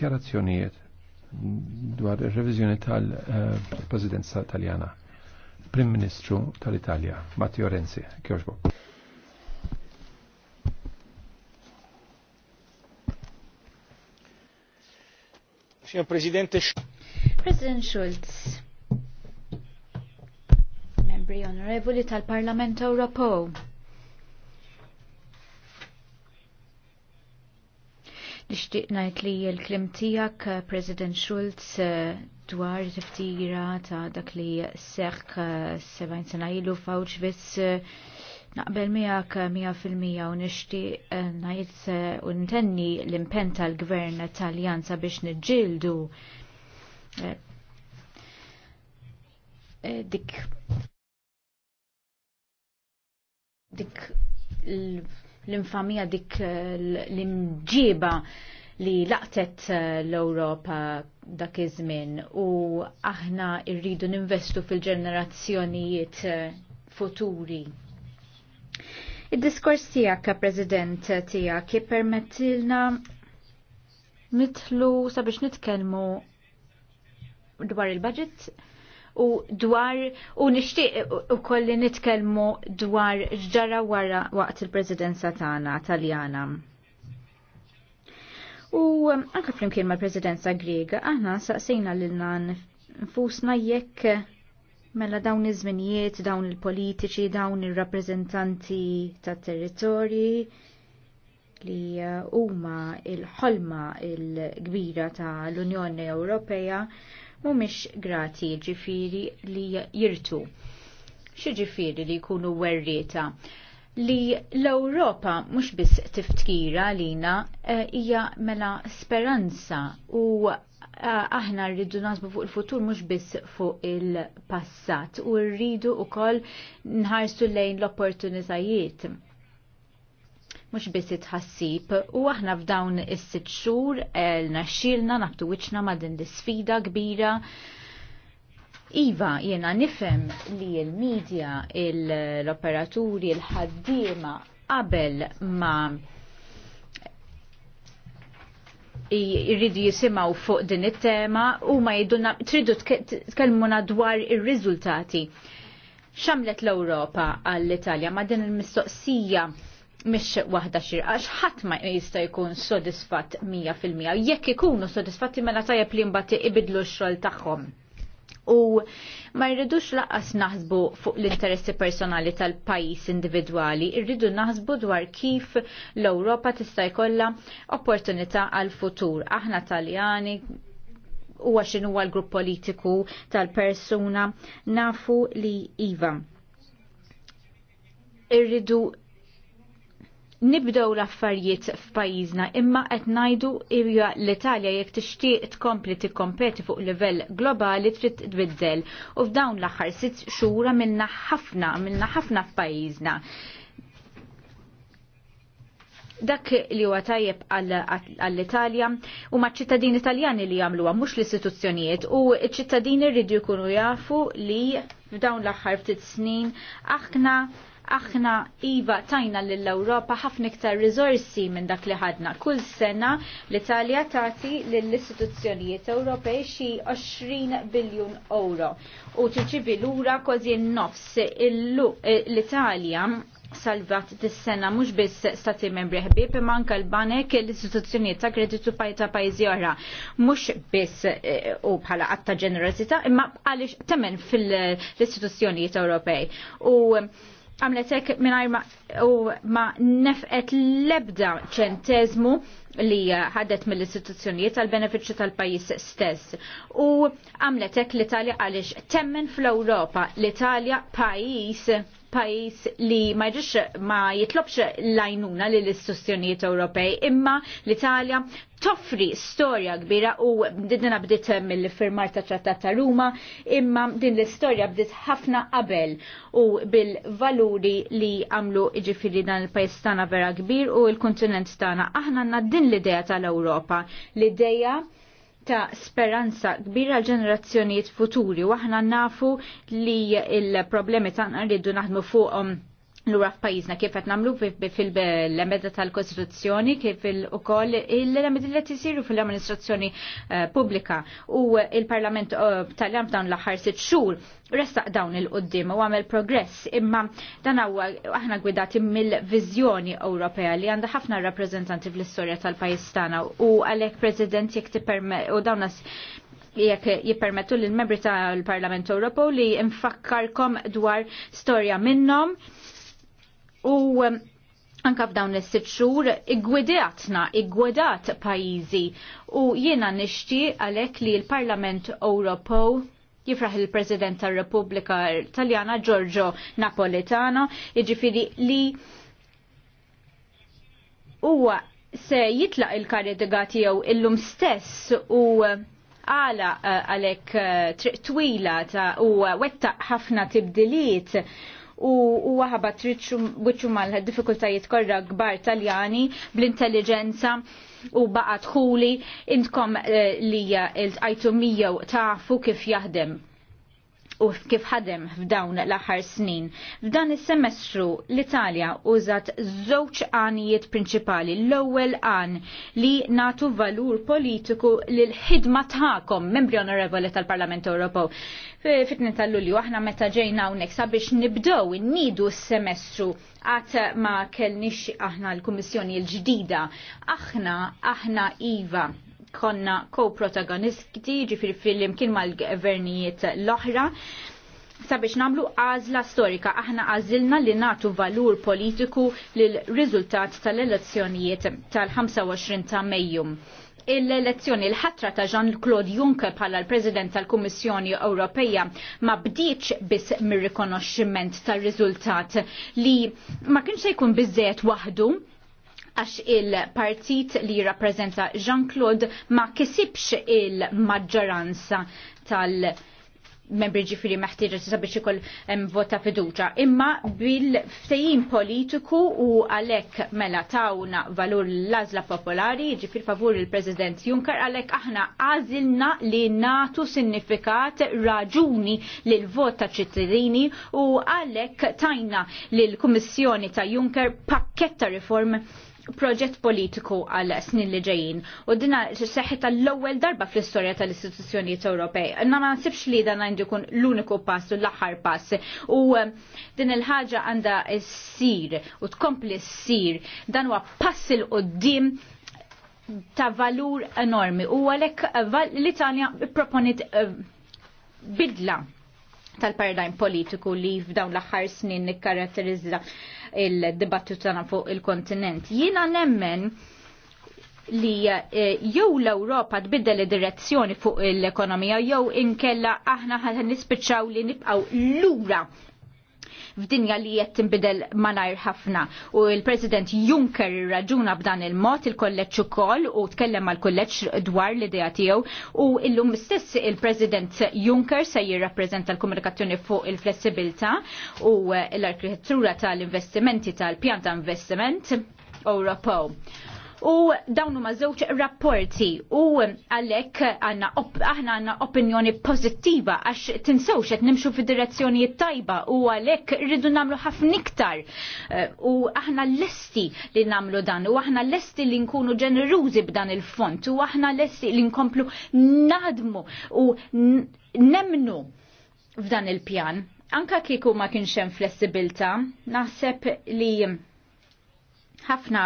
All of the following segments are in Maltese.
dikjarazzjonijiet dwar ir-reviżjoni tal-Presidenza uh, Italjana, Prim Ministru tal-Italja, Matteo Renzi, kjoġbo. Signor Presidente President Schulz, membri onorevoli tal parlamento Europeo, Nixtieq ngħid li l-klim tiegħek eh, President Schulz eh, dwar tiftira ta' dak li seħħ 70 eh, sena ilu viz Naqbel miegħek 100% u nixtieq ngħid u ntenni l-impenn tal-Gvern Taljan sabiex niġġieldu dik dik l-infamija dik eh, l-imġiba li laqtet eh, l-Europa dak iż-żmien u aħna rridu ninvestu fil-ġenerazzjonijiet eh, futuri. Id-diskors tiegħek ka President tiegħek jippermettilna nitlu sabiex nitkellmu dwar il-budget u dwar u nixtieq ukoll li nitkellmu dwar ġara wara waqt il-Presidenza tagħna Taljana. U um, anke flimkien mal prezidenza Griega aħna saqsejna lil nan nfusna jekk mela dawn iż-żminijiet, dawn il-politiċi, dawn ir-rappreżentanti il politiċi dawn ir rappreżentanti tat territorji li uh, huma il-ħolma il-kbira ta' l-Unjoni Ewropea mhumiex grati ġifiri li jirtu. Xi ġifiri li jkunu werrieta li l-Ewropa mhux biss tiftkira lina eh, hija e, mela speranza u eh, aħna rridu nasbu fuq il-futur mhux biss fuq il-passat u rridu wkoll nħarsu lejn l-opportunitajiet mux biss itħassib u aħna f'dawn is-sitt xhur eh, naxxilna naftu wiċċna ma' din l-isfida kbira. Iva, jena nifem li l-medja, l-operaturi, l-ħaddiema qabel ma' jirridu jisimaw fuq din it-tema u ma jiduna tridu tkellmuna dwar ir-riżultati. X'għamlet l-Ewropa għall-Italja ma din il-mistoqsija mish wahda xirqa, ħat ma jista jkun sodisfat 100%. Jekk ikunu sodisfatti mela tajab li mbati ibidlu xol taħħom. U ma jridux laqas naħsbu fuq l-interessi personali tal-pajis individwali, irridu naħsbu dwar kif l-Europa tista' jkollha opportunità għal-futur. Aħna Taljani, u għaxin huwa l-grupp politiku tal-persuna nafu li Iva. Irridu nibdew l-affarijiet f'pajjiżna imma qed ngħidu hija l-Italja jekk tixtieq tkompli tikkompeti fuq livell globali trid tbiddel u f'dawn l-aħħar sitt xhura minna ħafna minna ħafna f'pajjiżna dak li huwa tajjeb għall-Italja u ma' ċittadini Italjani li jagħmluha mhux l-istituzzjonijiet u ċ-ċittadini rridu jkunu jafu li f'dawn l-aħħar ftit snin aħna aħna iva tajna lill-Ewropa ħafna iktar rizorsi minn dak li ħadna. Kull sena l-Italja tagħti lill-istituzzjonijiet Ewropej xi 20 biljun euro u tiġibi lura kważi nofs l-Italja salvat dis-sena mhux biss stati membri ħbieb imma anke l-banek l-istituzzjonijiet ta' kreditu paj ta' pajjiżi oħra. Mhux biss e, u bħala qatt ta' ġenerosità imma għaliex temen fil-istituzzjonijiet Ewropej. U għamlet hekk mingħajr u ma nefqet l-ebda ċentezmu li ħadet mill-istituzzjonijiet tal benefiċċju tal-pajjiż stess. U għamlet hekk l-Italja għaliex temmen fl-Ewropa l-Italja pajjiż pajis li ma jġux ma jitlobx lajnuna li l-istituzzjonijiet Ewropej imma l-Italja toffri storja kbira u didna bdiet mill-firmar ta' ċattat ta' Ruma imma din l-istorja bdiet ħafna qabel u bil-valuri li għamlu iġifiri dan il-pajis tana vera kbir u il-kontinent tana aħna għandna din l-ideja tal-Ewropa l-ideja ta' speranza kbira ġenerazzjonijiet futuri u aħna nafu li il-problemi ta' rridu naħdmu fuqhom lura f'pajjiżna kif qed nagħmlu fil-emenda tal-Kostituzzjoni kif ukoll il-emedi li qed isiru fil-amministrazzjoni eh, pubblika u il-Parlament eh, tal-jam dawn l-aħħar sitt xhur restaq dawn il-qoddim u għamel progress imma dan huwa aħna gwidati mill-viżjoni Ewropea li għandha ħafna rappreżentanti fl-istorja tal-pajjiż tagħna u għalhekk President jekk tipperme u dawn jekk jippermettu lill membri tal-Parlament Ewropew li nfakkarkom dwar storja minnhom u um, anka f'dawn is-sitt xhur iggwidatna, iggwidat pajjiżi u jiena nixtieq għalhekk li l-Parlament Ewropew jifraħ il-President tar-Repubblika Taljana Giorgio Napolitano, jiġifieri li huwa se jitlaq il-kariga tiegħu illum stess u għala uh, għalek uh, triq twila ta' u wettaq ħafna tibdiliet u huwa ħabat wiċċu mal-diffikultajiet korra kbar taljani bl-intelligenza u baqa tħuli intkom eh, li il-tajtu miegħu tafu kif jaħdem u kif ħadem f'dawn l-aħħar snin. F'dan is-semestru l-Italja użat żewġ għanijiet prinċipali. L-ewwel għan li natu valur politiku lil ħidma tagħkom, membri onorevoli tal-Parlament Ewropew. Fitni tal-Lulju aħna meta ġejna hawnhekk sabiex nibdew innidu s-semestru għat ma kellnix aħna l-Kummissjoni l-ġdida. Aħna aħna iva konna co-protagonisti ġifiri fil-imkien mal-gvernijiet l-oħra sabiex namlu għazla storika aħna għazilna li natu valur politiku lil riżultat tal-elezzjonijiet tal-25 ta' Mejjum Il-elezzjoni l-ħatra ta' Jean-Claude Juncker bħala l-President tal-Kummissjoni Ewropeja ma bdiċ biss mir-rikonoxximent tal-riżultat li ma kienx se jkun bizzejet waħdu għax il-partit li rappresenta Jean-Claude ma kisibx il-maġġoranza tal- membri ġifiri meħtieġa sabiex ikoll vota fiduċa. Imma bil ftejin politiku u għalhekk mela tawna valur l għażla popolari ġifir favur il-President Juncker għalhekk aħna għażilna li natu sinifikat raġuni lil vot ta' ċittadini u għalhekk tajna lil kummissjoni ta' Juncker pakketta riform proġett politiku għal snin li ġejjin u dina seħħi tal-ewwel darba fl-istorja tal-istituzzjonijiet Ewropej. Na ma nsibx li dan għandu jkun l-uniku pass u l-aħħar pass u eh, din il-ħaġa għandha ssir u tkompli ssir dan huwa pass il qoddim ta' valur enormi u għalhekk l-Italja proponit eh, bidla tal-paradigm politiku li f'dawn l-aħħar snin nikkaratterizza il-dibattu tagħna fuq il-kontinent. Jiena nemmen li eh, jew l-Ewropa tbiddel id-direzzjoni fuq l-ekonomija jew inkella aħna ħan nispiċċaw li nibqgħu lura f'dinja li qed tinbidel malajr ħafna. U l-President Juncker raġuna b'dan il-mod il-kolleġġ ukoll u tkellem mal-kolleġġ dwar l-idea tiegħu u illum stess il-President Juncker se jirrappreżenta l-komunikazzjoni fuq il-flessibilità u l-arkitettura tal-investimenti tal-pjan ta' investiment Ewropew. U dawn huma żewġ rapporti u għalhekk għanna aħna għandna opinjoni pożittiva għax tinsewx qed nimxu fid-direzzjoni tajba u għalhekk rridu nagħmlu ħafna iktar. Eh, u aħna lesti li nagħmlu dan u aħna lesti li nkunu ġenerużi b'dan il-font u aħna lesti li nkomplu nadmu u nemnu f'dan il-pjan. Anka kieku ma kienx hemm flessibilta, naħseb li ħafna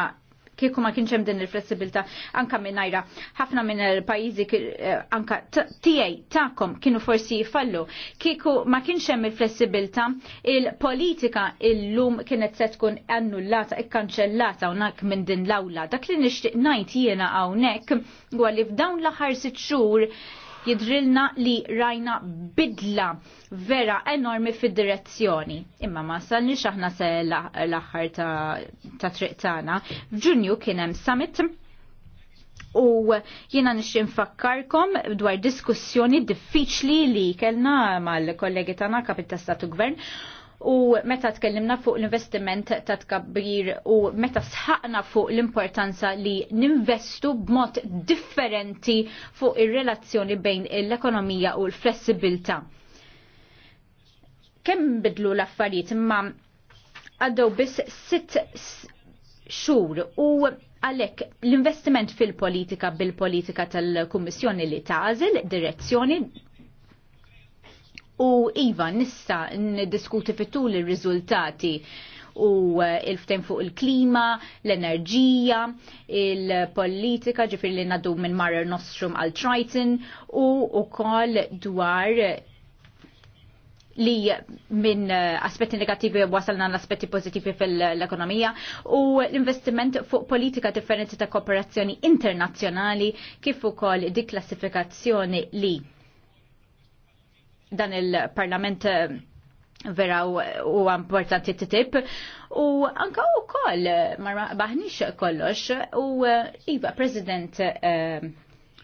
kieku ma kienx hemm din il-flessibilità anka minnajra. Ħafna minn il-pajjiżi eh, anka tiegħi tagħkom kienu forsi jifallu. Kieku ma kienx hemm il-flessibilità il-politika il-lum kienet se tkun annullata, ikkanċellata unak minn din l-awla. Dak li nixtieq ngħid jiena hawnhekk huwa li f'dawn l-aħħar sitt xhur jidrilna li rajna bidla vera enormi fid-direzzjoni. Imma ma salni xaħna se l-axar ta' triq tagħna. F'Ġunju kien hemm summit u jiena nix fakkarkom dwar diskussjoni diffiċli li kellna mal-kollegi tana kapita statu gvern u meta tkellimna fuq l-investiment ta' tkabbir u meta sħaqna fuq l-importanza li ninvestu b'mod differenti fuq ir-relazzjoni bejn l-ekonomija u l-flessibilta. Kemm bidlu l-affarijiet imma għaddew biss sitt xhur u għalek l-investiment fil-politika bil-politika tal-Kummissjoni li tażil direzzjoni u Iva nista niddiskuti fit-tul ir-riżultati u eh, il-ftem fuq il-klima, l-enerġija, il-politika ġifir li naddu minn Marer Nostrum għal Triton u ukoll dwar li minn eh, aspetti negativi wasalna l-aspetti pozitivi fil-ekonomija u l-investiment fuq politika differenti ta' kooperazzjoni internazzjonali kif ukoll dik klassifikazzjoni li dan il-parlament eh, vera u importanti t-tip u anka u koll baħnix kollox u eh, iva president eh,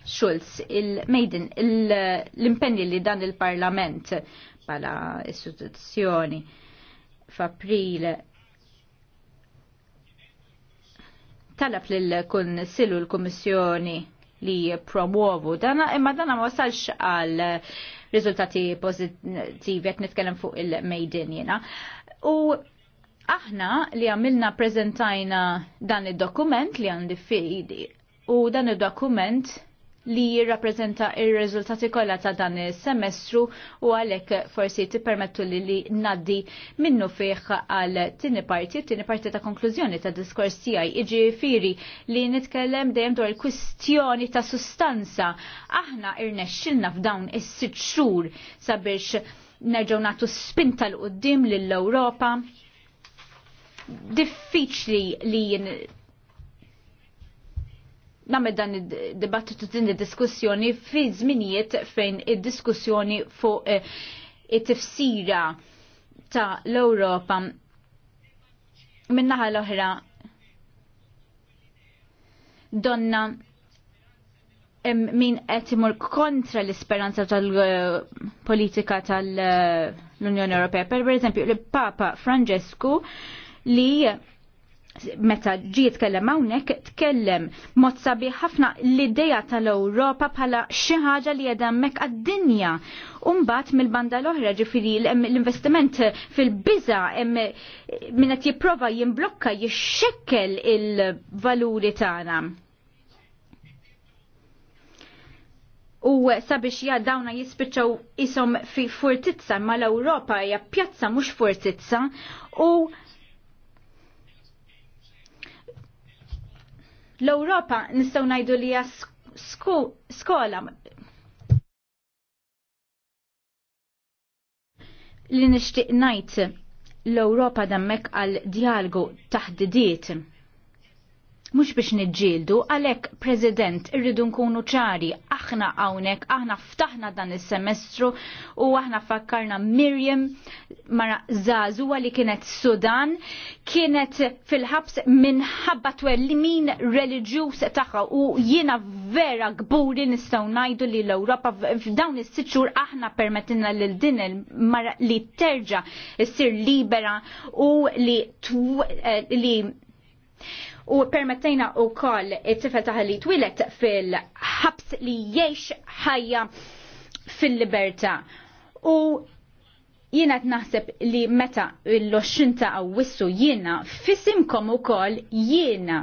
Schulz il-Maiden l-impenni li dan il-parlament pala istituzzjoni f'April talab lill kun silu l-Kummissjoni li promuovu dana imma dana ma wasalx għal riżultati pozittivi qed nitkellem fuq il-Mejdin jiena. U aħna li għamilna prezentajna dan id-dokument li għandi fidi u dan id-dokument li jirrapprezenta il riżultati kollha ta' dan is-semestru u għalhekk forsi tippermettu li li ngħaddi minnu fih għal tieni parti, tieni parti ta' konklużjoni ta' diskors tiegħi. Iġifieri li nitkellem dejjem dwar il-kwistjoni ta' sustanza. Aħna irnexxilna f'dawn is-sitt xhur sabiex nerġgħu nagħtu spinta l qudiem lill-Ewropa. Diffiċli li, li nagħmel dan id-dibattitu din id-diskussjoni fi żminijiet fejn id-diskussjoni fuq eh, it-tifsira ta' l-Ewropa minnaħa l-oħra donna min qed kontra l-isperanza tal-politika tal-Unjoni eh, Ewropea. Per eżempju, il-Papa Francesco li meta ġi jitkellem hawnhekk tkellem mod sabiħ ħafna l-idea tal-Ewropa bħala xi ħaġa li qiegħda hemmhekk għad-dinja. U mbagħad mill-banda l-oħra ġifieri l-investiment fil-biża hemm min qed jipprova jimblokka jixxekkel il-valuri tagħna. U sabiex ja dawna jispiċċaw isom fi furtizza ma l-Ewropa hija pjazza mhux furtizza u L-Ewropa nistgħu ngħidu li hija skola li nixtieq ngħid l-Ewropa dammek għal dialgu taħdidiet. Mux biex nidġildu, għalek, President, irridu nkunu ċari, aħna għawnek, aħna ftaħna dan il-semestru u aħna fakkarna Miriam mara Zazu li kienet Sudan, kienet fil-ħabs minħabba twellimin religjus taħħa u jiena vera gburi nistaw najdu li l-Europa f'dawn is-sitxur aħna permettina l din mara li terġa' s-sir libera u li, eh, li u permettejna u koll it-tifel taħli twilet fil-ħabs li jiex ħajja fil-liberta. U jiena naħseb li meta l-20 ta' wissu jiena fissimkom u koll jiena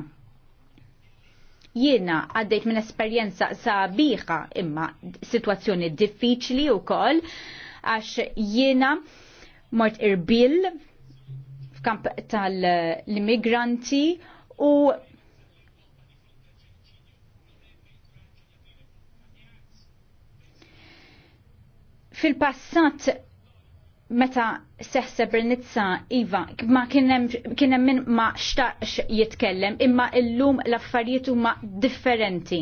jiena għaddejt minn esperjenza sabiħa imma situazzjoni diffiċli u koll għax jiena mort irbil f'kamp tal-immigranti u fil-passat meta seħseb il Iva, ma kienem min ma xtaqx jitkellem, imma illum l-affarijiet huma differenti.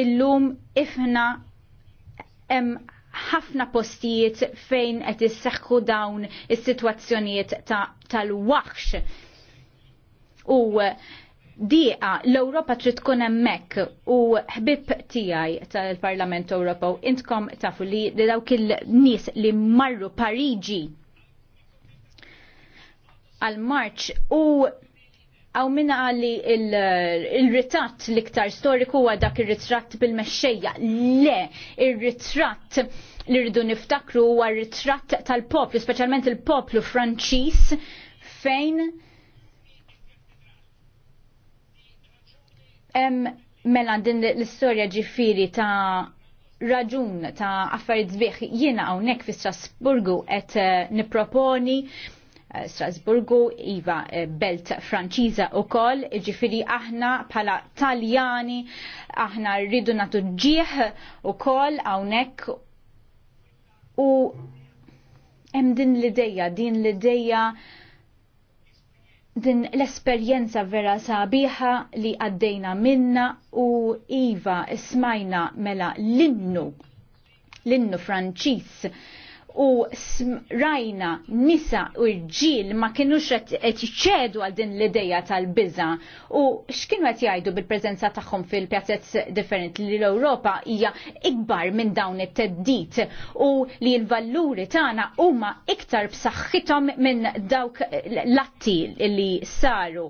Illum ifna hemm ħafna postijiet fejn qed isseħħu dawn is-sitwazzjonijiet tal-waħx. Ta u diqa l-Europa trid tkun hemmhekk u ħbib tiegħi tal-Parlament Ewropew intkom tafu li dawk il-nies li marru Pariġi għal March u għaw minna għalli il-ritratt il l-iktar storiku huwa dak il-ritratt bil-mexxejja. Le, il-ritratt li rridu niftakru huwa ritratt tal-poplu, specialment il-poplu Franċis fejn mela din l-istorja ġifiri ta' raġun ta' affarijiet zbieħ jiena hawnhekk fi Strasburgu qed eh, nipproponi eh, Strasburgu iva eh, belt Franċiża ukoll, ġifiri aħna bħala Taljani aħna rridu nagħtu ġieħ ukoll hawnhekk u hemm din l-idejja, din l-idejja din l-esperjenza vera sabiħa li għaddejna minna u Iva smajna mela l-innu l-innu Franċis u rajna nisa u rġil ma kienux qed jċedu għal din l-ideja tal-biża u x'kienu qed jgħidu bil-preżenza tagħhom fil-pjazzett differenti li l-Ewropa hija ikbar minn dawn it-teddit u li l-valluri tagħna huma iktar b'saħħithom minn dawk l-atti li saru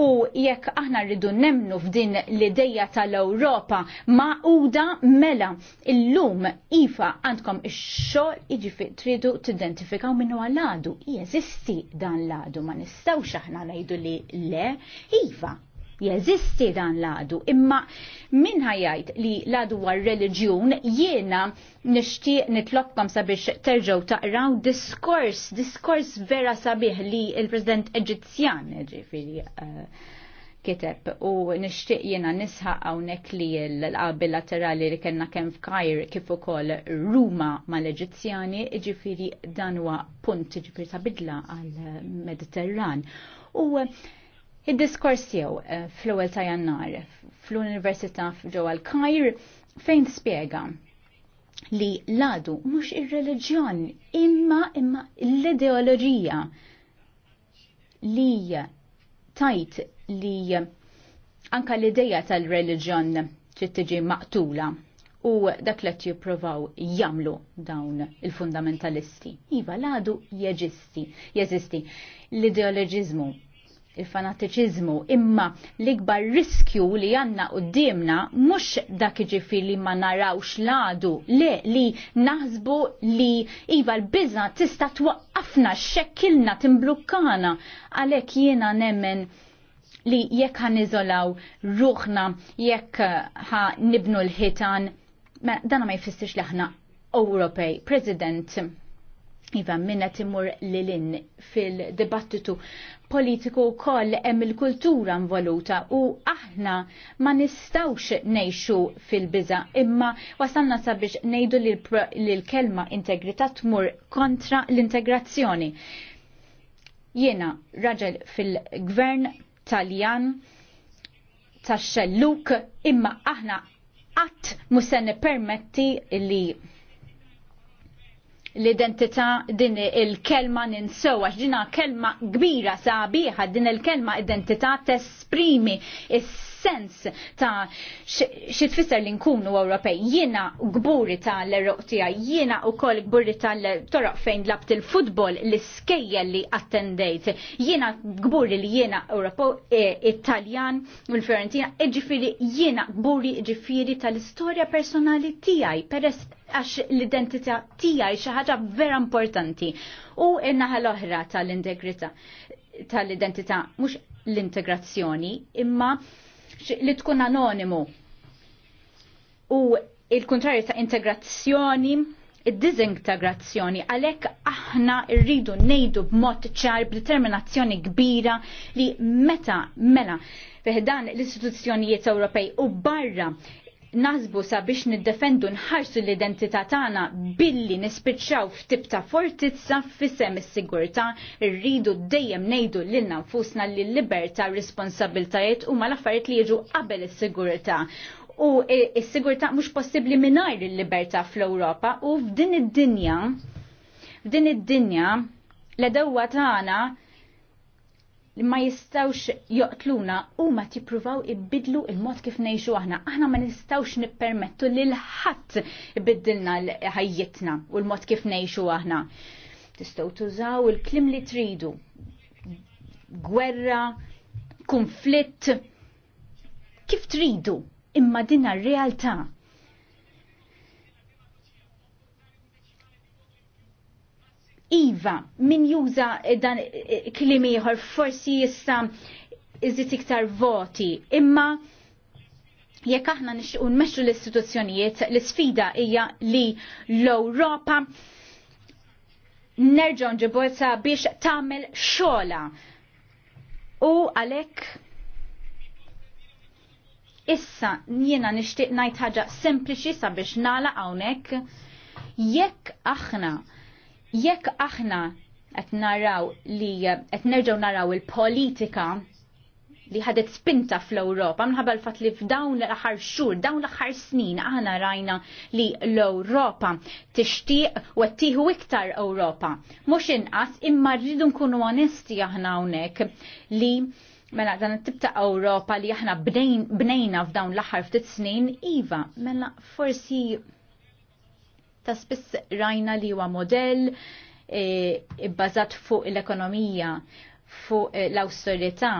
u jekk aħna rridu nemnu f'din l-ideja tal-Ewropa ma uda mela illum ifa għandkom ix-xogħol iġifi tridu tidentifikaw minnu għal-għadu. Jeżisti dan l-għadu ma nistgħux aħna ngħidu li le iva jeżisti dan l Imma min ħajajt li l war reliġjun jiena nixtieq nitlokkom sabiex terġgħu taqraw diskors, diskors vera sabiħ li il-President Eġizzjan ġifieri eh, kiteb u nixtieq jiena nisħaq hawnhekk li l abilaterali li kellna kemm f'Kajr kif ukoll Ruma mal-Eġizzjani ġifieri dan huwa punt ġifieri sabidla bidla għall-Mediterran. U Id-diskors jew eh, fl-ewwel ta' Jannar fl-Università ġewwa l-Kajr fejn spjega li l-għadu mhux ir-reliġjon imma imma l-ideoloġija li tajt li anka l-ideja tal-reliġjon trid tiġi maqtula u dak li jippruvaw jagħmlu dawn il-fundamentalisti. Iva, l-għadu jeġisti, jeżisti. L-ideoloġizmu il-fanatiċizmu, imma l-ikbar riskju li għanna u d-dimna mux dak iġifi li ma narawx ladu, le li naħsbu li iva l-biza tista twaqqafna, xekkilna, timblukkana, għalek jiena nemmen li jekk ħan izolaw ruħna, jekk eh, ħa nibnu l-ħitan, ma dana ma jfistix li ħna Ewropej, President Iva, minna timur lilin fil-dibattitu politiku koll hemm il-kultura involuta u aħna ma nistawx nejxu fil-biza imma wasanna sabiex nejdu li l-kelma integrità tmur kontra l-integrazzjoni. Jena raġel fil-gvern taljan tax-xelluk imma aħna qatt musen permetti li l-identità din il-kelma ninsow, għax dina kelma kbira sabiħa, din il-kelma identità tesprimi is sens ta' xi tfisser li nkunu Ewropej. Jiena gburi tal-eroq tiegħi, jiena wkoll gburi tal torok fejn labt il-futbol l iskejja li attendejt. Jiena gburi li jiena Ewropew e, Italjan u l-Fiorentina, iġifiri e jiena gburi ġifieri tal-istorja personali tiegħi peress għax l-identità tiegħi xi ħaġa vera importanti u n-naħa l-oħra tal-integrità tal-identità mhux l-integrazzjoni imma li tkun anonimu. U il-kontrarju ta' integrazzjoni, id-dizintegrazzjoni, għalek aħna rridu nejdu b'mod ċar b'determinazzjoni kbira li meta mela fiħdan l-istituzzjonijiet Ewropej u barra nazbu sabiex niddefendu nħarsu l-identità tagħna billi nispiċċaw ftib ta' fortizza f'isem is-sigurtà rridu dejjem ngħidu lil nfusna li l-libertà responsabiltajiet huma l-affarijiet li jiġu qabel is-sigurtà. U is-sigurtà mhux possibbli mingħajr il-libertà fl-Ewropa u f'din id-dinja f'din id-dinja l dewwa tagħna Li ma jistawx joqtluna u ma tipruvaw ibidlu il-mod kif nejxu aħna. Aħna ma nistawx nippermettu li l ibidilna l ħajjitna u l-mod kif nejxu aħna. Tistaw tużaw il-klim li tridu. Gwerra, konflitt, kif tridu imma din realtà Iva, min juża eh, dan eh, klim ieħor forsi jista' iżid iktar voti, imma jekk aħna nixtiequ nmexxu l-istituzzjonijiet, l-isfida hija li l-Ewropa nerġgħu ġibolza biex tagħmel xogħla. U għalhekk Issa jiena nixtieq ngħid ħaġa sempliċi sabiex nagħlaq hawnhekk jekk aħna jekk aħna qed naraw li qed nerġgħu naraw il-politika li ħadet spinta fl-Ewropa minħabba l-fatt li f'dawn l-aħħar xhur, dawn l-aħħar snin aħna rajna li l-Ewropa tixtieq u tieħu iktar Ewropa. Mhux inqas imma rridu nkunu onesti aħna hawnhekk li Mela, dan it ta' Ewropa li aħna bnejna f'dawn l-aħħar ftit snin, iva, mela forsi ta' spiss rajna li huwa modell e, bbażat fuq l-ekonomija, fuq e, l-austerità,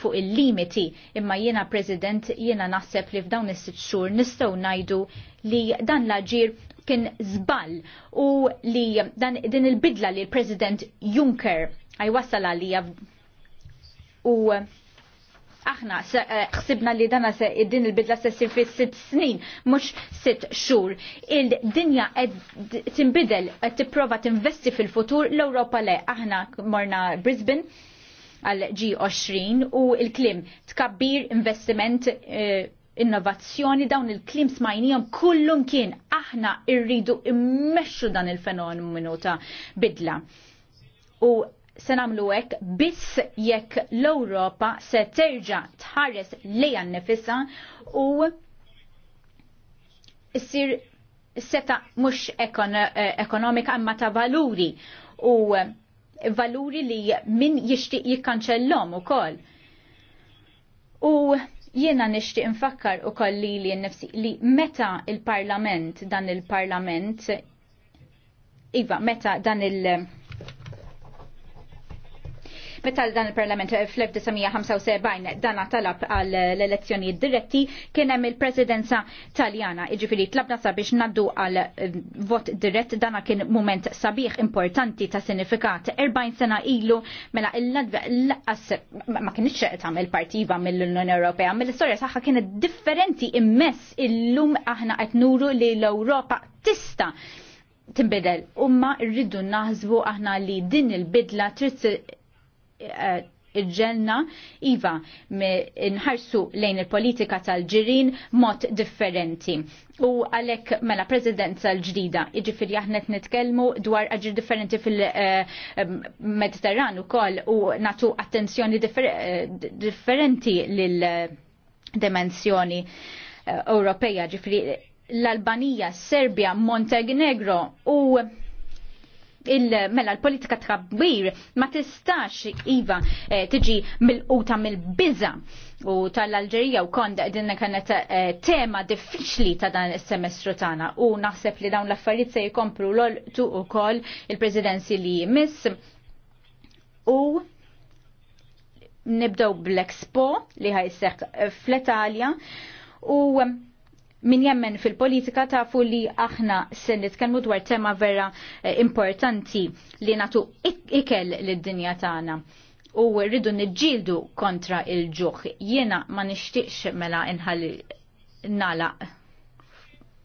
fuq il-limiti, imma jiena President jiena naħseb li f'dawn is-sitt xhur nistgħu ngħidu li dan l-aġir kien żball u li dan din il-bidla li l-President Juncker għajwassal għalija u aħna eh, ħsibna li dana se din il-bidla se sir fi sitt snin, mux sitt xur. Il-dinja qed t-prova tipprova tinvesti fil-futur l-Ewropa le. Aħna morna Brisbane għal G20 u il-klim tkabbir investiment eh, innovazzjoni dawn il-klim smajnijom kullum kien aħna irridu immexxu dan il-fenomenu ta' bidla. U se namlu hekk biss jekk l europa se terġa' tħares lejha nnifisha u ssir seta mhux ekon eh, ekonomika imma ta' valuri u valuri li min jixtieq jikkanċellhom ukoll. U jiena nixtieq infakkar ukoll li li nnifsi li meta il-Parlament dan il-Parlament iva meta dan il-Parlament Meta dan il-Parlament fl-1975 dan talab għal l-elezzjoni diretti kien hemm il-Presidenza Taljana. Iġifieri tlabna sabiex naddu għal eh, vot dirett dan kien moment sabiħ importanti ta' sinifikat 40 sena ilu mela il l laqas ma kienx tagħmel partiva mill-Unjoni Ewropea, mill-istorja saħħa kienet differenti immess illum aħna qed nuru li l-Ewropa tista' timbidel. Umma rridu naħsbu aħna li din il-bidla trid Eh, iġġelna iva nħarsu lejn il-politika tal-ġirin mod differenti. U għalek mela prezidenza l-ġdida, iġifiri aħna nitkelmu dwar aġir differenti fil-Mediterran eh, u kol u natu attenzjoni eh, differenti l dimensjoni Ewropeja, ġifiri l-Albanija, Serbia, Montenegro u il-mela l-politika tkabbir ma tistax iva eh, tiġi mill-quta mill-biża u tal-Alġerija u kond dinna kanet eh, tema diffiċli ta' dan is-semestru tagħna u naħseb li dawn l-affarijiet se jkompru l-oltu ukoll il-presidenzi li jmiss u nibdew bl-Expo li ħajseħ fl-Italja u min jemmen fil-politika tafu li aħna se nitkellmu dwar tema vera eh, importanti li natu ikel lid-dinja tagħna u rridu niġġieldu kontra il-ġuħ. Jiena ma nixtieqx mela inħalli nala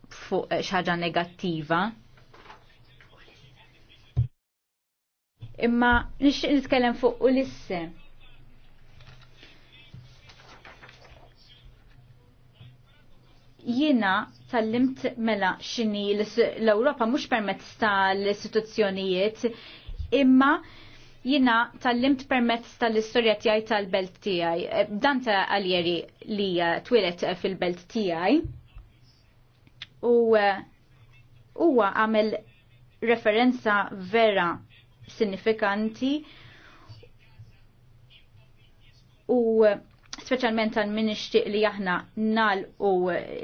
fuq xaġa negattiva. Imma nixtieq nitkellem fuq u lissi. jiena sallimt mela xini l-Europa mux permezz tal-istituzzjonijiet imma jiena tal-limt permezz tal-istorja tijaj tal-belt tijaj. Eh, Danta għaljeri li eh, twilet fil-belt tijaj u eh, huwa għamel referenza vera sinifikanti u specialment għal min li aħna nal u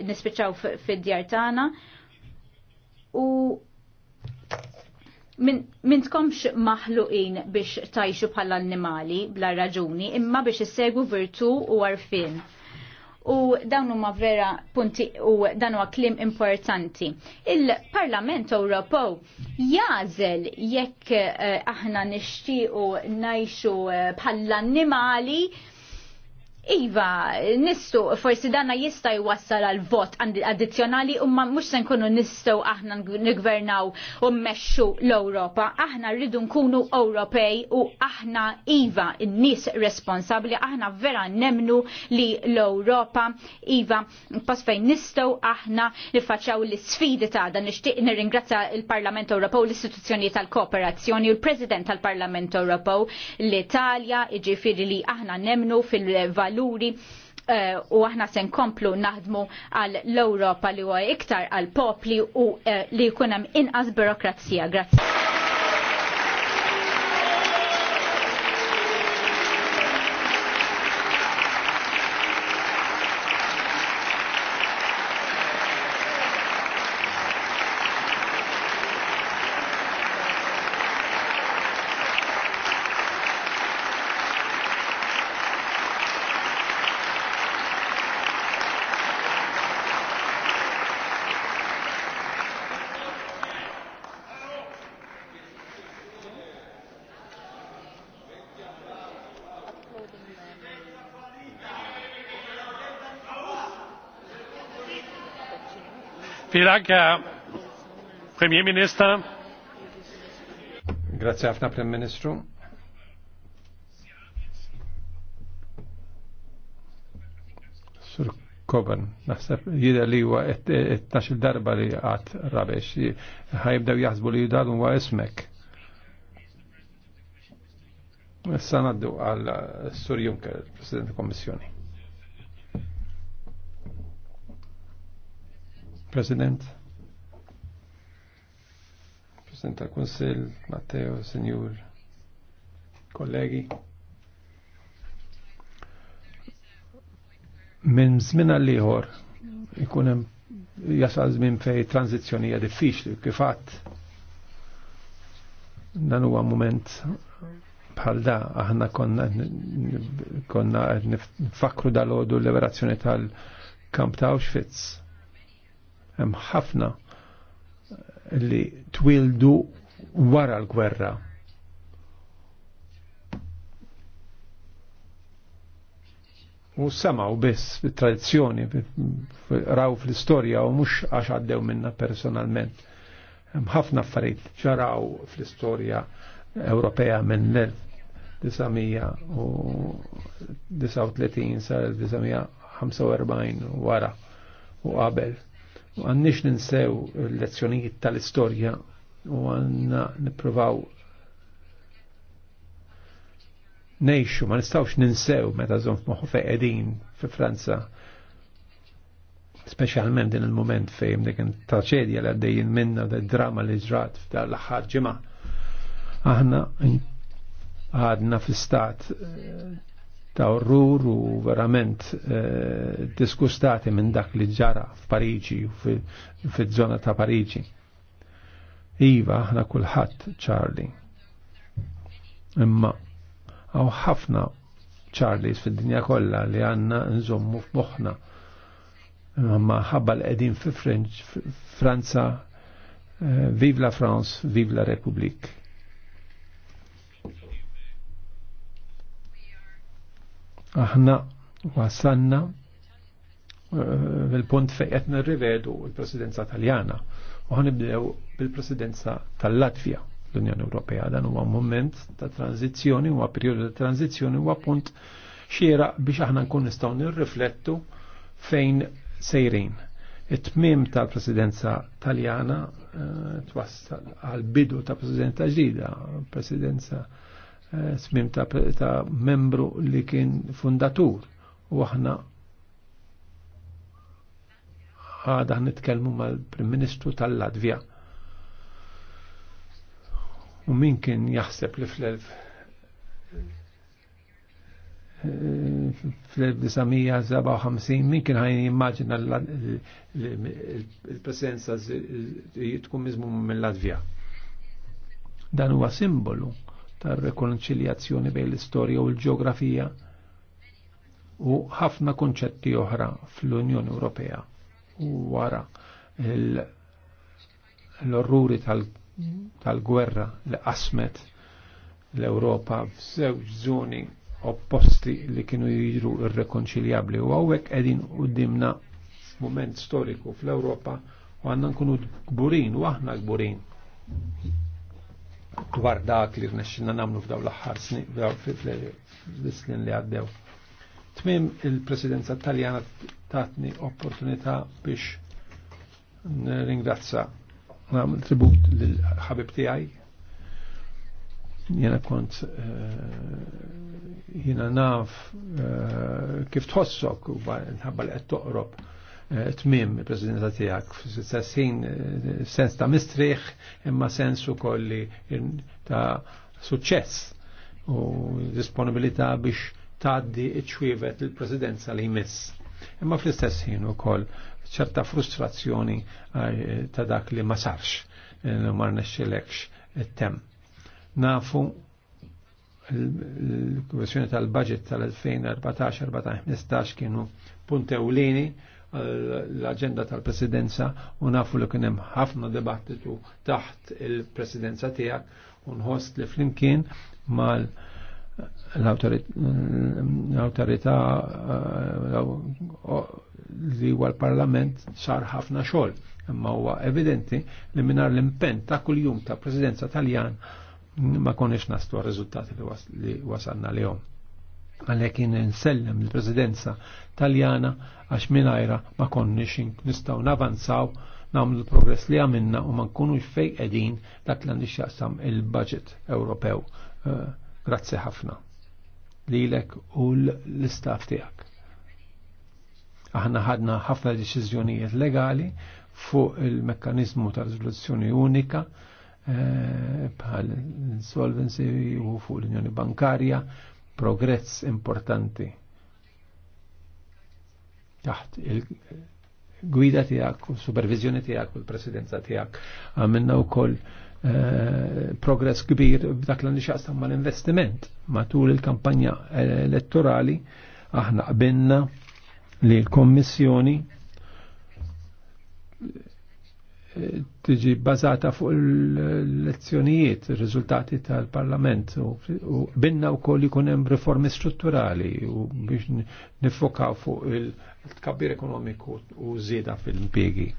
nispiċaw fid-djar tagħna. U min tkomx maħluqin biex tajxu bħala annimali bla raġuni, imma biex issegu virtu u għarfien u dawn huma vera punti u dan huwa klim importanti. Il-Parlament Ewropew jażel jekk eh, aħna nixtiequ ngħixu eh, bħall-annimali Iva, nistu, forsi danna jista' jwassal għal vot addizzjonali u ma mux sen kunu nistu aħna nigvernaw u mmexxu l-Europa. Aħna rridu nkunu Ewropej u aħna Iva, n-nis responsabli, aħna vera nemnu li l-Europa. Iva, pas fejn nistu aħna nifacċaw l-sfidi ta' dan nishtiq nir-ingrazza il-Parlament Ewropew, l-istituzzjoni tal-kooperazzjoni u l-President tal-Parlament Ewropew, l-Italja, iġifiri li aħna nemnu fil-valur valuri eh, u aħna se nkomplu naħdmu għal l-Europa li huwa iktar għal popli u eh, li jkun hemm inqas burokrazija. Grazzi. Vielen Grazie Prem Sur Koban, naħseb jida li huwa it il darba li għat rabex ħajbdew jaħsbu li jidal huwa ismek. Issa għal Sur Juncker, President Kommissjoni. President. President tal-Konsil, Matteo, Senjur, kollegi. Minn żmien għal ieħor ikun hemm jasal żmien fej tranzizzjonija diffiċli kif għadd. Dan huwa moment bħal da aħna konna konna nifakru dal-għodu l-liberazzjoni tal-kamp ta' Auschwitz Hemm ħafna li twildu wara l-gwerra. U samaw biss fit-tradizzjoni, raw fl-istorja u mhux għax għaddew minna personalment. Hemm ħafna affarijiet ġaraw fl-istorja Ewropea minn l-1939 sa 1945 wara u qabel Għannix ninsew l-lezzjonijiet tal-istorja u għanna niprovaw nejxu, ma nistawx ninsew meta zon f'moħu feqedin fi Franza. Specialment din il-moment fejn dik traċedja li għaddejjin minna da drama li ġrat f'dar l-aħħar ġimgħa. Aħna għadna fl stat eh, ta' urrur u verament eh, diskustati minn dak li ġara f'Pariġi u fil-żona ta' Pariġi. Iva, ħna kulħadd Charlie. Imma għaw ħafna Charlies fid-dinja kollha li għandna nżommu f'moħħna. Imma ħabba l-qegħdin fi Franza, eh, vive la France, vive la République. Aħna wasanna eh, fil punt fejqet nirrivedu l presidenza taljana u ħanibdew bil-presidenza tal-Latvija l-Unjoni Ewropea. Dan huwa moment ta' tranzizzjoni, huwa perjodu ta' tranzizzjoni, huwa punt xiera biex aħna nkun nistgħu nirriflettu fejn sejrin. It-tmim tal-presidenza taljana eh, twassal għal bidu ta' presidenza ġdida, presidenza Eh, smim ta', ta membru li kien fundatur u aħna għada nitkellmu mal-Prim Ministru tal-Latvija. U min kien jaħseb li fl 1900 fl-1957 min kien ħajn jimmaġina l-presenza tkun mizmu mill-Latvija. Dan huwa simbolu tar-rekonċiljazzjoni bejn l-istorja u l-ġeografija u ħafna konċetti oħra fl-Unjoni Ewropea u wara l-orruri tal-gwerra li qasmet l-Ewropa f'żewġ żoni opposti li kienu jiġru irrekonċiljabli u hawnhekk qegħdin dimna moment storiku fl-Ewropa u għanna nkunu gburin u aħna gburin dwar dak li rnexxinna nagħmlu f'daw l-aħħar snin li għaddew. Tmim il-Presidenza Taljana tatni opportunità biex ringrazza nagħmel tribut lil ħabib tiegħi. Jena kont eh, jiena naf eh, kif tħossok u nħabba li qed toqrob tmim il-prezidenza tijak, F-sessin eh, sens ta' mistriħ, imma sens u kolli ta' suċċess u disponibilità biex taddi iċwivet il-presidenza li jmiss. Imma fl-istess ħin u koll ċerta frustrazzjoni eh, ta' dak li ma sarx, eh, mar nexxilekx it-tem. Nafu l-kwestjoni tal-budget tal-2014-2015 kienu punt ewlieni l-agenda tal-presidenza u nafu li kunem ħafna dibattitu taħt il-presidenza tijak unħost li flimkien mal l autorita eh, li huwa l-parlament sar ħafna xogħol. Imma huwa evidenti li minar l-impenn ta' kuljum ta' presidenza taljan ma konniex nastu għal riżultati li wasanna li jom għalhekk insellem il-Presidenza Taljana għax minajra ma konniex nistgħu navanzaw nagħmlu l-progress li għamilna u ma nkunux fej qegħdin dak l-għandi xaqsam il-budget Ewropew. Eh, grazzi ħafna lilek u l istaf tiegħek. Aħna ħadna ħafna deċiżjonijiet legali fuq il-mekkanizmu ta' riżoluzzjoni unika eh, bħal insolvency u fuq l-Unjoni Bankarja progress importanti taħt il-gwida tijak, supervizjoni tijak, il-presidenza tijak, għamilna u koll eh, progress kbir b'dak l xaqsam ma l-investiment. Matul il-kampanja elettorali aħna qbinna li l-Kommissjoni tiġi bazata fuq l-lezzjonijiet, il-rizultati tal-parlament u binna u koll jkun hemm riformi strutturali u biex nifokaw fuq il-tkabbir ekonomiku u żieda fil impiegi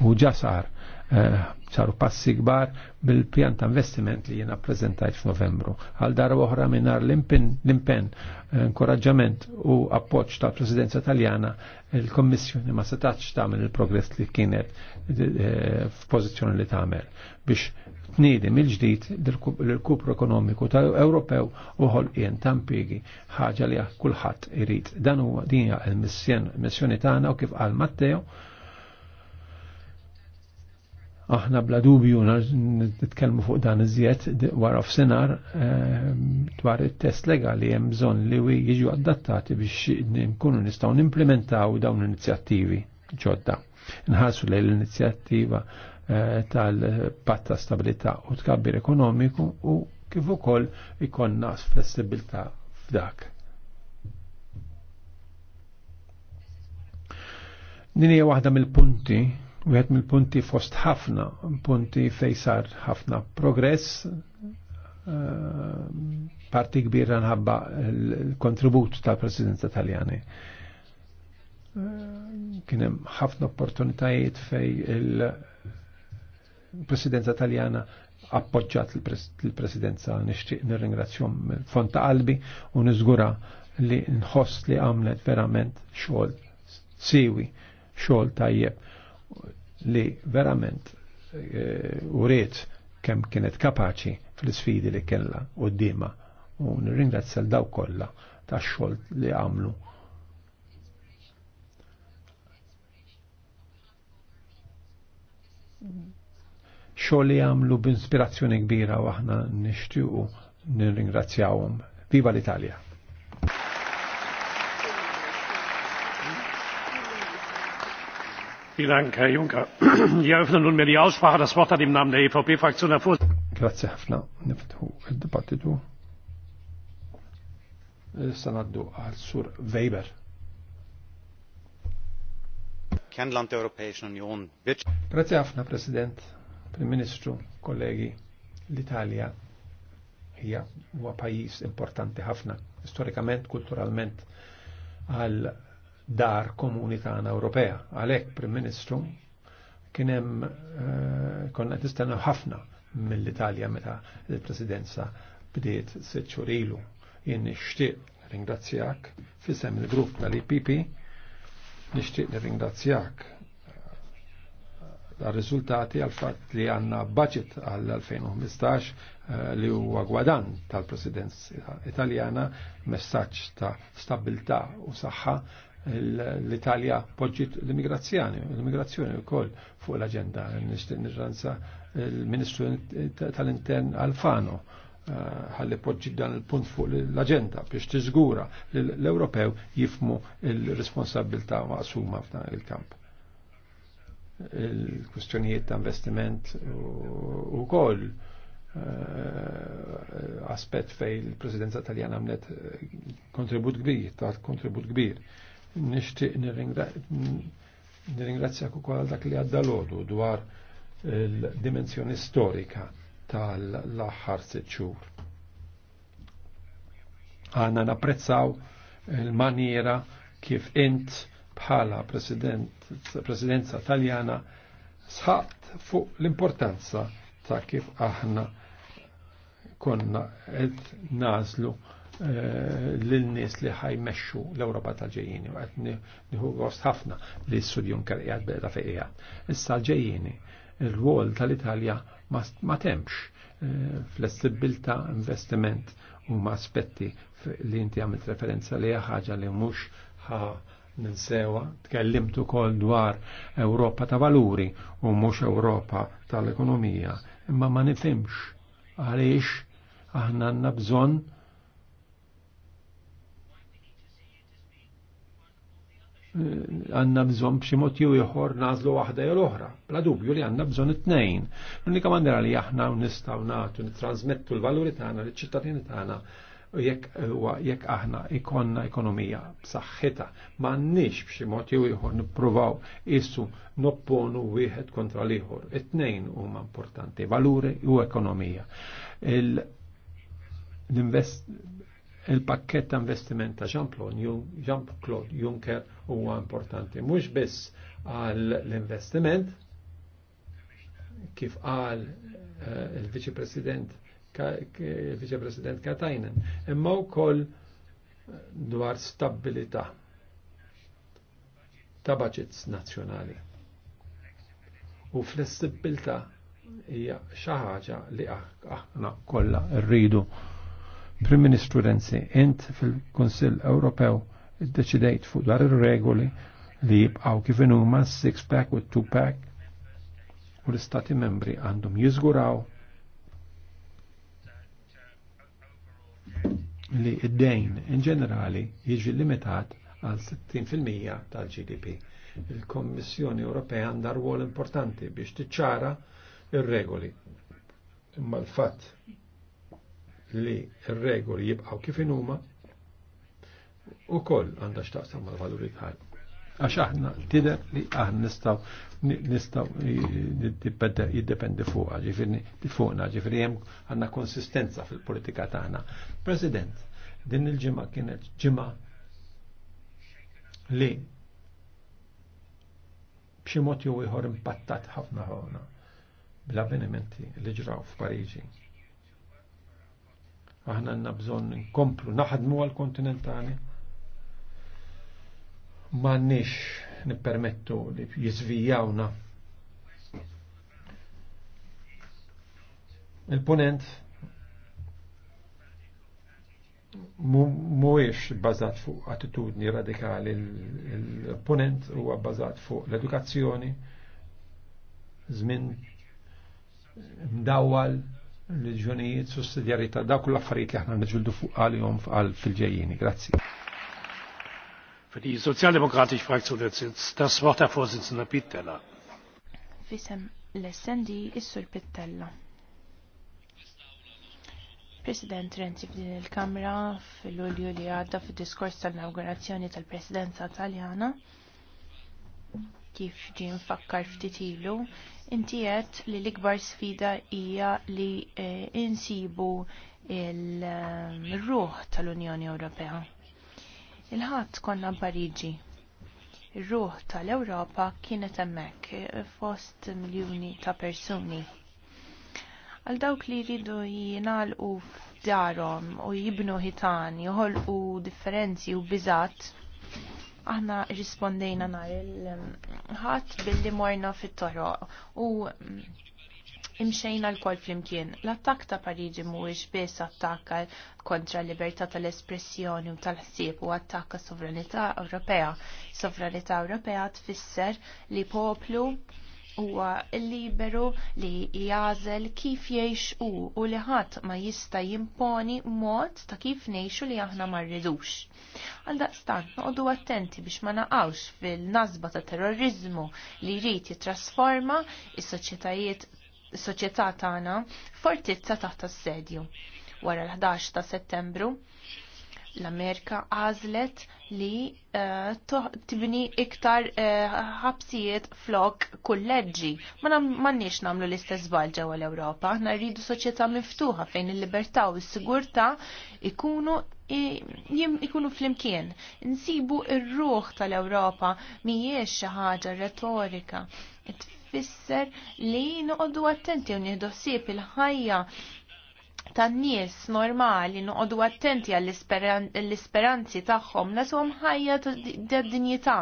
U ġasar ċaru eh, passi kbar bil-pjan ta' investiment li jena prezentajt f'Novembru. Għal dar oħra minar l-impen, eh, inkoraġġament u appoċ ta' presidenza taljana il-Kommissjoni ma setax tagħmel il-progress li kienet eh, f'pożizzjoni li tagħmel biex tniedi mill-ġdid l-kupru ekonomiku ta' Ewropew u ħolqien ta' impjiegi ħaġa li kulħadd irid. Dan huwa din hija l-missjoni tagħna u kif qal Matteo aħna bla dubju nitkellmu fuq dan iżjed wara f'senar ehm, dwar it-test legali hemm bżonn li jiġu adattati biex nkunu nistgħu nimplementaw dawn l-inizjattivi ġodda. Nħarsu lejn l-inizjattiva eh, tal-patt ta' stabilità u tkabbir ekonomiku u kif ukoll ikonna flessibilità f'dak. Din hija waħda mill-punti Wieħed mill-punti fost ħafna, punti fejsar sar ħafna progress, eh, parti kbira nħabba l-kontribut tal-Presidenza Taljani. Eh, Kienem ħafna opportunitajiet fej il-Presidenza Taljana appoġġat l-Presidenza nishtiq nirringrazzjom fond ta' qalbi u niżgura li nħoss li għamlet verament xogħol siwi, xogħol tajjeb li verament eh, uriet kem kienet kapaċi fl-sfidi li kella u d-dima u nirringrazzja l-daw kolla ta' xol li għamlu. Xol li għamlu b'inspirazzjoni kbira u aħna nishtiqu nirringrazzjawhom. Viva l-Italja! Herr Juncker. Ich eröffne nunmehr die Aussprache. Das Wort hat im Namen der EVP-Fraktion Herr Vorsitzender. Grazie ħafna. Niftħu il-dibattitu. Sanaddu għal Sur Weber. Kernland Europäischen Union. Grazie ħafna, President, Prim Ministru, kollegi. L-Italja hija huwa pajjiż importanti ħafna, storikament, kulturalment, għal dar komuni tagħna Ewropea. Għalhekk Prim Ministru kien hemm uh, konna tistennew ħafna mill-Italja meta il-Presidenza bdiet sitt xhur ilu. Jien nixtieq ringrazzjak fissem il-grupp tal-IPP nixtieq nirringrazzjak eh, għal-rizultati għal-fat li għanna budget għal-2015 eh, li huwa gwadan tal-presidenza italjana messaċ ta' stabilta u saħħa l-Italja poġġiet l-immigrazzjoni, l-immigrazzjoni wkoll fuq l-aġenda. Nirranza l-Ministru tal-Intern Alfano eh, ħalli poġġi dan il-punt fuq l-aġenda biex tiżgura li l-Ewropew jifmu l-responsabilità maqsuma f'dan il-kamp il-kustjonijiet ta' investiment u koll eh, aspet fej il-presidenza taljana għamlet eh, kontribut kbir, ta' kontribut kbir. Nishtiq nirringrazzjak ukoll dak li għadda lodu dwar il-dimensjoni storika tal-aħħar sitt xhur. napprezzaw il-maniera kif int bħala presidenza taljana sħaqt fuq l-importanza ta' kif aħna konna ed nażlu Eh, l-nies li ħajmexxu l-Ewropa tal-ġejjini u qed nieħu gost ħafna li s-sudjum karqijat beda fejqija. Issa l-ġejjini il-rwol tal-Italja ma temx eh, flessibilta investiment u ma aspetti li inti għamilt referenza li ħaġa li mhux ħa ninsewa, tkellimt ukoll dwar Ewropa ta' valuri u mhux Ewropa tal-ekonomija, imma ma nifhimx għaliex aħna għandna bżonn għanna bżon b'xi mod jħor nazlu wahda waħda jew l-oħra. Bla dubju li għanna bżon it-tnejn. L-unika maniera li u nistgħu nagħtu nitrasmettu l-valuri tagħna liċ-ċittadini tagħna jekk jekk aħna ikonna ekonomija b'saħħitha m'għandniex b'xi mod jew ieħor nippruvaw issu nopponu wieħed kontra l-ieħor. It-tnejn huma importanti, valuri u ekonomija. L-invest il-pakket ta' investiment ta' Jean-Claude Juncker huwa importanti. Mhux biss għal l-investiment, kif qal eh, il-Viċi President il-Viċi President Katajnen, imma wkoll eh, dwar stabilità ta' budgets nazzjonali. U flessibilità hija xi ħaġa li aħna kollha rridu. Prim Ministru Renzi, int fil-Kunsill Ewropew iddeċidejt fuq dar ir-regoli li jibqaw kif huma six pack u two pack u l-istati membri għandhom jiżguraw li id-dejn in ġenerali jiġi limitat għal 60% tal-GDP. Il-Kommissjoni Ewropea għandha rwol importanti biex tiċċara ir-regoli. Imma l-fatt li r-regoli jibqaw kif huma u koll għandha x'taqsam mal-valuri tħal. Għax aħna tider li aħna nistaw nistaw jiddependi fuqha, ġifirni fuqna, ġifirni hemm għandna konsistenza fil-politika tagħna. President, din il-ġimgħa kienet ġimma li b'xi mod jew ieħor impattat ħafna ħona bl-avvenimenti li ġraw f'Pariġi Aħna għanna bżon nkomplu naħdmu għal-kontinentali. Ma nix nippermettu li jizvijawna. Il-punent muwiex bazat fuq attitudni radikali, il-ponent huwa bazat fuq l-edukazzjoni, żmien mdawwal, l-ġunijiet sussidjarita dawk l-affarijiet li aħna nġildu fuq għalihom fil-ġejjini. Grazzi. Fidi die Sozialdemokratische Fraktion jetzt das Wort der Vorsitzende Pittella. Fisem l-essendi is-sur Pittella. President Renzi f'din il-Kamra fil-Lulju li għadda fil-diskors tal-inaugurazzjoni tal-Presidenza Taljana kif ġie mfakkar ftit ilu Inti qed li l-ikbar sfida hija li eh, insibu il-ruħ tal-Unjoni Ewropea. Il-ħadd konna Pariġi. Ir-ruħ tal-Ewropa kienet hemmhekk eh, fost miljuni ta' persuni. Għal dawk li jridu jingħalqu f'darhom u jibnu ħitan, joħolqu differenzi u biżat, aħna rispondejna nar il-ħat billi morna fit-toro u mm, imxejna l-kol flimkien. L-attak ta' Pariġi mhuwiex biss attakka kontra l-libertà tal-espressjoni u tal-ħsieb u attakka sovranità Ewropea. Sovranità Ewropea tfisser li poplu huwa liberu li jażel kif jgħix u u li ħadd ma jista' jimponi mod ta' kif ngħixu li aħna ma rridux. Għaldaqstant noqogħdu attenti biex ma naqgħux fil-nazba ta' terrorizmu li jrid jitrasforma is-soċjetajiet is-soċjetà tagħna fortizza taħt assedju. Wara l-11 ta' Settembru, l-Amerika għazlet li uh, tibni iktar eh, ħabsijiet uh, flok kulleġġi. Ma mannix namlu l-istess balġa għal Ewropa, aħna rridu soċjetà miftuħa fejn il-libertà u s-sigurtà ikunu ikunu flimkien. Nsibu ir-ruħ tal-Ewropa mhijiex xi ħaġa retorika. Tfisser li noqogħdu attenti u nieħdu il-ħajja tan-nies normali noqogħdu attenti għall-isperanzi tagħhom nashom ħajja ta' dinjità.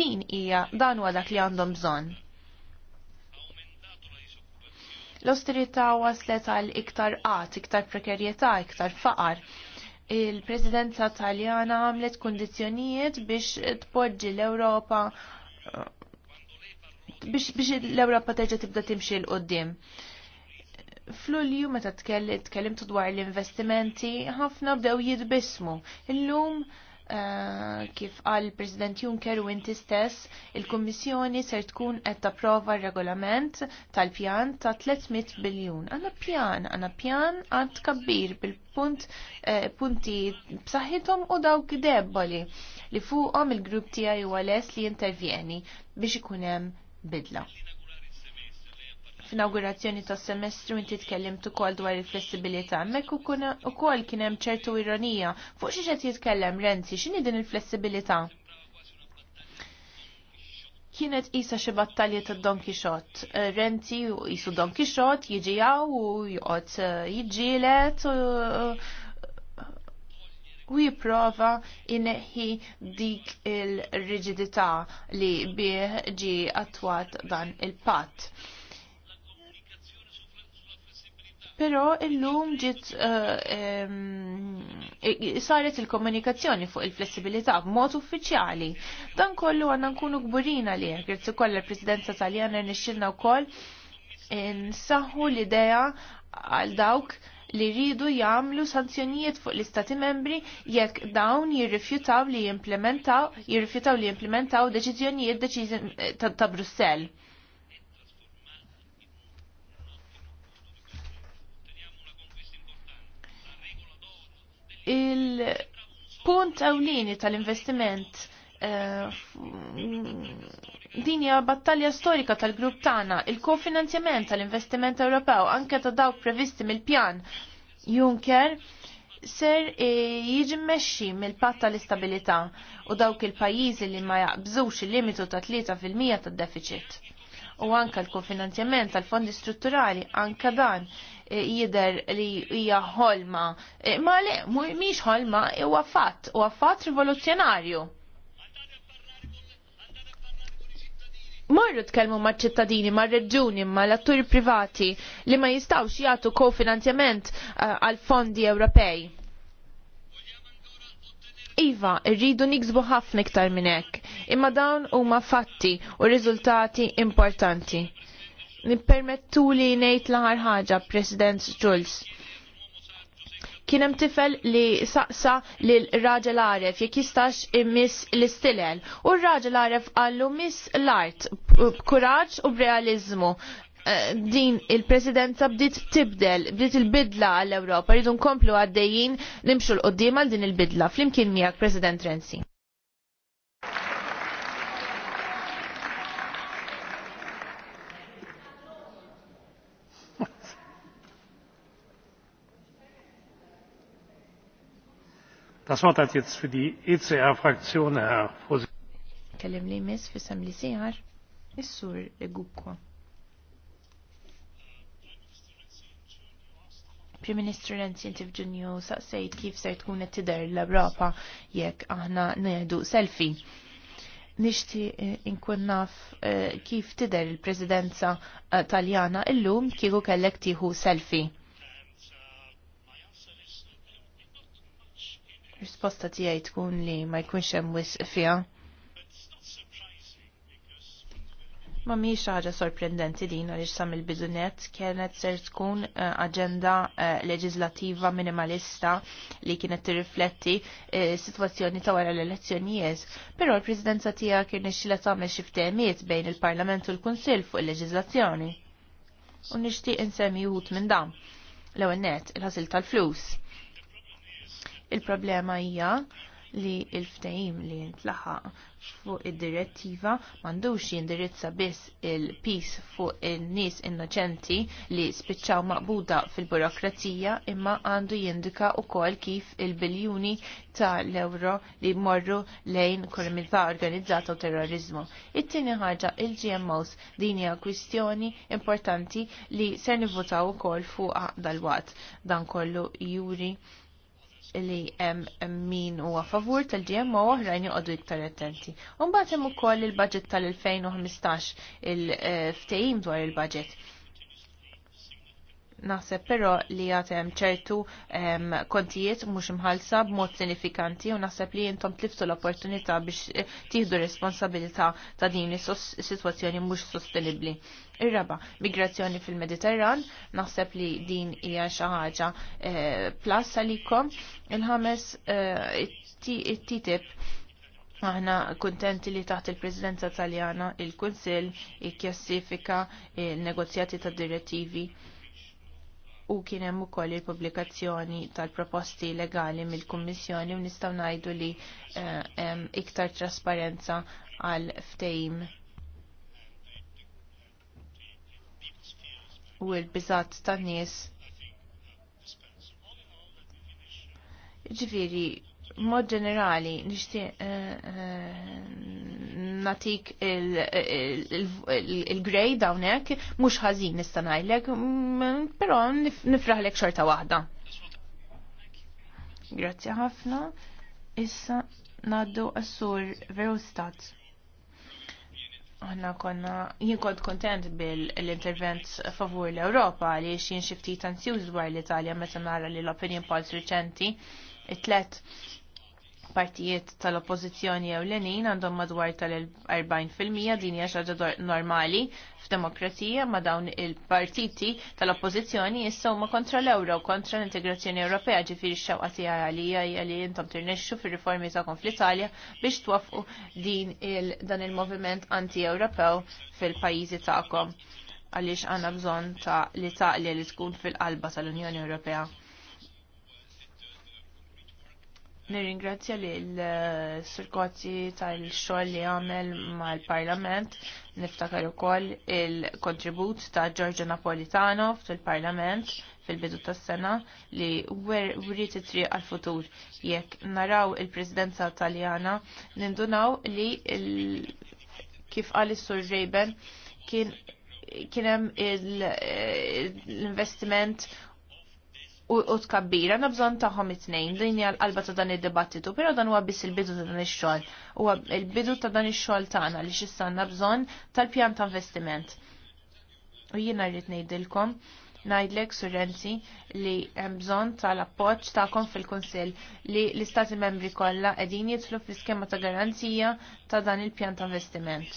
Din hija dan huwa dak li għandhom bżonn. L-osterità waslet għal iktar qat, iktar prekarjetà, iktar faqar il-presidenza taljana għamlet kondizjonijiet biex tpoġġi l ewropa biex, l ewropa terġa' tibda timxi l qoddim F'Lulju meta tkellim dwar l-investimenti, ħafna bdew jitbismu. Illum eh, kif għal President Juncker u inti stess, il-Kommissjoni ser tkun qed tapprova r-regolament tal-pjan ta' 300 biljun. Għanna pjan, għanna pjan għad kabbir bil-punt eh, punti b'saħħithom u dawk deboli li fuqhom il-grupp tiegħi u għales li intervjeni biex ikun hemm bidla f'inaugurazzjoni tas semestru inti tkellimt ukoll dwar il-flessibilità. Mek ukoll kien hemm ċertu ironija fuq xi qed jitkellem Renzi x'inhi din il-flessibilità? Kienet isa xi battalja ta' Don Kixot. Eh, Renzi isu Don Kixot jiġi u joqgħod eh, jiġġielet u eh, jiprofa inneħi dik il-rigidità li bieħ ġie attwat dan il-patt Pero illum ġiet eh, saret il-komunikazzjoni fuq il-flessibilità b'mod uffiċjali. Dan kollu għandna nkunu gburina li grazzi kollha il presidenza Taljana nixxilna wkoll nsaħħu l-idea għal dawk li rridu jagħmlu sanzjonijiet fuq l-Istati membri jekk dawn jirrifjutaw li jimplementaw jirrifjutaw li jimplementaw deċiżjonijiet ta' Brussell il-punt ewlieni tal-investiment eh, din hija battalja storika tal-grupp tagħna, il-kofinanzjament tal-investiment Ewropew anke ta' dawk previsti mill-pjan Juncker ser eh, jiġi mmexxi mill-patt tal-istabilità u dawk il-pajjiżi li ma jaqbżux il-limitu ta' 3% tad-deficit. U anka l-kofinanzjament tal-fondi strutturali anka dan Eh, jider li hija ħolma. Eh, ma le, miex ħolma, huwa fatt, huwa fatt rivoluzzjonarju. Morru tkellmu ma' ċittadini, ma' reġuni, ma' l-atturi privati li ma' jistawx jgħatu kofinanzjament eh, għal fondi Ewropej. Iva, rridu niksbu ħafna iktar minn hekk, imma dawn huma fatti u riżultati importanti. Nippermettu li ngħid l-aħħar ħaġa, President Schulz kienem tifel li saqsa li l-raġel għaref jek jistax immis l-istilel. U l-raġel għaref għallu miss l-art, b'kuraġġ u b'realizmu. Eh, din il-presidenza bdiet tibdel, bdiet il-bidla għall-Ewropa, rridu nkomplu għaddejjin nimxu l-qoddim għal din il-bidla. Flimkien miegħek, President Renzi. Das e Kellim li mis fissam li siħar, is-sur Gukko. Prim Ministru Renzi inti f'Ġunju saqsejt kif se tkun qed tidher l-Ewropa jekk aħna ngħidu selfie. Nixti eh, inkun naf eh, kif tidher il-Presidenza eh, Taljana illum kieku kellek tieħu selfie risposta tiegħi tkun li ma jkunx hemm wisq fiha. Ma mhix ħaġa sorprendenti din għaliex sam il-bidunet kienet ser tkun eh, aġenda eh, leġislativa minimalista li kienet tirrifletti eh, situazzjoni ta' wara l-elezzjonijiet. Però l-Presidenza tiegħek kien ixtila tagħmel xi ftehmiet bejn il-Parlament u l-Kunsill fuq il-leġiżlazzjoni. U nixtieq insemmi wħud minn dan. L-ewwel net il-ħasil tal-flus Il-problema hija li il-ftehim li ntlaħaq fuq id-direttiva mandux jindirizza biss il-pis fuq il-nis innoċenti li spiċċaw maqbuda fil-burokrazija imma għandu jindika u kol kif il-biljuni ta' l-euro li morru lejn kriminalità organizzata u terrorizmu. It-tieni ħaġa il-GMOs din hija kwistjoni importanti li ser nivvotaw ukoll fuq dal-waqt dan kollu juri li hemm min huwa favur tal-GMO oħrajn joqogħdu iktar attenti. Imbagħad hemm ukoll il-budget tal-2015 il-ftehim eh, dwar il-budget. Naħseb però li għatem ċertu kontijiet mhux imħalsa b'mod sinifikanti u naħseb li jintom tliftu l-opportunità biex eh, tieħdu responsabilità ta' din is-sitwazzjoni mhux sostenibbli. Ir-raba, migrazzjoni fil-Mediterran, naħseb li din hija xi ħaġa eh, plus għalikom. Il-ħames eh, it ttip aħna kuntenti li taħt il-Presidenza Taljana il-Kunsill ikkjassifika il-negozjati tad direttivi u kien hemm ukoll il-pubblikazzjoni tal-proposti legali mill-Kummissjoni u nistgħu ngħidu li eh, hemm uh, iktar trasparenza għal ftehim. U l-biżat tan-nies Ġifieri mod ġenerali, nixtieq eh, eh, natik il-grej dawnek, mhux ħażin nista' ngħidlek, mm, però nifraħlek xorta waħda. Grazzi ħafna. Issa naddu għassur Verustat. Aħna konna, jien kont kontent bil-intervent favur l-Europa li xin xifti tanzjuż dwar l-Italja meta nara li l-opinion polls reċenti it-tlet partijiet tal-oppozizjoni jew lenin għandhom madwar tal-40% din hija xi normali f'demokrazija ma dawn il-partiti tal-oppozizjoni issa huma kontra l-ewro kontra l-integrazzjoni Ewropea ġifieri x-xewqa tiegħi għalija hija li intom tirnexxu fir-riformi tagħkom fl-Italja biex twaffqu din il dan il-moviment anti-Ewropew fil-pajjiżi tagħkom għaliex għandna bżonn ta' li taqli li tkun fil-qalba tal-Unjoni Ewropea. Nirringrazzja li l-sirkozzi eh, tal-xogħol li għamel mal-Parlament, niftakar ukoll il-kontribut ta' Giorgio Napolitano fil-Parlament fil-bidu tas sena li writ it-triq għal-futur. Jekk naraw il-Presidenza Taljana, nindunaw li kif għal sur Rejben kien kienem eh, l-investiment u tkabbir, għanna bżon taħħom it-nejn, din hija qalba ta' dan id-dibattitu, però dan huwa biss il-bidu ta' dan ix xol u il-bidu ta' dan ix-xogħol tagħna li x'issanna bżonn tal-pjan ta' investiment. U jiena rrid ngħidilkom ngħidlek surrenzi li hemm bżonn tal-appoġġ tagħkom fil-Kunsill li l-Istati Membri kollha qegħdin jidħlu fl-iskema ta' garanzija ta' dan il-pjan ta' investiment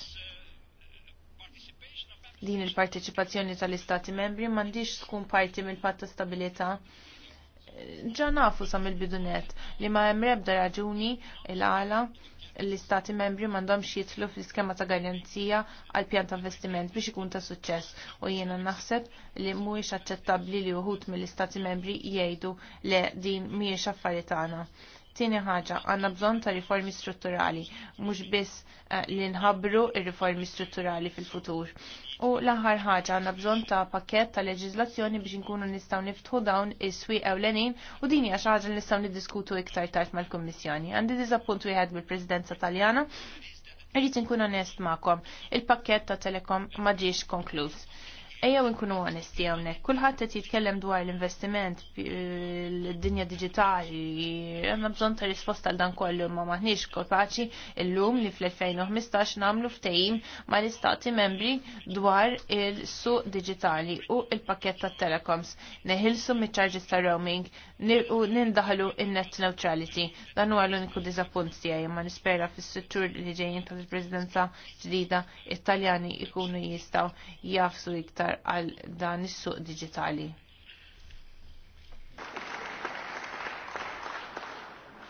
din il-partiċipazzjoni tal-Istati membri m'għandix tkun parti mill-patt ta' stabilità ġa nafu sa mill-bidunet li ma hemm rebda raġuni il-għala l-istati membri m'għandhomx xietlu fl-iskema ta' garanzija għal pjan ta' investiment biex ikun ta' suċċess u jiena naħseb li mhuwiex aċċettabbli li uħut mill-istati membri jgħidu li din mhijiex affarijiet tagħna. Tieni ħaġa, għandna bżonn ta' riformi strutturali, mhux biss eh, li nħabbru ir-riformi strutturali fil-futur. U l-aħħar ħaġa għandna bżonn ta' pakkett ta' leġiżlazzjoni biex inkunu nistgħu niftħu dawn is-swieq ewlenin u din hija xi ħaġa li nistgħu niddiskutu iktar tard mal-Kummissjoni. Għandi diżappunt wieħed bil-Presidenza Taljana Irrid inkun onest magħkom, il-pakkett ta' Telekom ma ġiex konkluż. Ejja nkunu onesti hawnhekk, kulħadd qed jitkellem dwar l-investiment fid-dinja diġitali, għandna bżonn ta' risposta għal dan kollu ma maħniex l llum li fl-2015 nagħmlu ftehim mal-istati membri dwar il-suq diġitali u il-pakket tat telecoms neħilsu mit-charges ta' roaming nirqu nindaħlu in-net neutrality. Dan huwa l-uniku diżappunt tiegħi Ma nispera fis-settur li ġejjin tal-Presidenza ġdida Italjani ikunu jistgħu jafsu iktar għal dan is-suq diġitali.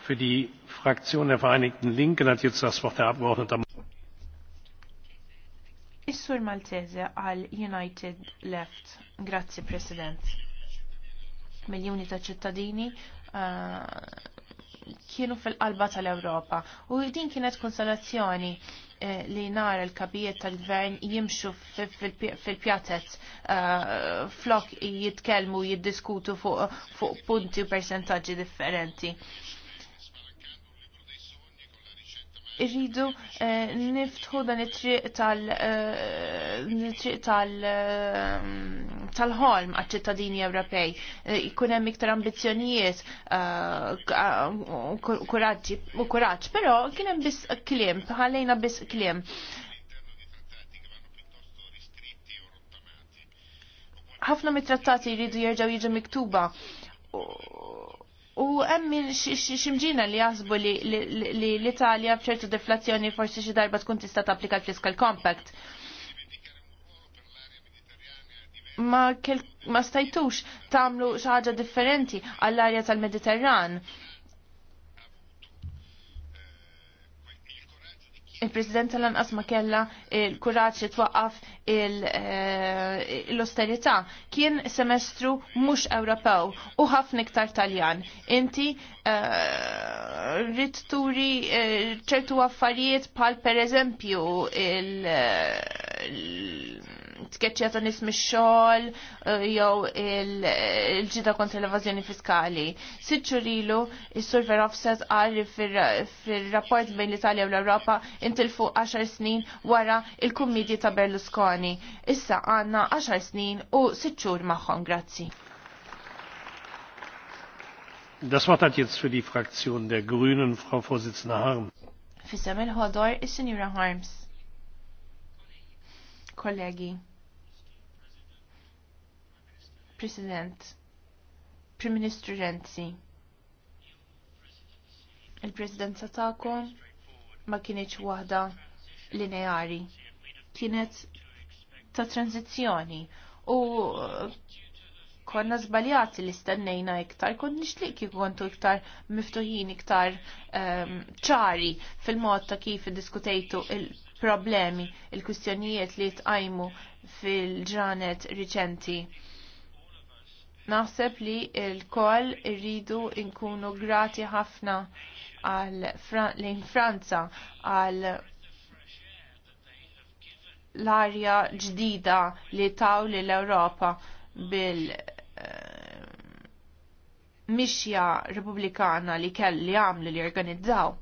Für die Fraktion der Vereinigten Linken hat jetzt das Wort der Abgeordnete. Is-Sur Maltese għal United Left. Grazzi, President miljoni ta' ċittadini eh, kienu fil-qalba tal-Ewropa. U din kienet konsolazzjoni eh, li nara l-kabijiet tal-gvern jimxu fil-pjatet eh, flok jitkelmu, jiddiskutu fuq punti u percentagġi differenti irridu eh, niftħu dan it-triq tal-triq eh, eh, tal-ħolm għal-ċittadini Ewropej. Ikun hemm iktar ambizzjonijiet u kuraġġ, però kien hemm biss kliem, ħallejna biss kliem. ħafna mit-trattati jridu jerġgħu jiġu miktuba U hemm ximġina li jazbu li l-Italja bċertu deflazzjoni forsi xi darba tkun tista' tapplika l-Fiscal Compact. Ma, stajtux tagħmlu xi ħaġa differenti għall-arja tal-Mediterran il-President tal-anqas ma kella il-kuraċ twaqqaf eh, l-austerità. Kien semestru mhux Ewropew u ħafna iktar Taljan. Inti eh, rrit turi eh, ċertu affarijiet pal pereżempju il- tkeċċja ta' nis mix-xogħol eh, jew il-ġida kontra l-evażjoni fiskali. Siċċur ilu s sur Verhofstadt qal li fir-rapport bejn l-Italja u l-Ewropa intilfu 10 snin wara il kummidji ta' Berlusconi. Issa għandna 10 snin u siċċur magħhom, grazzi. Das Wort hat jetzt für die Fraktion der Grünen Frau Vorsitzende Harm. Für il-ħodor is-Sinjura Harms kollegi. President, Prim Ministru Renzi. Il-presidenza ta'kom ma kienieċ waħda lineari. Kienet ta' tranzizjoni u uh, konna zbaljati li stennejna iktar, kont nixtieq kif kontu iktar miftuħin iktar um, ċari fil-mod ta' kif iddiskutejtu il-problemi, il-kwistjonijiet li tqajmu fil-ġranet riċenti Naħseb li l-koll irridu nkunu grati ħafna lejn Franza għal l-arja ġdida li taw li l-Europa bil eh, mixja republikana li kell li għamlu li organizzaw.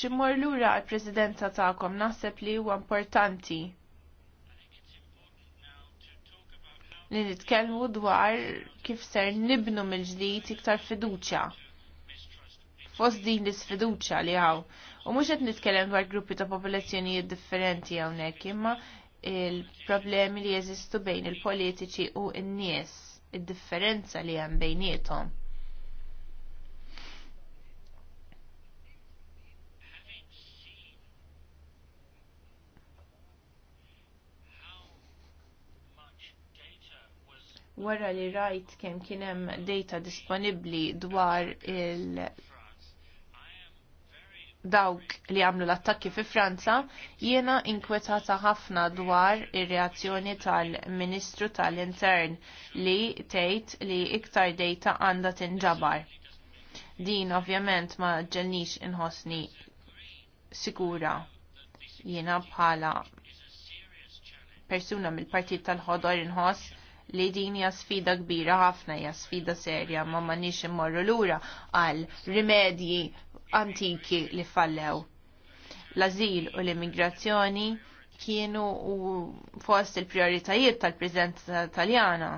Ximmor l-ura għal-presidenza ta'kom naħseb li huwa importanti li nitkellmu dwar kif ser nibnu mill-ġdid iktar fiduċja. Fost din l-sfiduċja li għaw. U mhux qed nitkellem dwar gruppi ta' popolazzjonijiet differenti hawnhekk, imma il-problemi li jeżistu bejn il-politiċi u n-nies, id-differenza li hemm bejniethom. wara li rajt kemm kien hemm data disponibbli dwar il dawk li għamlu l-attakki fi Franza, jiena inkwetata ħafna dwar ir-reazzjoni tal-Ministru tal-Intern li tgħid li iktar data għandha tinġabar. Din ovvjament ma ġelnix inħossni sigura jiena bħala persuna mill-partit tal-ħodor inħoss li din hija sfida kbira ħafna, hija sfida serja, ma m'għandniex immorru lura għal rimedji antiki li fallew. L-azil u l-immigrazzjoni kienu u fost il-prioritajiet tal-prezenza taljana.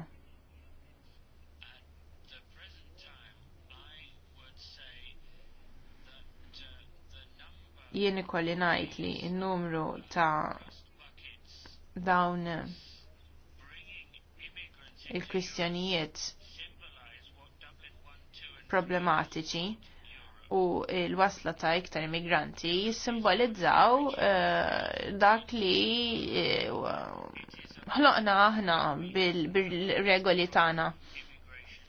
jien ikolli ngħid li n-numru ta' dawn il-kwistjonijiet problematiċi u l-wasla ta' iktar immigranti jissimbolizzaw uh, dak li eh, ħloqna uh, aħna bil-regoli bil tagħna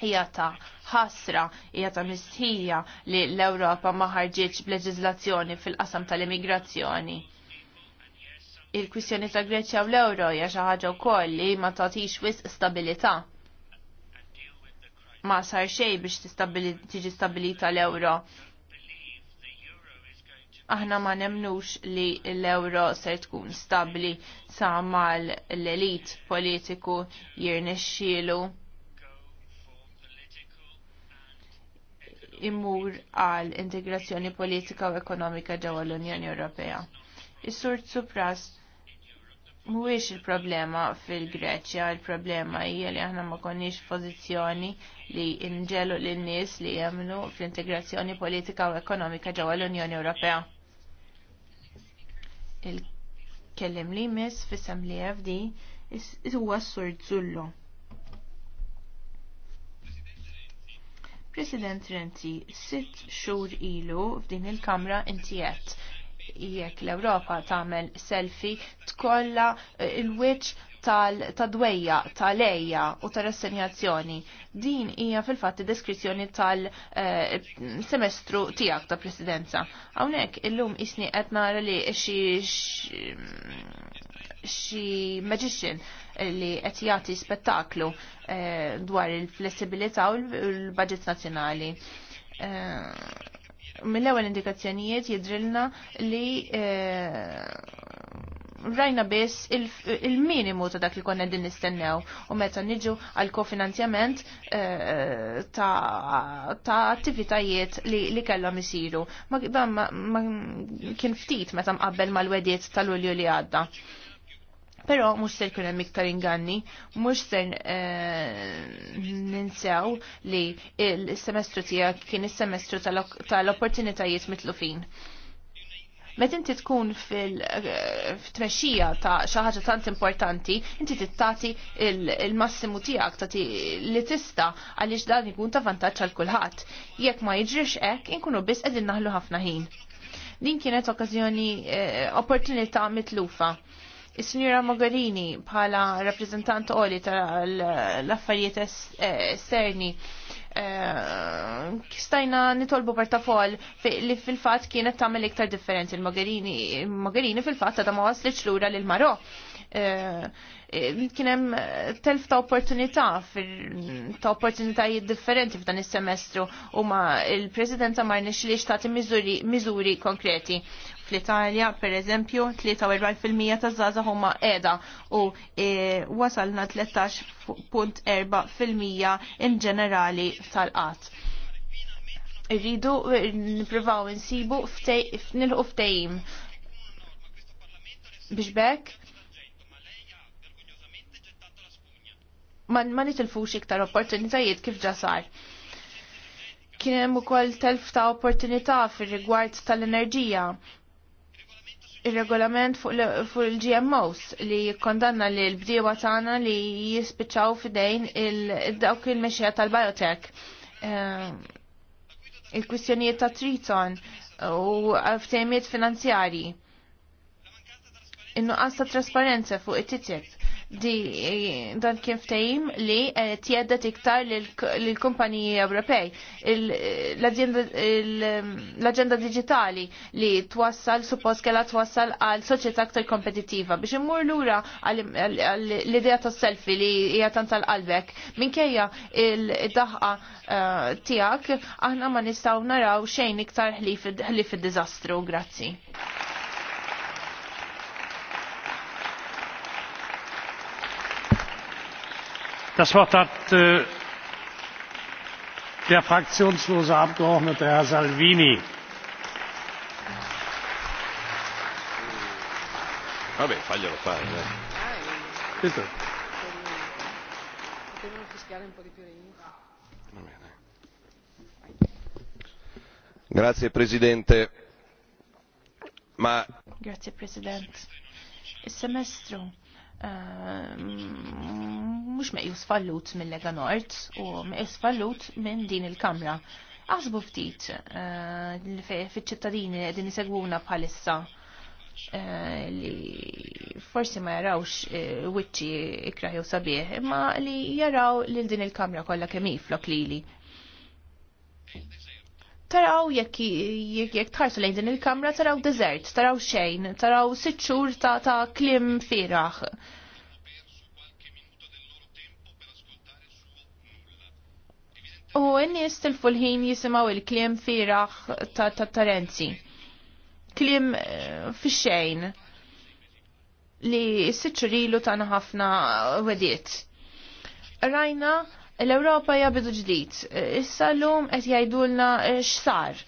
hija ta' ħasra, hija ta' mistħija li l-Ewropa ma ħarġitx b'leġiżlazzjoni fil-qasam tal-immigrazzjoni il-kwistjoni ta' Greċja u l-Euro hija xi ħaġa wkoll li ma tagħtix wisq stabilità. Ma sar xejn biex tiġi stabilita l-Euro. Aħna ma nemnux li l-Euro ser tkun stabli sa mal l-elit politiku jirnexxielu imur għal integrazzjoni politika u ekonomika ġewwa l-Unjoni Ewropea. Is-Sur Tsupras Mwix il-problema fil-Greċja, il-problema hija li aħna ma konniex pożizzjoni li nġelu l nies li jemnu fl-integrazzjoni politika u ekonomika ġewwa l-Unjoni Ewropea. Il-kellim li mis fis li FD huwa s-sur Zullo. President Renzi, sitt xhur ilu f'din il-Kamra inti jekk l-Ewropa tagħmel selfie tkollha eh, il-wiċċ tal-dwejja, tal-ejja u tal-assenjazzjoni. Din hija fil-fatt deskrizzjoni tal-semestru eh, tiegħek ta' presidenza. Hawnhekk illum isni qed nara li xi xi magician li qed jagħti spettaklu eh, dwar il-flessibilità u l-budget nazzjonali mill-ewwel indikazzjonijiet jidrilna li eh, rajna biss il-minimu ta' dak li konna din nistennew u meta niġu għal kofinanzjament eh, ta' attivitajiet li kellhom isiru. Ma kien ftit meta mqabbel mal-wediet tal-ulju li għadda. Pero mux ser kunem miktar inganni, mux ser eh, ninsew li il-semestru tija kien il-semestru tal-opportunitajiet mitlu fin. Met inti tkun fil-tmexxija eh, ta' xaħġa tant importanti, inti tittati il-massimu tijak tati li tista għaliex dan ikun ta' vantaġġ għal kulħadd. Jekk ma jiġrix hekk, inkunu biss qegħdin naħlu ħafna ħin. Din kienet okkażjoni eh, opportunità mitlufa Is-Sinjura Mogherini bħala rappreżentant oli tal-affarijiet eh, esterni eh, stajna nitolbu portafol li fil-fatt kienet tagħmel iktar differenzi il-Mogherini Mogherini fil-fatt ta' ma waslitx lura lil Maro. Eh, kien hemm telf ta' opportunità ta' opportunitajiet differenti f'dan is-semestru u ma il-Presidenza ma li tagħti miżuri konkreti. Fl-Italja, per eżempju, 43% ta' zaza huma edha u e, wasalna 13.4% in ġenerali tal-qat. Irridu nipprivaw insibu f'nilħu ftejim biex bekk ma nitilfux iktar opportunitajiet kif ġasar. Kien hemm ukoll telf ta' opportunità fir-rigward tal-enerġija il-regolament fuq il-GMOs li kondanna li l-bdiewa tagħna li jispiċċaw fidejn dawk il-mexxija tal-biotech. Eh, il-kwistjonijiet ta' Triton u ftehmiet finanzjarji. In-nuqqas ta' trasparenza fuq it-titjeb di dan kien ftehim li eh, tjedda iktar lill-kumpaniji Ewropej. L-aġenda digitali li twassal suppost kella twassal għal soċjetà aktar kompetitiva. biex immur lura l-idea tas selfie li hija tant tal-qalbek. Minkejja il-daħqa eh, tiegħek aħna ma nistgħu naraw xejn iktar ħlif id-diżastru. Grazzi. das wort hat äh, der fraktionslose abgeordnete herr salvini. Vabbè, faglielo fare. Eh. Questo. Devono fischiare un po' di più Grazie Presidente. Ma... Grazie Presidente. Il semestro mux ehm, meqjus fallut minn Lega Nord u meqjus fallut minn din il-Kamra. Għazbu ftit ehm, fiċ-ċittadini din isegwuna bħalissa ehm, li forsi ma jarawx eh, wiċċi ikraħi u sabieħ, imma li jaraw li din il-kamra kollha kemm flok lili taraw jekk jekk tħarsu lejn din il-kamra taraw desert, taraw xejn, taraw sitt xhur ta' ta' klim firaħ. U n-nies til-fulħin jisimaw il-klim firaħ ta' ta' Tarenzi. Klim eh, fi xejn li s-sitxurilu tana ħafna wediet. Rajna L-Ewropa hija bidu ġdid. Issa llum qed jgħidulna x'sar.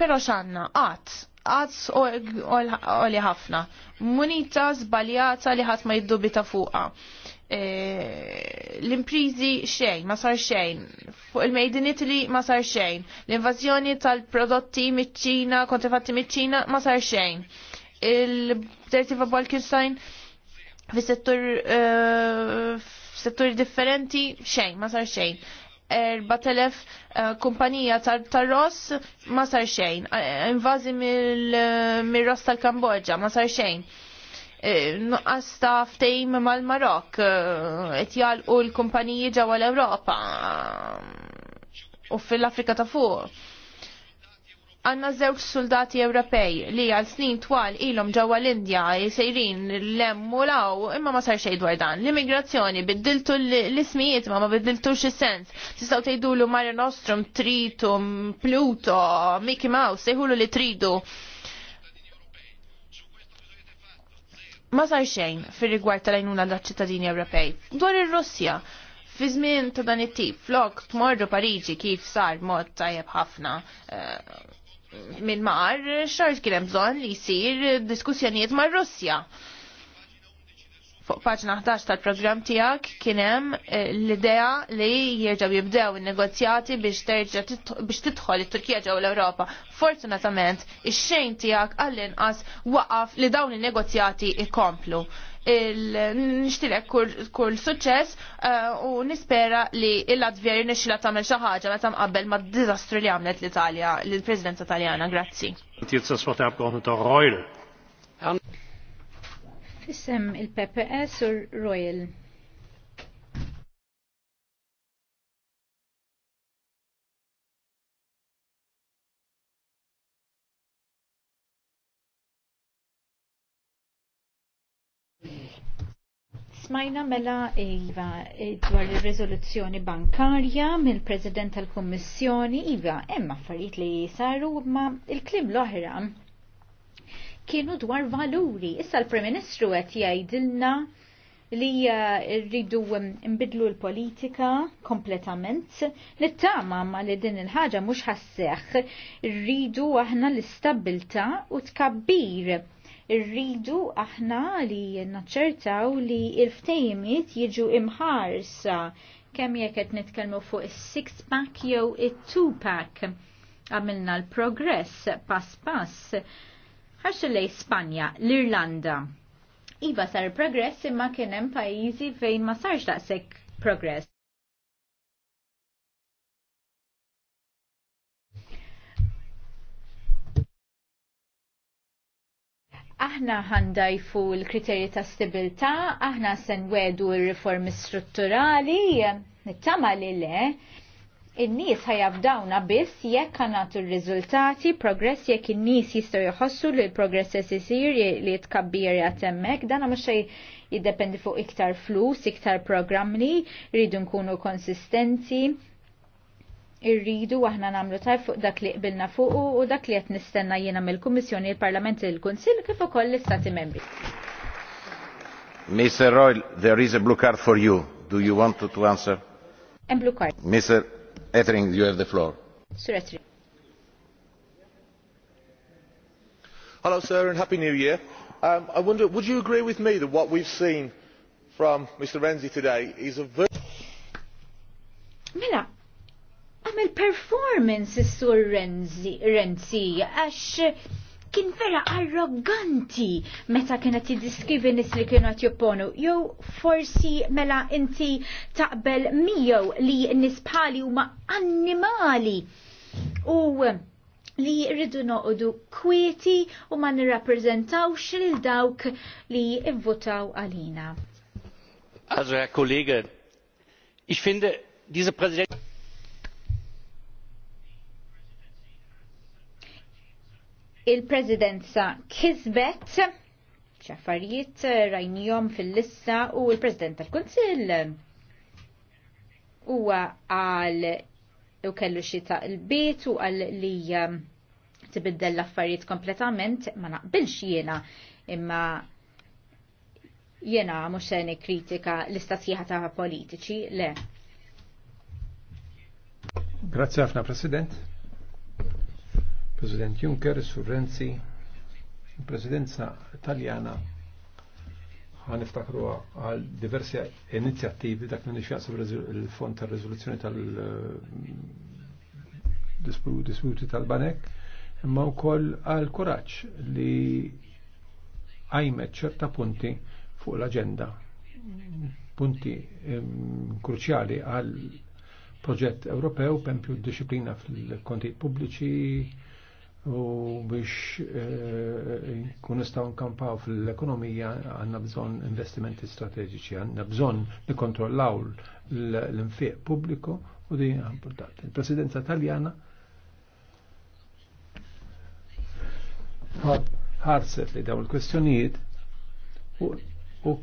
Però x'għandna għat u li ħafna. Munita zbaljata li ħat ma bita fuqa. E, l-imprizi xejn, ma sar xejn. Fuq il-Made in Italy ma sar xejn. L-invażjoni tal-prodotti mit-ċina, kontrafatti mit-ċina ma sar xejn. Il-Dirtiva Balkan fis-settur e, f'setturi differenti xejn, ma sar xejn. 4000 eh, kumpanija tar-ross ma sar xejn, eh, invażi eh, mir-ross tal kamboġa ma sar xejn. Nuqqas ftejm mal-Marok, qed jalqu l-kumpaniji ġewwa l-Ewropa u fil-Afrika ta' fuq għanna żewġ soldati Ewropej li għal snin twal ilhom ġewwa l-Indja l-emmu law imma ma sar xejn dwar dan. L-immigrazzjoni biddiltu l-ismijiet ma ma biddiltux is-sens. Tistgħu tgħidulu Mare Nostrum, Tritum, Pluto, Mickey Mouse, sejħulu li tridu. Ma sar xejn fir-rigward tal-għajnuna da ċittadini Ewropej. Dwar ir-Russja, fi żmien ta' dan it-tip, flok tmorru Pariġi kif sar mod tajjeb ħafna. Uh, minn mar xart kien hemm bżonn li jsir diskussjonijiet mar-Russja fuq paġna 11 tal-programm tiegħek kien hemm eh, l-idea li jerġgħu jibdew in-negozjati biex terġa' biex tidħol it-Turkija ġew l-Ewropa. Fortunatament, ix-xejn tiegħek għall-inqas waqaf li dawn in-negozjati ikomplu nixtilek kull suċċess eh, u nispera li il-Latvija jirnexxila tagħmel xi ħaġa meta mqabbel ma' diżastru li għamlet l-Italja, l-Presidenza Taljana. Grazzi. Fissem il-PPS u Royal. smajna mela Iva eh, dwar ir-riżoluzzjoni bankarja mill-President tal-Kummissjoni Iva hemm affarijiet li saru ma il-klim l-oħra kienu dwar valuri. Issa l-Prim Ministru qed jgħidilna li eh, rridu nbidlu l-politika kompletament. Nittama ma li din il-ħaġa mhux ħasseħ rridu aħna l-istabilta u tkabbir Irridu aħna li naċċertaw li il-ftejmiet jiġu imħarsa kemm jekk qed nitkellmu fuq is-six pack jew it-two pack. Għamilna l-progress pass pass. Ħarxu lej Spanja, l-Irlanda. Iva sar progress imma kien hemm pajjiżi fejn ma sarx daqshekk progress. aħna ħandajfu l-kriterji ta' stabilità, aħna sen wedu r-riformi strutturali, nittama li le, in-nies ħajabdawna biss jekk għanatu r-riżultati, progress jekk in-nies jistgħu jħossu li l-progress qed isir li jitkabbir jatemmek, hemmhekk, dan mhux jiddependi fuq iktar flus, iktar programmi, rridu nkunu konsistenti, irridu aħna namlu tajf fuq dak li qbilna fuq u dak li qed nistenna jiena mill-Kummissjoni il-Parlament il-Kunsill kif ukoll l-Istati Membri. Mr. Royal, there is a blue card for you. Do you want to, to answer? A blue card. Mr. Ettering, you have the floor. Sir Ettering. Hello, sir, and Happy New Year. Um, I wonder, would you agree with me that what we've seen from Mr. Renzi today is a... Mela, għamil performance is-sur Renzi għax kien vera arroganti meta kienet jiddiskrivi nis li kienu jopponu. Jew forsi mela inti taqbel miegħu li nis bħali huma annimali. U li rridu noqdu kwieti u ma nirrappreżentawx lil dawk li ivvotaw għalina. Also, Herr Kollege, ich finde, diese Präsident... il-Presidenza kisbet ċaffarijiet eh, rajnijom fil-lissa u il-President tal-Kunsill huwa għal u kellu xita il-bit u għal li eh, tibiddel l-affarijiet kompletament ma naqbilx jiena imma jiena mhux se kritika l istatsiħa ta' politiċi le. Grazie ħafna President. President Juncker, Sur Renzi, il-Presidenza Taljana għan iftakru għal diversi inizjattivi dak li nixjaqsu il-fond tal rezoluzzjoni eh, tal-disputi tal-banek, imma wkoll għal kuraġġ li għajmet ċerta punti fuq l-agenda, punti kruċjali għal proġett Ewropew, pempju disciplina fil konti pubbliċi, u biex eh, kun nistaw nkampaw fil-ekonomija għanna bżon investimenti strategiċi, għanna bżon nikontrollaw l-infiq pubbliku u di importanti. Il-presidenza taljana ħarset li daw il-kwestjonijiet u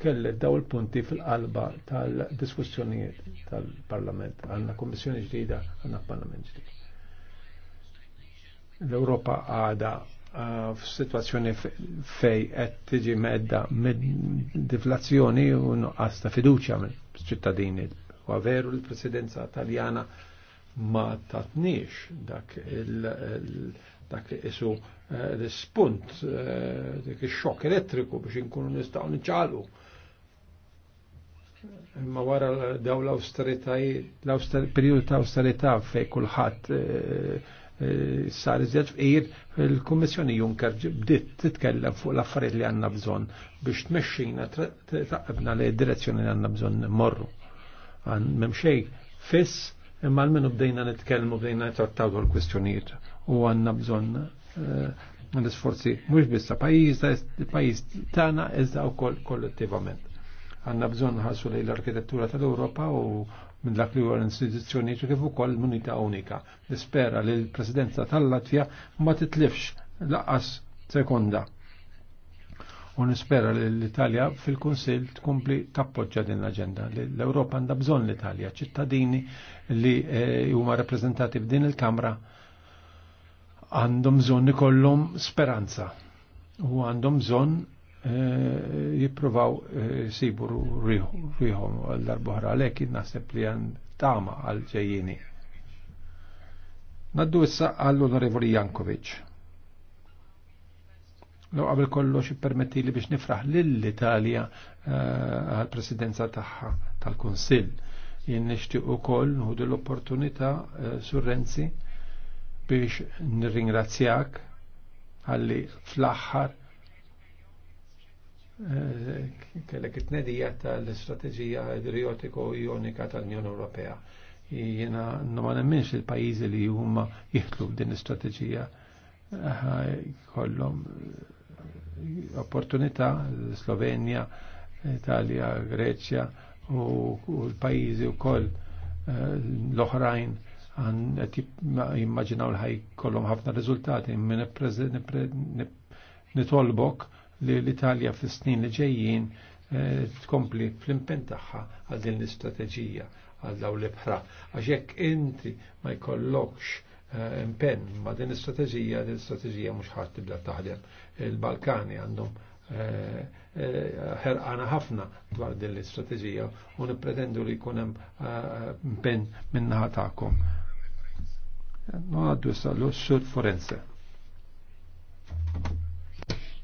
kellet daw il-punti fil-qalba tal-diskussjonijiet tal-parlament. Għanna kommissjoni ġdida, għanna parlament ġdida l-Europa għada eh, f-situazzjoni fej qed tiġi medda med deflazzjoni u nuqqas ta' fiduċja mill ċittadini. U għaveru l-presidenza taljana ma tatniex dak il- dak isu eh, l-spunt, eh, dak il-xok elettriku biex inkunu nistaw nċalu. Imma wara daw l-austeritajiet, l-periodu ta' austerità fej kullħat sar iżjed fqir il-Kummissjoni Juncker bdiet titkellem fuq l-affarijiet li għandna bżonn biex tmexxina taqbna li d-direzzjoni li għandna bżonn morru. Mem xejn fiss imma l-minu bdejna nitkellmu bdejna nitrattaw dwar kwistjonijiet u għandna bżonn eh, l-isforzi mhux biss ta' pajjiż, pajjiż tagħna iżda wkoll kollettivament għanna bżon ħassu li l-arkitettura tal-Europa u minn dak li huwa l-istituzzjoni kif ukoll l-munita unika. Nispera li l-Presidenza tal-Latvja ma titlifx laqas sekonda. U nispera li l-Italja fil-Kunsil tkompli tappoġġa din l-aġenda. L-Ewropa għandha bżonn l-Italja, ċittadini li eh, huma rappreżentati f'din il-Kamra għandhom bżonn ikollhom speranza u għandhom bżonn jipprovaw eh, sibu riħom l-darbohra lek naħseb li għan tama għal-ġejjini. Naddu issa għall-Onorevoli Jankovic. Law kollu kollox permetti li biex nifraħ lill-Italja eh, għal-presidenza tagħha tal-Kunsill. Jien u koll nħudu l-opportunità eh, sur Renzi biex nirringrazzjak għalli fl-aħħar Eh, kellek it-nedija tal-istrateġija idriotiko-jonika tal-Unjoni Ewropea. Jena ma nemminx il-pajizi li huma jitlu din l-istrateġija kollhom eh, opportunità Slovenja, Italja, Greċja u l-pajizi wkoll eh, l-oħrajn għan jimmaġinaw l-ħaj kollom ħafna rizultati minn nitolbok li l-Italja fis-snin li ġejjin eh, tkompli fl-impen tagħha għal din l-istrateġija għal dawn l-ibħra. Għax jekk inti ma jkollokx eh, impenn ma din l-istrateġija, din l-istrateġija mhux ħadd tibda taħdem. Il-Balkani għandhom eh, ħerqana ħafna dwar din l-istrateġija u nippretendu li jkun hemm impenn min-naħa tagħkom. Non għaddu sa l-sur forense.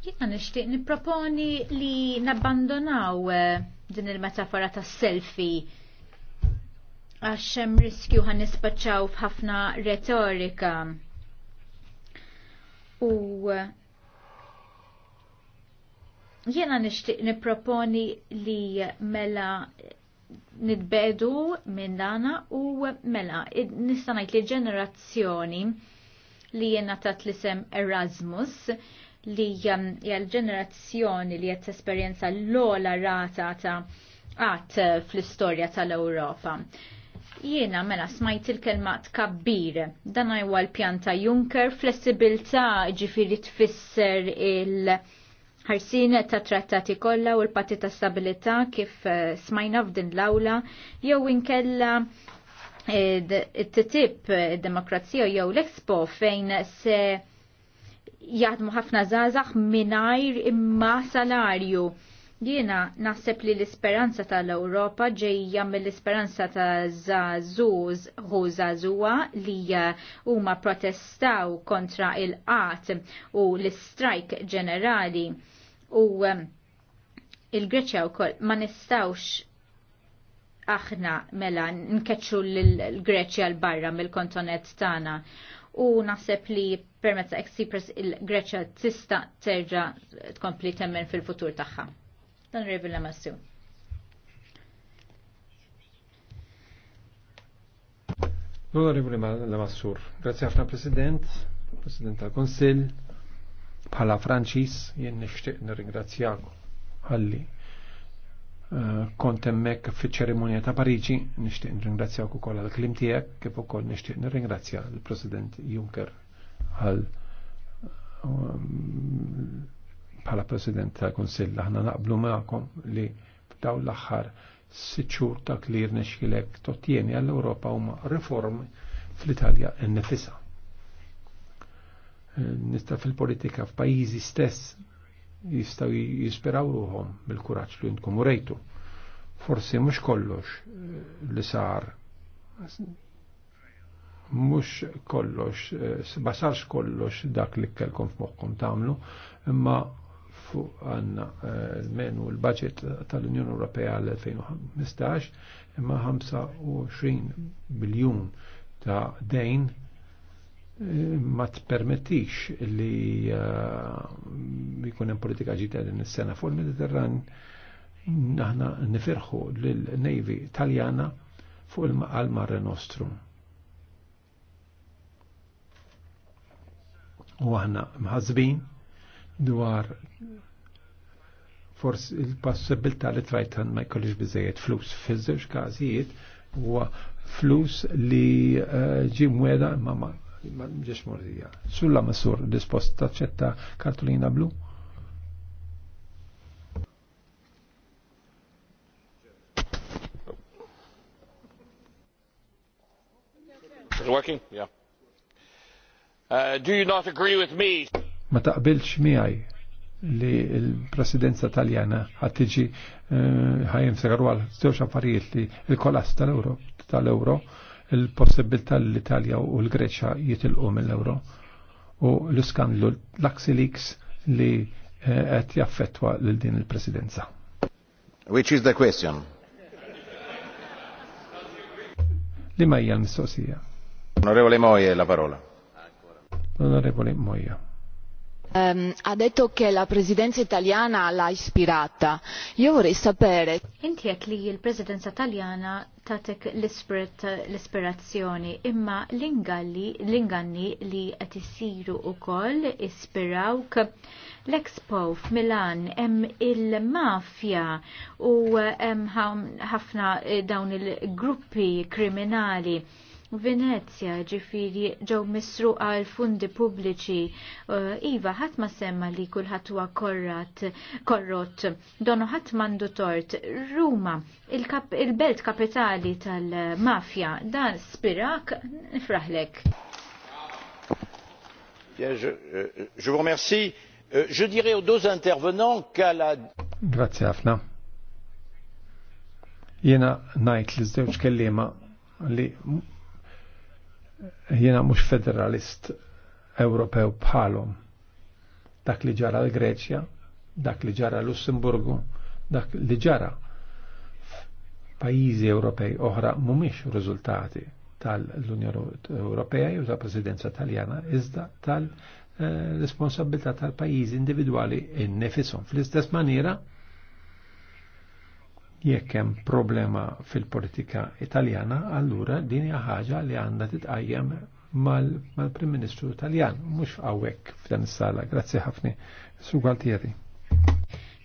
Jena nishtiq niproponi li nabbandonaw eh, din il-metafora ta' selfie għax hemm riskju għan nispaċċaw f'ħafna retorika. U eh, jiena nixtieq nipproponi li mela nitbedu minn dana u mela nista' ngħid li ġenerazzjoni li jena tat l-isem Erasmus li um, l-ġenerazzjoni li qed tesperjenza l-ola rata ta' għat uh, fl-istorja tal-Ewropa. Jiena mela smajt il-kelma tkabbir. Dan huwa l-pjan ta' Juncker, flessibilità ġifiri tfisser il- ħarsin ta' trattati kollha u l-patti ta' stabilità kif uh, smajna f'din l-awla jew inkella it-titib eh, id-demokrazija eh, jew l-Expo fejn se jaħdmu ħafna zazax minajr imma salarju. Jiena naħseb li l-isperanza tal-Ewropa ġejja mill-isperanza ta' Zazuz hu Zazuwa li huma protestaw kontra il-qat u l-strajk ġenerali u um, il-Greċja wkoll ma nistawx aħna mela nkeċċu l-Greċja l-barra mill-kontonet tagħna u naħseb li permezz ex Cyprus il-Greċja tista terġa tkompli temmen fil-futur tagħha. Dan rivilla massu. L-Onorevoli Lamassur, grazie ħafna President, President tal-Konsil, bħala Franċis, jien nixtieq nirringrazzjakom ħalli kont hemmhekk fiċ-ċerimonja ta' Pariġi, nixtieq nirringrazzjawk ukoll għal klim tiegħek kif ukoll nixtieq nirringrazzja l-President Juncker għal um, bħala President tal Kunsill aħna naqblu magħkom li daw l-aħħar sitt ta' klir nexxilek tottieni għall-Ewropa huma riformi fl-Italja n-nefisa. Eh, nista fil-politika f'pajjiżi stess jistaw jisperaw ruhom bil kuraġġ li jintkom urejtu. Forsi mhux kollox eh, li sar mhux kollox, basarx eh, kollox dak li kelkom f'moħħkom tagħmlu, imma fuq għanna eh, l-menu l-budget tal-Unjoni Ewropea l-2015 imma 25 biljun ta' dejn ma t-permettix li uh, jkun hemm politika ġdida din is-sena fuq il-Mediterran aħna nifirħu lill-Navy Taljana fuq il-Mare Nostrum. U aħna mħazbin dwar forsi il-possibilità li trajtan ma jkollix biżejjed flus. Fiż-żewġ każijiet huwa flus li uh, ġi ma' ma ma ġiex mordija. Sulla Massur, dispost taċċetta kartolina blu? Is working? Yeah. Uh, do you not agree with me? Ma taqbilx miegħi li l-presidenza taljana ħad tiġi eh, ħajjem uh, għal żewġ affarijiet li l-kolass tal-Ewro tal-Ewro tal euro tal ewro tal ewro il-possibilità li l-Italja u l-Greċja jitilqu mill-euro u l-skandlu l-Axilix li eh, qed jaffettwa lil din il-presidenza. Which is the question? Li ma hija l-mistoqsija? Onorevole Moje la parola. Onorevole Moje Um, ehm, ha detto che la presidenza italiana l'ha ispirata. Io vorrei sapere. Inti qed li l-presidenza italiana tatek l-ispirazzjoni imma l-inganni li qed isiru wkoll ispirawk l-Expo f'Milan hemm il-mafja u hemm ħafna eh, dawn il-gruppi kriminali Venezia ġifiri ġew misru għal fundi publiċi. Uh, iva, ħadd ma semma li kulħadd huwa korrat, korrot, donu ħat mandu tort. Ruma, il-belt -kap il kapitali tal-mafja, da spirak, nifraħlek. Je, je, je vous remercie. Euh, je dirais aux deux intervenants qu'à la... Grazie, Afna. Jena najt li żewġ kellima li Jiena mhux federalist Ewropew bħalhom. Dak li ġara l-Greċja, dak li ġara l-Lussemburgu, dak li ġara pajizi Ewropej oħra mhumiex riżultati tal-Unjoni Ewropea jew tal-Presidenza Taljana iżda tal-responsabilità eh, tal-pajjiżi individwali innifisom. Fl-istess maniera jekk hemm problema fil-politika Italjana, allura din hija ħaġa li għandha titqajjem mal-Prim mal Ministru Italjan, mhux hawnhekk f'dan is-sala. Grazzi ħafna. Su Galtieri.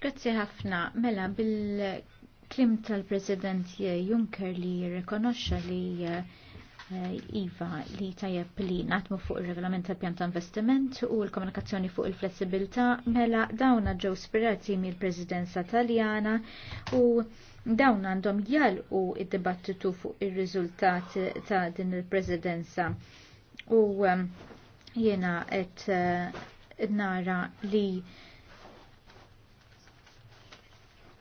Grazzi ħafna. Mela bil-klim tal-President Juncker li jirrikonoxxa li eh, Eh, iva li tajab li natmu fuq il-regolament tal-pjan ta' investiment u l-komunikazzjoni fuq il-flessibilità mela dawna ġew spirati mill-Presidenza Taljana u dawn għandhom u id-dibattitu fuq il rizultat ta' din il-Presidenza u ehm, jena qed eh, nara li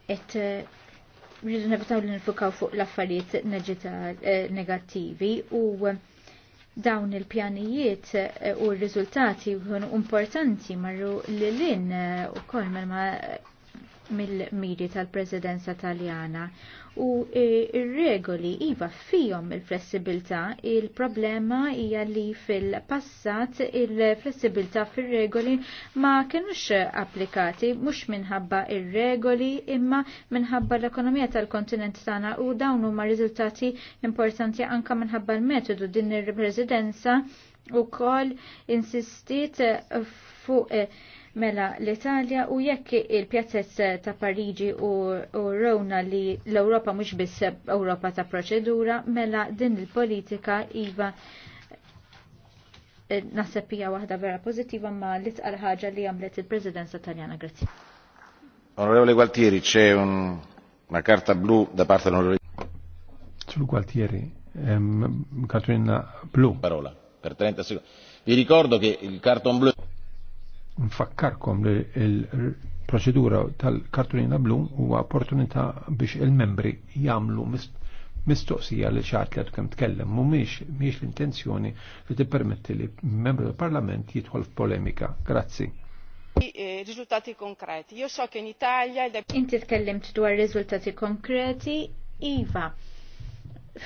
qed eh, rridu nevitaw li nifukaw fuq l-affarijiet eh, negattivi u eh, dawn il-pjanijiet eh, u r-riżultati kienu importanti marru lil-in u kol mill-miri tal-Presidenza Taljana u e, ir-regoli iva fihom il-flessibilità, il-problema hija li fil-passat il-flessibilità fir-regoli ma kienux applikati mhux minħabba ir-regoli imma minħabba l-ekonomija tal-kontinent tagħna u dawn huma riżultati importanti anka minħabba l-metodu din ir presidenza u kol insistit fuq mela l-Italja u jekk il-pjazzezz ta' Parigi u, u Rona li l europa mux biss Europa ta' proċedura, mela din il-politika iva eh, nasepija wahda vera pożittiva ma li tqal ħaġa li għamlet il-Presidenza Taljana. Grazzi. Onorevole Gualtieri, c'è un, una carta blu da parte dell'onorevole. Sul Gualtieri, ehm, cartolina blu. Parola, per 30 secondi. Vi ricordo che il carton blu nfakkarkom li il-proċedura tal-kartulina blu huwa opportunità biex il-membri jagħmlu mistoqsija li xaħat li kem tkellem, mumiex miex l-intenzjoni li t-permetti li membru del Parlament jidħol f'polemika. Grazzi. Eh, Rizultati konkreti. Jo so in Italia... Inti tkellimt dwar riżultati konkreti, Iva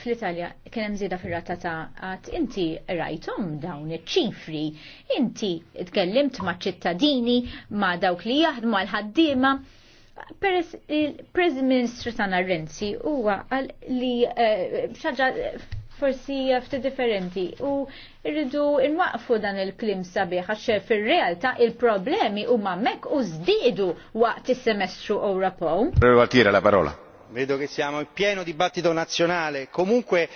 fl-Italja kien hemm żieda fir-rata ta' għad inti rajtom dawn iċ-ċifri, inti tkellimt ma' ċittadini, ma' dawk li jaħdmu għal ħaddiema. Peress il-Prim Ministru tagħna Renzi huwa li eh, xaġa forsi ftit differenti u rridu nwaqfu dan il-klim sabiħ għax fir-realtà il-problemi huma mek u żdiedu waqt is-semestru Ewropew. Tira la parola vedo che siamo in pieno dibattito nazionale comunque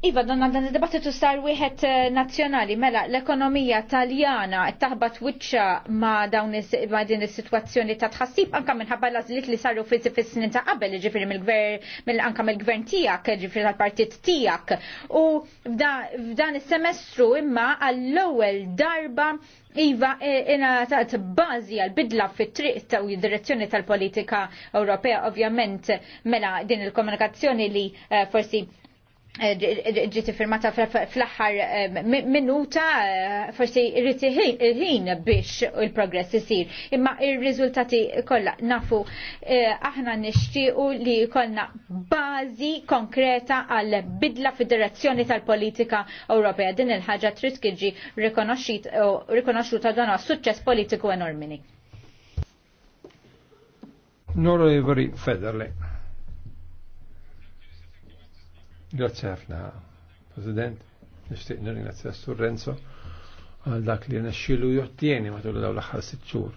Iva, donna dan id dibattitu sar wieħed eh, nazzjonali, mela l-ekonomija taljana taħbat wiċċa ma dawn ma din is-sitwazzjoni ta' tħassib anka minħabba l-għażliet li saru fi snin ta' qabel, jiġifieri mill-gvern mill anka mill-gvern tiegħek, jiġifier tal-partit tiegħek. U f'dan is-semestru imma għall-ewwel darba Iva, jena e, taħt bazi għal-bidla fit triq ta' u direzzjoni tal-politika Ewropea, ovvjament, mela din il-komunikazzjoni li e, forsi Eh, ġiti firmata fl-axħar eh, minuta eh, forsi il ħin biex il-progress isir. Imma il-rizultati kollha nafu aħna nixtiequ li kolna bażi konkreta għal bidla fid-direzzjoni tal-politika Ewropea. Din il-ħaġa trid tiġi rikonoxxuta dan suċċess politiku enormini. Noro Federle. Grazie ħafna, President. Nishtiq nirringrazzja Sur Renzo għal dak li nexxilu jottieni matul dawn l-aħħar sitt xhur.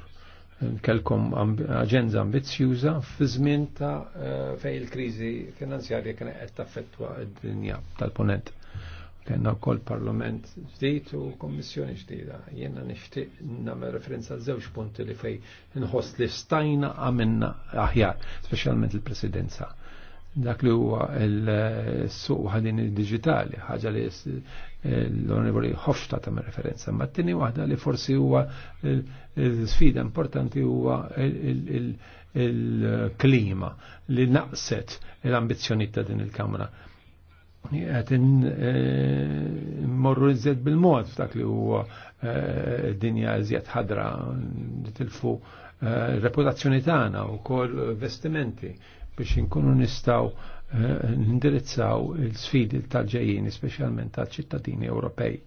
Kelkom aġenza ambizjuża fi żmien ta' eh, fej il-kriżi finanzjarja kien qed taffettwa d-dinja tal-punent. Kenna wkoll parlament ġdid u kommissjoni ġdida. Jiena nixtieq nagħmel referenza għal żewġ punti li fej inħoss li stajna għamilna aħjar, speċjalment il-presidenza dak li huwa l-suq ħadin digitali ħaġa li l-onorevoli Hofstad ta' referenza, ma t-tini waħda li forsi huwa sfida importanti huwa il-klima li naqset l-ambizjoni ta' din il-Kamra. Għetin eh, morru iżjed bil-mod dak li huwa eh, dinja iżjed ħadra tilfu eh, reputazzjoni tagħna u kol vestimenti biex inkunu nistaw eh, nindirizzaw il-sfidi tal-ġejjin, specialment tal-ċittadini Ewropej.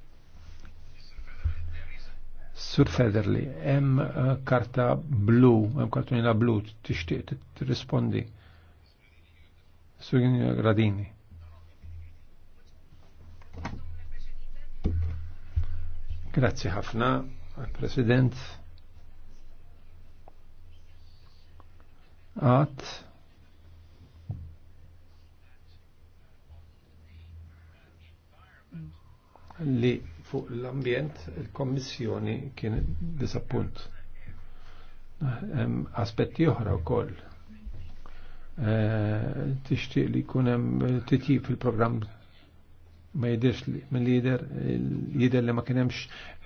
Sur Federli, hemm eh, karta blu, hemm kartunina blu, tixtieq tirrispondi. Sur Gradini. Grazzi ħafna, President. Għat li fuq l-ambjent il-Kommissjoni kien disappunt. Aspetti oħra u koll. Eh, Tishtiq li kunem hemm titjib fil program ma jidirx minn lider jider li ma kienemx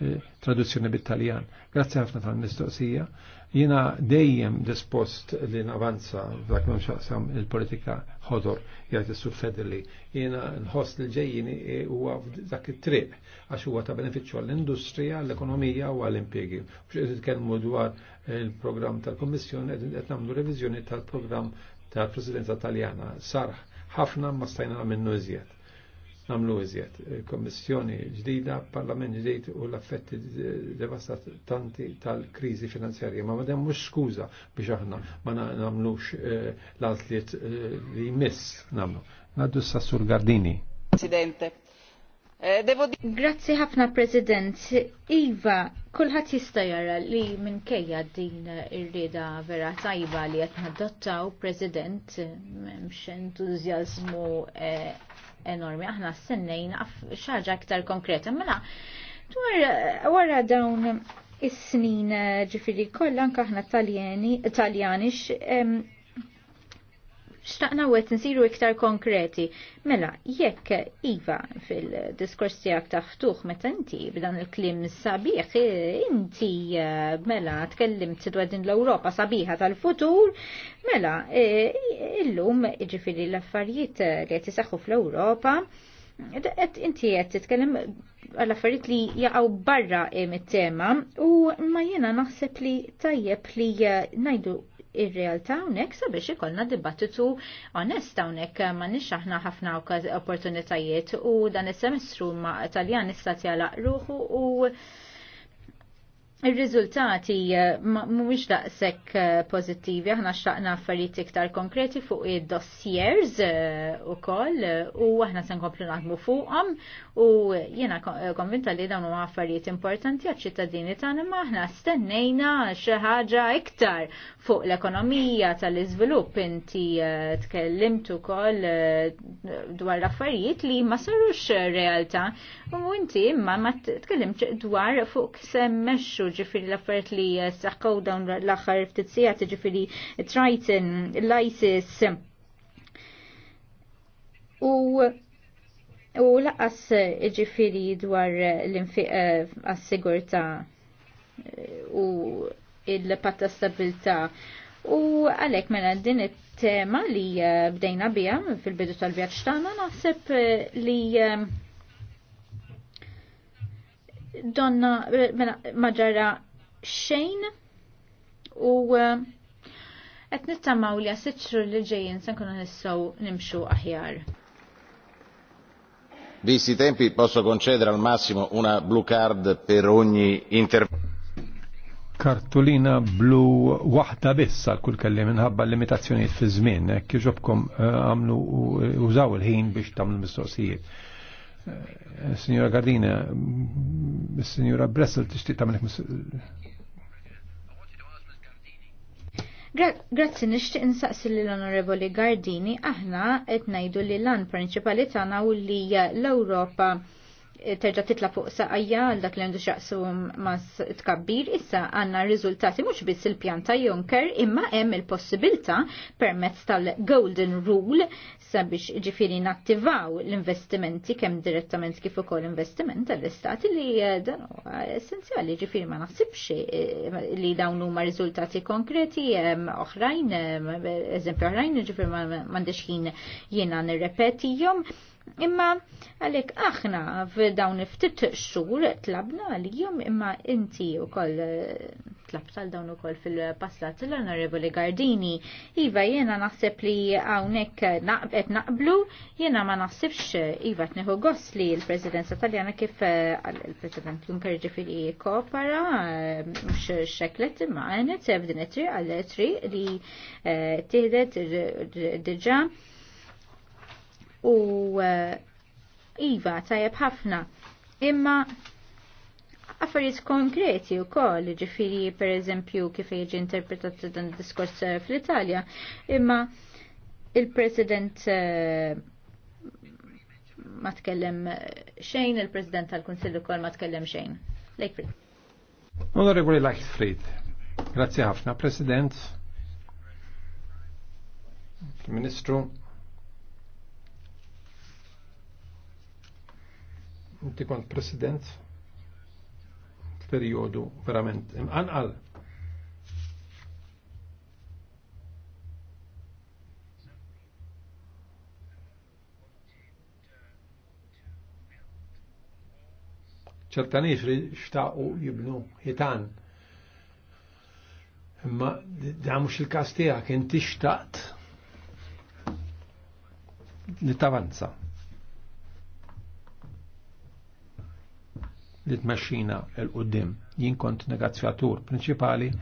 eh, traduzzjoni bit-Taljan. Grazzi ħafna tal-mistoqsija. Jina dejjem dispost li navanza dak ma xaqsam il-politika ħodor jgħid is-sur federli. Jina nħoss li ġejjini eh, huwa dak it-triq għax huwa ta' benefiċċju għall-industrija, l-ekonomija u għall-impjegi. Mhux qed itkellmu dwar il-programm tal-Kummissjoni qed nagħmlu reviżjoni tal-programm tal-Presidenza Taljana. Sarħ ħafna ma stajna minnu iżjed namlu iżjed. Eh, Kommissjoni ġdida, parlament ġdid u l-affetti devastatanti tal-krizi finanzjarja. Ma madem mux skuza biex aħna ma namlux eh, l-azliet eh, li jmiss namlu. Naddu Sassur Gardini. Presidente. Grazzi ħafna President. Iva, kulħadd jista' jara li minkejja din ir vera tajba li qed nadottaw President m'hemmx entużjażmu enormi. Aħna s-sennejn xaġa aktar konkreta. Mela, dwar wara dawn is-snin eh, ġifiri kollha anke aħna Taljani, Taljani xtaqna għet nsiru iktar konkreti. Mela, jekk Iva fil-diskors tijak taħtuħ meta inti b'dan il-klim sabiħ, inti eh, mela tkellimt dwar din l-Ewropa sabiħa tal-futur, mela, eh, illum ġifiri l-affarijiet eh, li qed isaħħu fl-Ewropa, inti qed titkellem għal affarijiet li jaqgħu barra mit-tema u ma jiena naħseb li tajjeb li ngħidu ir-realtà hawnhekk sabiex ikollna dibattitu onest hawnhekk ma aħna ħafna opportunitajiet u dan is-semestru ma Taljan issa tjalaq ruħu u Il-rizultati eh, mhumiex daqshekk eh, pożittivi, aħna xtaqna affarijiet iktar konkreti fuq id-dossiers eh, ukoll u aħna se nkomplu naħdmu fuqhom u jiena konvinta li dawn huma affarijiet importanti għax ċittadini tagħna ma aħna stennejna xi ħaġa iktar fuq l-ekonomija tal-iżvilupp inti tkellimt ukoll dwar affarijiet li ma sarux realtà u inti imma ma tkellimx dwar fuq semmexxu ġifiri l-affert li s-sakkow eh, dawn l-axar ftitsijat ġifiri Triton, l-ISIS. U U laqas eh, ġifiri dwar l-infiq eh, għas-sigurta u il-patta stabilta U għalek mela din it-tema li bdejna bija fil-bidu tal-vjaċ tagħna naħseb li donna mela, maġara xejn u eh, qed nittamaw li għasitxru li ġejn se nkunu nissaw nimxu aħjar. Visti i tempi posso concedere al massimo una blue card per ogni intervento. Kartulina blu waħda biss għal kull kelli minħabba limitazzjonijiet fi żmien, kif eh, għamlu użaw il-ħin biex tagħmlu mistoqsijiet. Signora Gardina, Signora Bressel, tixtieq tagħmel Grazzi, nixtieq insaqsi lill onorevoli Gardini, aħna qed ngħidu li l-an prinċipali tagħna u li l-Ewropa eh, terġa titla fuq saqajja għal dak li għandu xaqsu mas tkabbir, issa għanna riżultati mhux biss il-pjan ta' Juncker, imma hemm il-possibilità permezz tal-Golden Rule sabiex ġifiri nattivaw l-investimenti kemm direttament kif ukoll investiment tal-istati li eh, dan essenzjali ġifiri ma naħsibx eh, li dawn huma riżultati konkreti eh, oħrajn, eżempju oħrajn ġifiri m'għandix ħin jiena nirrepetihom. Imma għalek aħna f'dawn ftit xhur tlabna li jom imma inti u koll tlab tal dawn ukoll fil-passat l-Onorevoli Gardini. Iva jiena naħseb li hawnhekk naqbet naqblu, jiena ma naħsibx iva tneħu gost li l-Presidenza Taljana kif il-President Juncker ġifieri kopara mhux xeklet imma għenet din it-tri għal tri li eh, tieħdet diġà u eh, iva tajjeb ħafna imma affarijiet konkreti u koll, ġifiri per eżempju kif jiġi interpretat dan diskors eh, fl-Italja, imma il-President eh, ma tkellem xejn, il-President tal-Konsillu kol ma tkellem xejn. Lejfrid. Onorevoli Lejfrid, grazie ħafna, President, Ministru, Inti kont President periodu verament imqanqal. ċertanix li xtaqu jibnu hitan. Imma da mux il kastija kien inti xtaqt li tavanza. li tmexxina l-qudiem. Jien kont negozjatur prinċipali eh,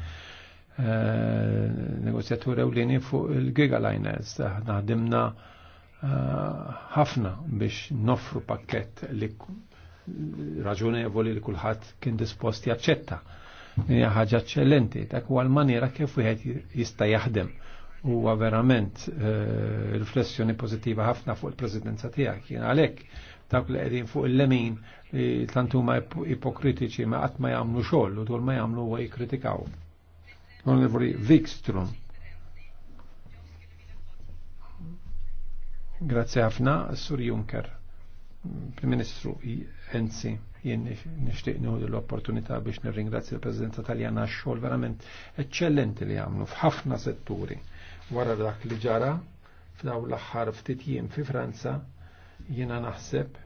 negozjatur ewlieni fuq il-gigaliners. Naħdimna eh, ħafna biex noffru pakket li raġunevoli li kulħadd kien dispost jaċċetta. Hija ħaġa eċċellenti, dak huwa l-maniera kif wieħed jista' jaħdem huwa verament eh, riflessjoni pożittiva ħafna fuq il-presidenza tiegħek. Jien għalhekk Dak li qegħdin fuq il-lemin tantu ma ipokritiċi ma qatt ma jagħmlu xogħol u dol ma jagħmlu huwa jikkritikaw. Onorevoli Wikstrom. Grazie ħafna, Sur Juncker, Prim-Ministru Enzi jien nishtiq nieħu l-opportunità biex nirringrazzja l-Presidenza Taljana għax-xogħol verament eċċellenti li għamlu f'ħafna setturi. Wara dak li ġara f'daw l-aħħar ftit fi Franza Jiena naħseb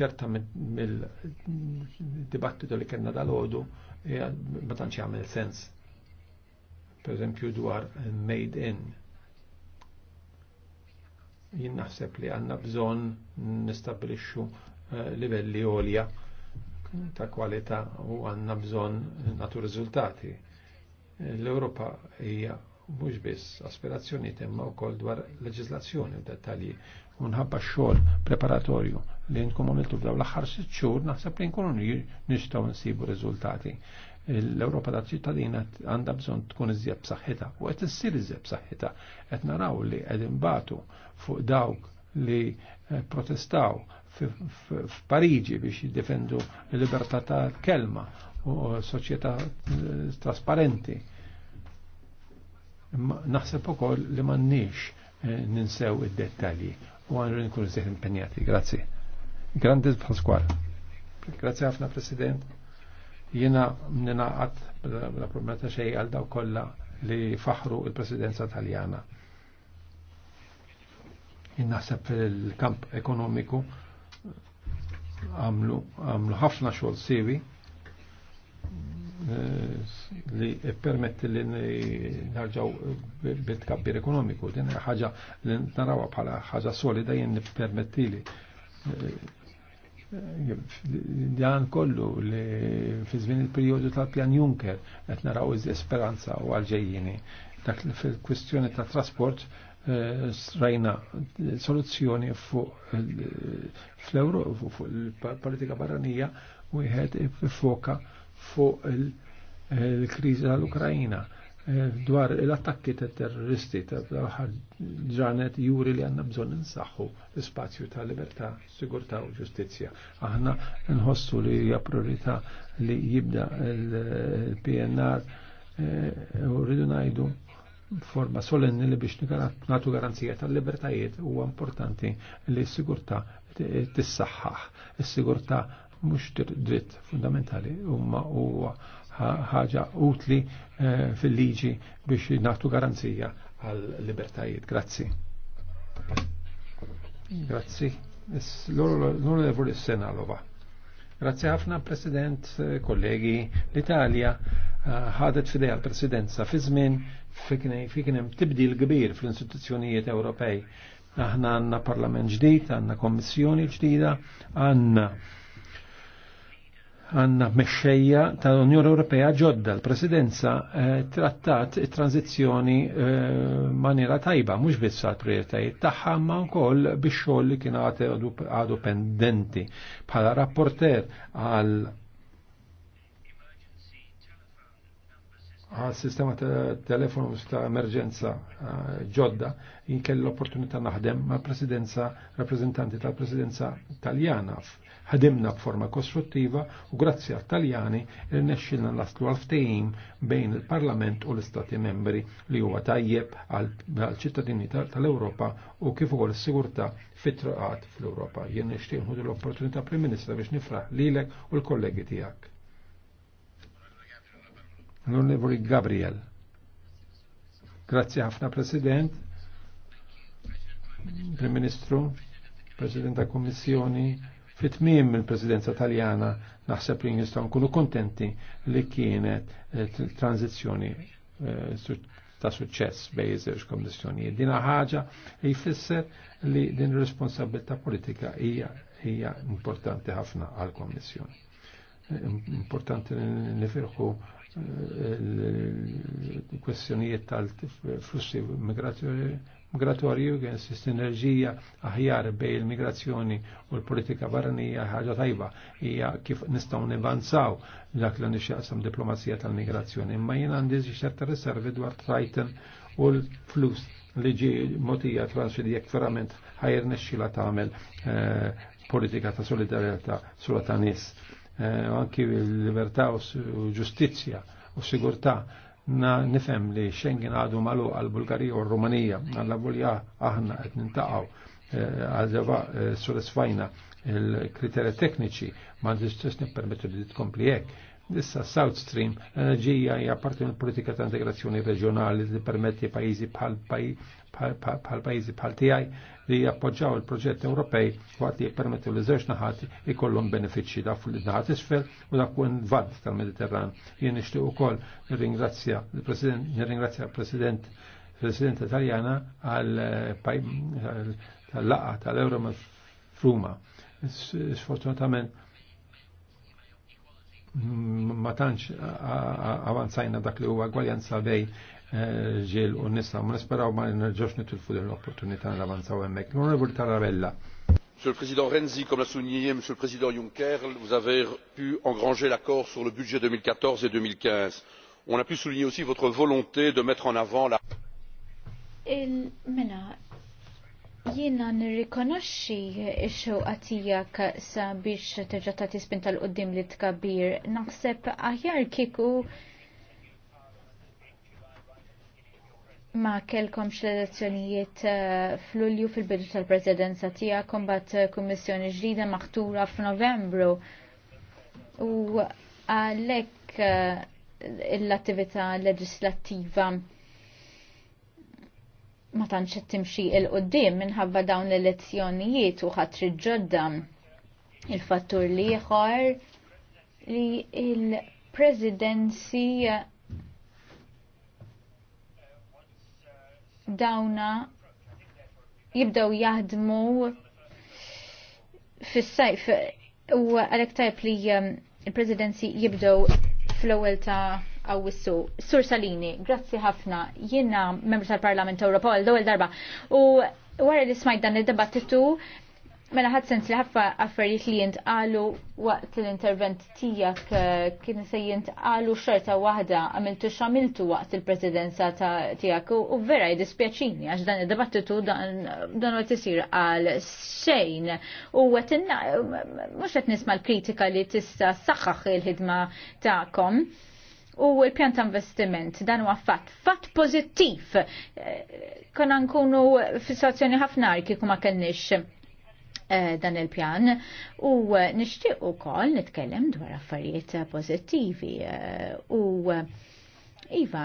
ċerta mill-dibattitu li kellna dal-ħodu ma tantx jagħmel sens. Per eżempju dwar made in. Jien naħseb li għandna bżonn nistabilixxu eh, livelli għolja ta' kwalità u għandna bżonn natu riżultati. L-Ewropa hija mhux biss aspirazzjoni u wkoll dwar leġislazzjoni u dettali unħabba xogħol preparatorju li nkom għamiltu f'daw l-aħħar sitt xhur naħseb li nkunu nishtaw nsibu riżultati. L-Ewropa ta' ċittadina għandha bżonn tkun iżjeb saħħita u qed issir iżjeb saħħita Qed naraw li għed imbatu fuq dawk li eh, protestaw f'Pariġi biex jiddefendu l-libertà tal-kelma u soċjetà eh, trasparenti Naħseb ukoll li m'għandniex eh, ninsew id-dettalji u għandu nkunu seħ impenjati. Grazzi. Grandi Pasqual. Grazzi ħafna President. Jiena ninaqat problema ta xej għal daw kollha li faħru il-Presidenza Taljana. Innaħseb fil-kamp ekonomiku għamlu ħafna xogħol siwi Eh, li permetti li narġaw bil kabbir ekonomiku. Din ħaġa li narawa bħala ħaġa solida jien permetti li eh, eh, dan kollu li fi żmien il-perjodu tal-pjan Juncker qed naraw esperanza u għalġejjini. Dak fil-kwistjoni ta' trasport rajna soluzzjoni fuq fl-Euro, fuq il-politika barranija, u jħed foka fuq il-kriżi tal-Ukrajina eh, dwar l-attakki ta' terroristi ta' ġanet juri li għanna bżon nsaħħu l-spazju ta' libertà, sigurtà u ġustizja. Aħna nħossu li hija priorità li jibda l-PNR eh, u rridu najdu forma solenni li biex natu garanzija tal-libertajiet huwa importanti li s-sigurtà tissaħħaħ. s sigurtà mhux dritt fundamentali huma u ħaġa utli eh, fil-liġi biex nagħtu garanzija għal libertajiet. Grazzi. Grazzi. l l Senalova. Grazzi ħafna President, kollegi, l-Italja eh, ħadet fidej għal-presidenza fi żmien fi kien hemm tibdil kbir fl-istituzzjonijiet Ewropej. Aħna għandna parlament ġdid, għandna kommissjoni ġdida, għandna għanna mexxejja tal-Unjoni Ewropea ġodda l-Presidenza eh, trattat tranzizzjoni eh, maniera tajba, mhux biss għall-prijoritajiet taħħa ma wkoll bix-xogħol li kien għadu pendenti bħala rapporter għal għal sistema telefonu ta' emerġenza eh, ġodda jinkell l opportunità naħdem ma' presidenza rappresentanti tal-presidenza taljana ħadimna b'forma kostruttiva u grazzi għat-Taljani rnexxilna naslu għal-ftehim bejn il-Parlament u l-Istati membri li huwa tajjeb għal-ċittadini tal-Ewropa u kif ukoll is-sigurtà fit-troqat fl-Ewropa. Jien nixtieq nħudu l-opportunità Prim Ministra biex nifraħ lilek u l-kollegi tiegħek. L-Onorevoli Gabriel. Grazzi ħafna President, Prim Ministru, President ta' Kommissjoni, Fit-tmiem il-Presidenza Taljana naħseb li nistgħu nkunu kontenti li kienet eh, tranzizzjoni eh, ta' suċċess bej iż-żewġ kommissjonijiet. Din ħaġa li jfisser li din responsabilità politika hija hija importanti ħafna għal kommissjoni. Eh, importanti nifirħu l-kwestjonijiet tal-flussi migratorji migratorju għens sinerġija aħjar bej il-migrazzjoni u l-politika barranija ħagġa tajba hija kif nistaw nivanzaw dak l nixjaqsam diplomazija tal-migrazzjoni. Imma jien għandi ċerta riservi dwar trajten u l-flus li ġi motija transfidi jekk verament ħajr nesċila ta' għamil eh, politika ta' solidarieta sulla ta' nis. Eh, anki l-libertà u ġustizja u sigurtà na nifem li Schengen għadu malu għal-Bulgarija u rumanija għalla bulja aħna qed nintaqaw għal-ġeva sodisfajna il-kriterja tekniċi ma nistess nippermettu li tkompli hekk. Issa South Stream l-enerġija hija parti mill politika ta' integrazzjoni reġjonali li permetti pajjiżi bħal pajjiżi bħal tiegħi li jappoġġaw il-proġett Ewropej waqt li jippermettu li żewġ naħati ikollhom benefiċċji da fuq naħat isfel u dak fuq vad tal-Mediterran. Jien nixtieq ukoll ringrazzja il-President nirringrazzja president Presidenta Taljana għal tal-laqa tal-Euro Fruma. Sfortunatament ma tantx avanzajna dak li huwa gwaljanza bej ġil u nisa, ma nisperaw ma nerġax nitilfu l-opportunità l-avanzaw emmek. L-Onorevoli Tarabella. Monsieur le Président Renzi, comme l'a souligné Monsieur le Président Juncker, vous avez pu engranger l'accord sur le budget 2014 et 2015. On a pu souligner aussi votre volonté de mettre en avant la... Il-mena, jena nirikonoxi x-xewqa sa sabiex teġatati tagħti spinta l-qudiem li tkabir. Naħseb aħjar kiku ma kelkom l-elezzjonijiet eh, fl-Ulju fil-bidu tal-presidenza tija kombat eh, kummissjoni ġdida maħtura f'Novembru. U għalek eh, l-attività leġislattiva ma tantx timxi il-qoddim minħabba dawn l-elezzjonijiet u ħatri ġodda il-fattur li ieħor li il-presidenzi dawna jibdew jaħdmu fis-sajf u għalhekk tajb li um, il-presidenzi jibdew fl-ewwel ta' għawissu. Sur Salini, grazzi ħafna, jiena membru tal-Parlament Ewropew l darba. U wara li smajt dan id debattitu Mela ħad sens li ħaffa affarijiet li jintqalu waqt l-intervent tiegħek eh, kien se jintqalu xorta waħda għamiltu x'għamiltu waqt il-presidenza tiegħek u vera jdispjaċini għax dan id-dibattitu dan qed isir għal xejn u qed mhux qed nisma' l-kritika li tista' saħħaħ il-ħidma tagħkom u l-pjan ta' investiment dan huwa fatt, fatt pożittiv. Eh, konna nkunu fissazzjoni ħafna kieku ma kenniex. Eh, dan il-pjan u eh, nixtieq ukoll nitkellem dwar affarijiet pożittivi eh, u iva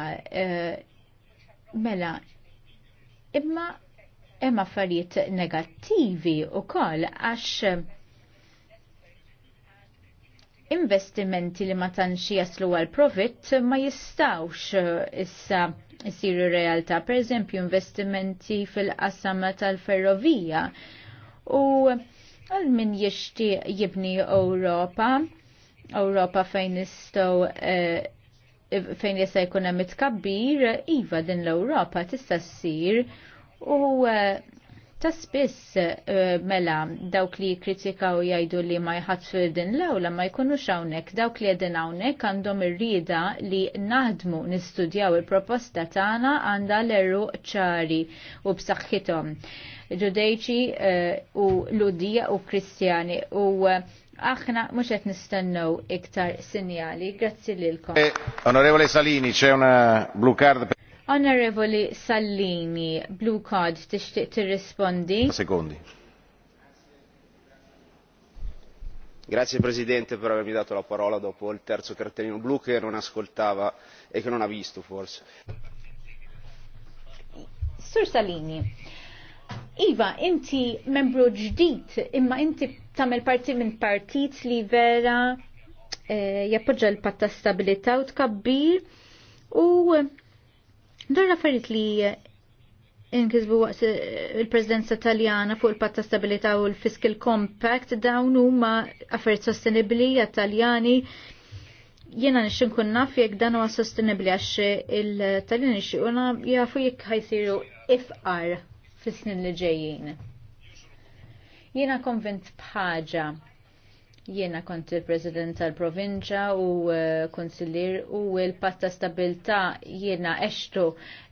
mela imma hemm affarijiet negattivi kol għax investimenti li ma tantx jaslu għal profit ma jistawx issa jisiru realtà. Per esempio, investimenti fil-qasam tal-ferrovija u għal min jishti jibni Ewropa, Ewropa fejn nistgħu eh, fejn jista' jkun hemm itkabbir, iva din l-Ewropa tista' ssir u eh, ta' spiss eh, mela dawk li kritikaw jgħidu li ma fil din l ewla ma jkunux hawnhekk dawk li qegħdin hawnhekk għandhom ir-rieda li naħdmu nistudjaw il-proposta tagħna għandha l-eru ċari u b'saħħithom ġudejċi eh, u ludija u kristjani u eh, aħna mhux qed nistennew iktar sinjali. Grazzi lilkom. Eh, onorevole Salini, c'è una blu card. Onorevoli Sallini, blue card tixtieq tirrispondi. Sekondi. Grazie Presidente per avermi dato la parola dopo il terzo cartellino blu che non ascoltava e che non ha visto forse. Sur Salini, Iva, inti membru ġdid, imma inti tamel parti minn partit li vera e, jappoġġa l-patta stabilita u tkabbir u dar raffariet li inkisbu waqt eh, il-Presidenza Taljana fuq il-Patta Stabilità u l-Fiscal Compact dawn huma ma sostenibbli sostenibli taljani jiena nixin kun naf jekk dan huwa sostenibbli għax il-Taljani xi jafu jekk ħajsiru ifqar fis-snin li ġejjin. Jiena konvinz bħaġa Jiena kont il-President tal-Provinċa u eh, konsillir u l-patta stabilta jiena eċtu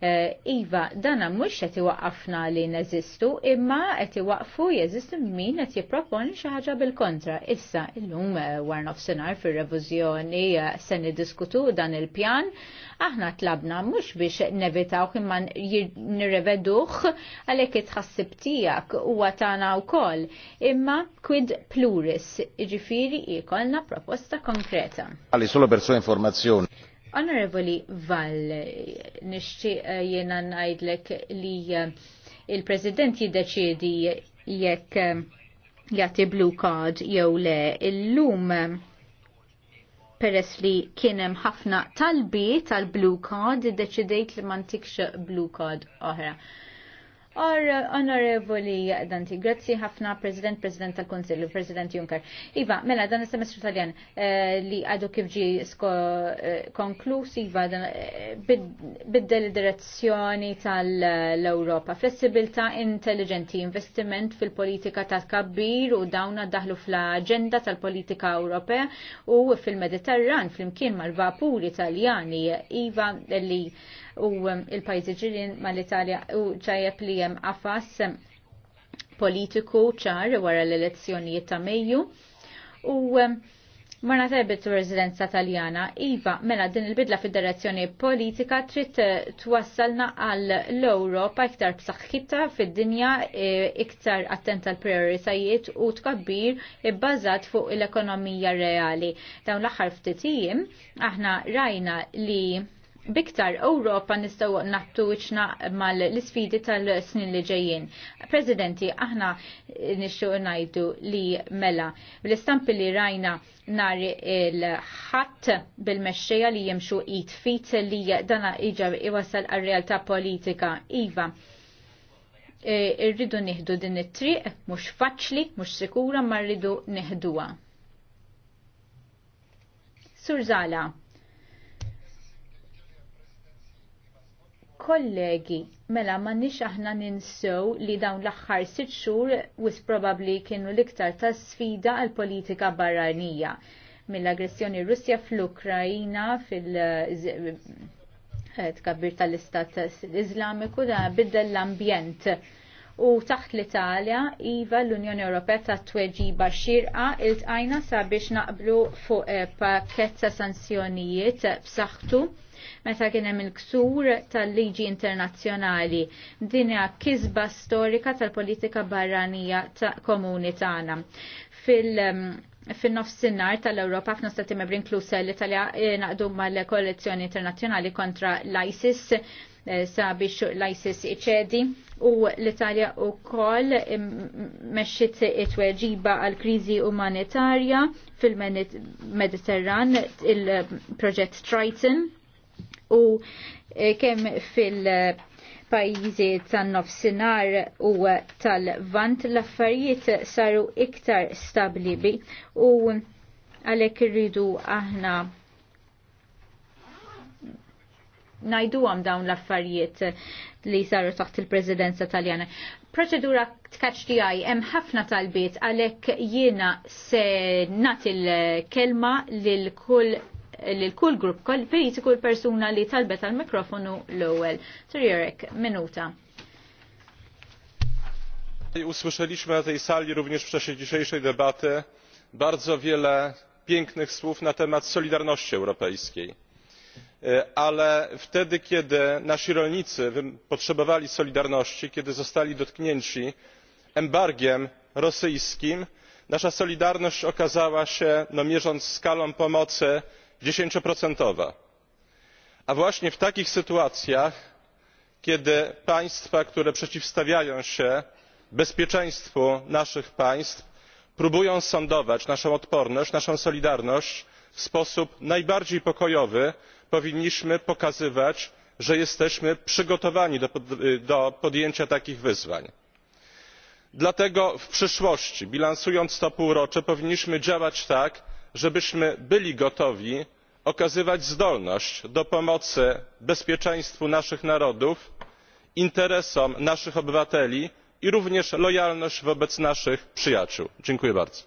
eh, Iva, dana mux għet iwaqqafna li neżistu, imma għet iwaqfu jeżistu min għet jiproponi xaħġa bil-kontra. Issa, illum eh, warnof senar fil-revizjoni sen diskutu dan il-pjan, aħna tlabna mux biex nevitaw imma nirreveduħ għalek it-ħassib tijak u għatana u imma quid pluris, iġi jiġifieri ġifiri jikolna proposta konkreta. Għalli solo per sua informazzjoni. Onorevoli Val, nixtieq eh, jiena ngħidlek li eh, il-President jiddeċiedi jekk eh, jagħti blue card jew le illum peress li kien hemm ħafna talbi tal-blue card iddeċidejt li mantikx blue card oħra. Or, uh, onorevoli Danti, grazzi ħafna President, President tal-Konsilju, President Juncker. Iva, mela, dan il-semestru taljan eh, li għadu kif ġi eh, konklus, Iva, eh, biddel direzzjoni tal-Europa. Flessibilta intelligenti, investiment fil-politika ta' kabbir u dawna daħlu fl-agenda tal-politika Ewropea u fil-Mediterran, fl-imkien mal-vapuri taljani, Iva, li u um, il-pajzi ġirin mal-Italja u ċajjeb li jem għafas um, politiku ċar wara l-elezzjonijiet ta' Mejju u um, Marna tebet residenza taljana, Iva, mela din il-bidla fid-direzzjoni politika trid eh, twassalna għal l-Ewropa iktar b'saħħitha fid-dinja eh, iktar attenta għal prioritajiet u tkabbir ibbażat fuq l-ekonomija reali. Dawn l-aħħar ftitim aħna rajna li biktar Ewropa nistgħu nattu wiċna mal isfidi tal-snin li ġejjin. Presidenti, aħna nixtiequ ngħidu li mela bl-istampi li rajna nar il-ħadd bil-mexxejja li jemxu it fit li dana iġa iwasal għar-realtà politika iva. E, irridu nieħdu din it-triq, mhux faċli, mhux sikura, ma rridu neħduha. Sur Zala. kollegi, mela m'għandniex aħna ninsew li dawn l-aħħar sitt xhur wis probabbli kienu l-iktar ta' sfida għal politika barranija mill-aggressjoni Russja fl-Ukrajina fil- tkabbir tal-Istat Iżlamiku da biddel l-ambjent. U taħt l-Italja, Iva l-Unjoni Ewropea ta' tweġiba xirqa il-tajna sabiex naqblu fuq eh, pakket ta' sanzjonijiet b'saħħtu meta kien hemm il-ksur tal-liġi internazzjonali. Din hija kisba storika tal-politika barranija ta' komuni tagħna. Fil- um, fin-nofsinhar tal-Ewropa f'nofs ta' timmebri inklusa l-Italja eh, naqdu mal kollezzjoni internazzjonali kontra l-ISIS eh, sabiex l-ISIS iċedi u l-Italja u koll meċċit it-tweġiba għal krizi umanitarja fil-Mediterran il-proġett Triton u eh, kemm fil- pajjiżi tan-nofsinhar u tal-vant l-affarijiet saru iktar stabbli u għalhekk irridu aħna najdu għam dawn l-affarijiet li saru taħt il-prezidenza taljana. Proċedura tkaċ għaj, hemm ħafna talbiet għalek jiena se nat il-kelma lil kull li l-kull grupp kol politiku l-persuna li talbet għal mikrofonu l-ewwel. Trierek, minuta. Usłyszeliśmy na tej sali również w czasie dzisiejszej debaty bardzo wiele pięknych słów na temat solidarności europejskiej e, ale wtedy kiedy nasi rolnicy potrzebowali solidarności kiedy zostali dotknięci embargiem rosyjskim nasza solidarność okazała się no mierząc skalą pomocy dziesięcioprocentowa. a właśnie w takich sytuacjach kiedy państwa które przeciwstawiają się bezpieczeństwu naszych państw próbują sondować naszą odporność naszą solidarność w sposób najbardziej pokojowy powinniśmy pokazywać że jesteśmy przygotowani do podjęcia takich wyzwań. dlatego w przyszłości bilansując to półrocze powinniśmy działać tak żebyśmy byli gotowi okazywać zdolność do pomocy bezpieczeństwu naszych narodów interesom naszych obywateli i również lojalność wobec naszych przyjaciół. dziękuję bardzo.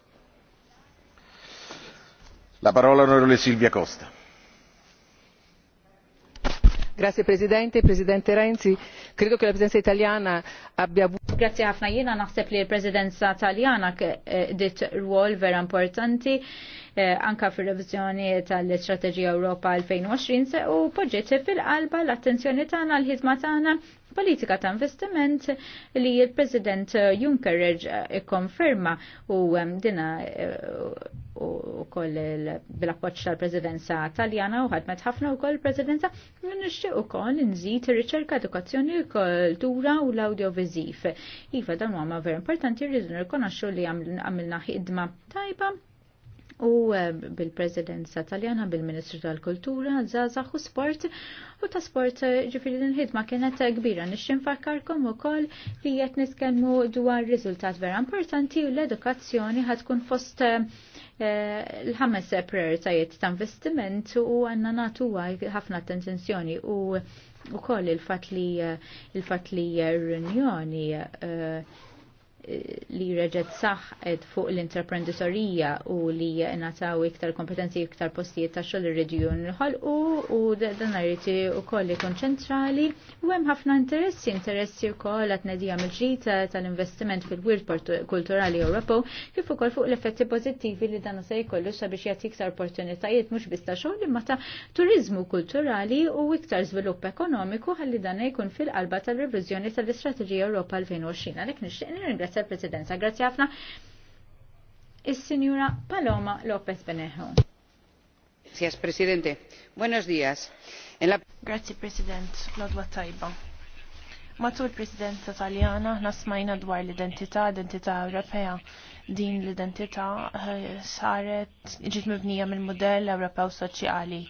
Grazie Presidente, Presidente Renzi, credo che la Presidenza italiana abbia avuto. Grazie ħafna jiena naħseb li l-Presidenza Taljana eh, dit rwol vera importanti eh, anka fir-reviżjoni tal-Istrateġija Ewropa 2020 u poġġiet fil-qalba l-attenzjoni tagħna l-ħidma tagħna politika ta' investiment li il-President Juncker ikkonferma u dina eh, u koll bil-appoċ tal-Presidenza Taljana u ħadmet ħafna u koll Presidenza nixtieq ukoll nżid ir-riċerka, edukazzjoni, kultura u l-audiovisiv. Iva dan huma ver importanti rridu nirkonoxxu li għamilna ħidma tajba u eh, bil-Presidenza Taljana bil-Ministru tal-Kultura, Zazax u Sport u ta' sport eh, ġifiri l ħidma kienet eh, kbira. Nixin fakkarkom u koll li jett niskelmu dwar riżultat vera importanti u l-edukazzjoni ħatkun fost l-ħames prioritajiet ta' investiment u għanna natu ħafna attenzjoni u u koll il-fat li il-fat li r-unjoni li reġed ed fuq l-intraprenditorija u li nataw iktar kompetenzi iktar postijiet ta' xogħol ir-reġjun ħolqu u dan rriti wkoll ikun ċentrali u hemm ħafna interessi interessi wkoll qed nedija mill tal-investiment fil-wirt kulturali Europo kif ukoll fuq l-effetti pozittivi li dan se jkollu sabiex jagħti iktar opportunitajiet mhux biss ta' xogħol imma ta' turizmu kulturali u iktar żvilupp ekonomiku ħalli dan jkun fil-qalba tal-reviżjoni tal istrategija Europa 2020. Għalhekk nixtieq Grazzi presidenza Grazzi ħafna. Is-Sinjura Paloma Lopez Benejo. Grazie, Presidente. Buenos dias. La... Grazie, President. Lodwa tajba. Matul presidenza taljana ħna smajna dwar l-identità, identità Ewropea. Din l-identità eh, saret ġiet mibnija mill modell Ewropew soċjali,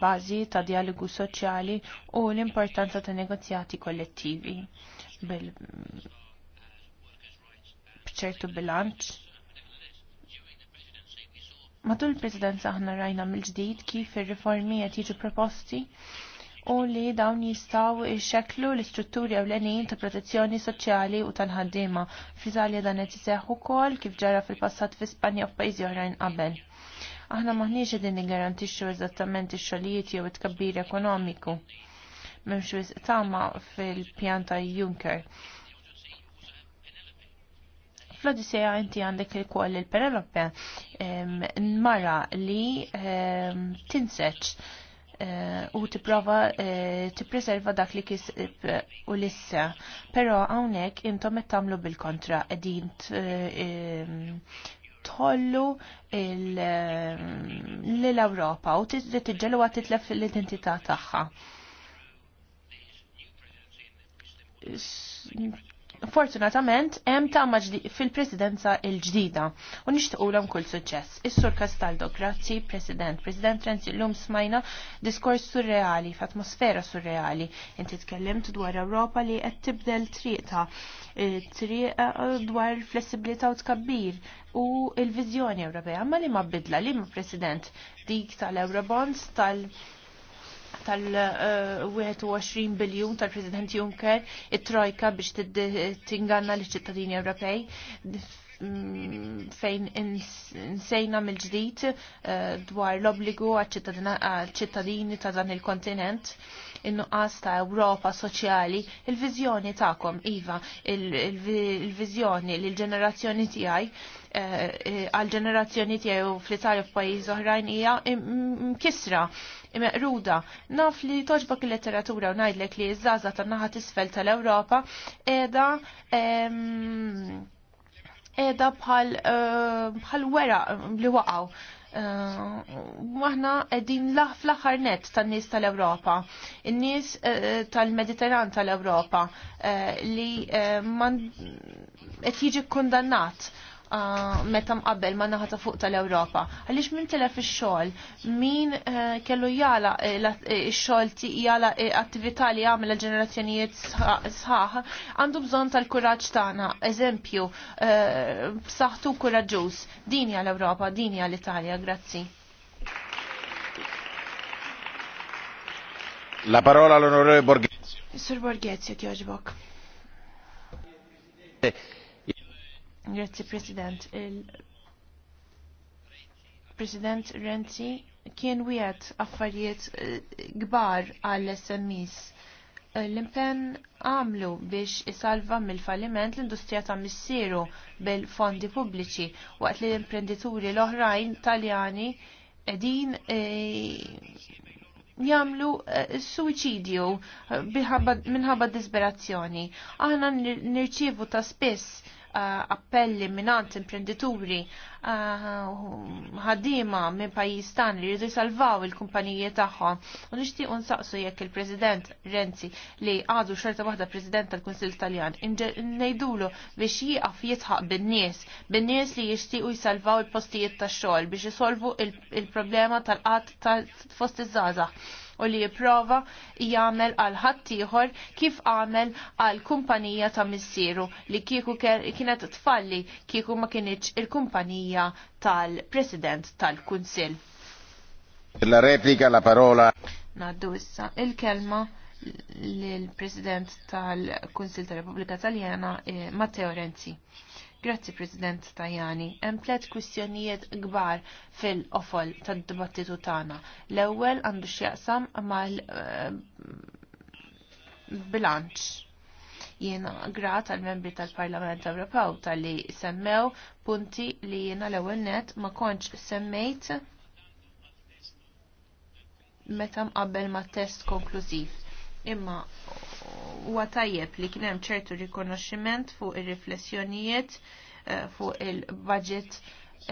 bazi ta' dialogu soċjali u l-importanza ta' negozjati kollettivi bil bċertu bilanċ. Matul il-Presidenza aħna rajna mill-ġdid kif ir-riformi qed jiġu proposti u li dawn jistaw ixxeklu l-istrutturi ewlenin ta' protezzjoni soċjali u tal-ħaddiema. Fl-Italja dan qed iseħħ ukoll kif ġara fil-passat fi Spanja u f'pajjiżi oħrajn qabel. Aħna maħniex qegħdin niggarantixxu eżattament ix-xogħlijiet jew it kabbir ekonomiku. M'hemmx tama fil-pjan ta' Juncker Fl-Odissea inti għandek il-koll il-Penelope mara li tinseċ eh, u tipprova eh, tipreserva dak li kisib eh, u lissa. Però hawnhekk intom qed tagħmlu bil-kontra edin tħollu l-Ewropa u tiġġelu titlef l-identità tagħha fortunatament hemm tama fil-presidenza il-ġdida u nixtiequlhom kull suċċess. Is-Sur Castaldo, grazzi President. President Renzi llum smajna diskors surreali, f'atmosfera surreali. Inti tkellimt dwar Ewropa li qed tibdel triqta, e, e, dwar flessibilità u tkabbir u il-viżjoni Ewropea, ma li ma bidla li ma President dik tal-Eurobonds tal-, -Eurobonds, tal tal-21 biljun tal-President Juncker it-Trojka biex tinganna l-ċittadini Ewropej Mm, fejn insejna mill-ġdid eh, dwar l-obbligu għal-ċittadini ta' dan il-kontinent in-nuqqas ta' Ewropa soċjali, il-vizjoni ta'kom, Iva, il-vizjoni li l-ġenerazzjoni tiegħi eh, eh, għal-ġenerazzjoni tiegħi u fl-Italja f'pajjiż oħrajn hija mkisra meqruda. Naf li toġbok il-letteratura u ngħidlek li ż-żaża tan-naħa tisfel tal-Ewropa qiegħda ehm, edha bħal eh, bħal wera eh, li waqaw. Maħna eh, edin laħ fl-aħħar net tan-nies tal-Ewropa, in-nies tal-Mediterran tal-Ewropa li qed jiġi kundannat meta mqabbel ma naħata fuq tal-Ewropa. Għaliex min telef ix-xogħol, min eh, kellu jala eh, eh, ix-xogħol jala attività li għamel ġenerazzjonijiet sħaħ, għandu bżonn tal-kuraġġ tagħna, eżempju, b'saħħtu kuraġġuż. Din hija l-Ewropa, din hija l-Italja, grazzi. La parola all'onorevole Borghezio. Sir Borghezio, ti oggi Grazzi President. Il-President Renzi kien wieħed affarijiet eh, kbar għall smis eh, L-impen għamlu biex isalva mill-falliment l-industrija ta' missieru bil-fondi pubbliċi waqt li l-imprenditori l-oħrajn taljani edin e, jamlu suicidju minħabba disperazzjoni. Aħna nirċivu ta' spess Eh, appelli minant imprenditori eh, ħaddiema minn pajis tan li jridu jsalvaw il-kumpaniji tagħhom. U nixtieq nsaqsu jekk il-President Renzi li għadu xorta waħda President tal-Kunsill Taljan ngħidulu biex jieqaf jitħaq bin-nies, bin-nies li jixtiequ jsalvaw il-postijiet tax-xogħol biex isolvu il-problema tal-qatt fost iż-żgħażagħ u li jipprova jagħmel għal ħaddieħor kif għamel għal kumpanija ta' missieru li kieku kienet tfalli kieku ma kienieċ il-kumpanija tal-President tal-Kunsill. La replika la parola. Naddu issa il-kelma l-President tal-Kunsil tal-Repubblika Taljana eh, Matteo Renzi. Grazzi President Tajani. Hemm tliet kwistjonijiet kbar fil-qofol tad-dibattitu tagħna. L-ewwel għandu x'jaqsam mal eh, bilanċ. Jiena grat għal membri tal-Parlament Ewropew tal-li semmew punti li jiena l-ewwel net ma kontx semmejt meta mqabbel ma' test konklużiv. Imma huwa tajjeb li kien hemm ċertu rikonoxximent fuq ir-riflessjonijiet eh, fuq il-budget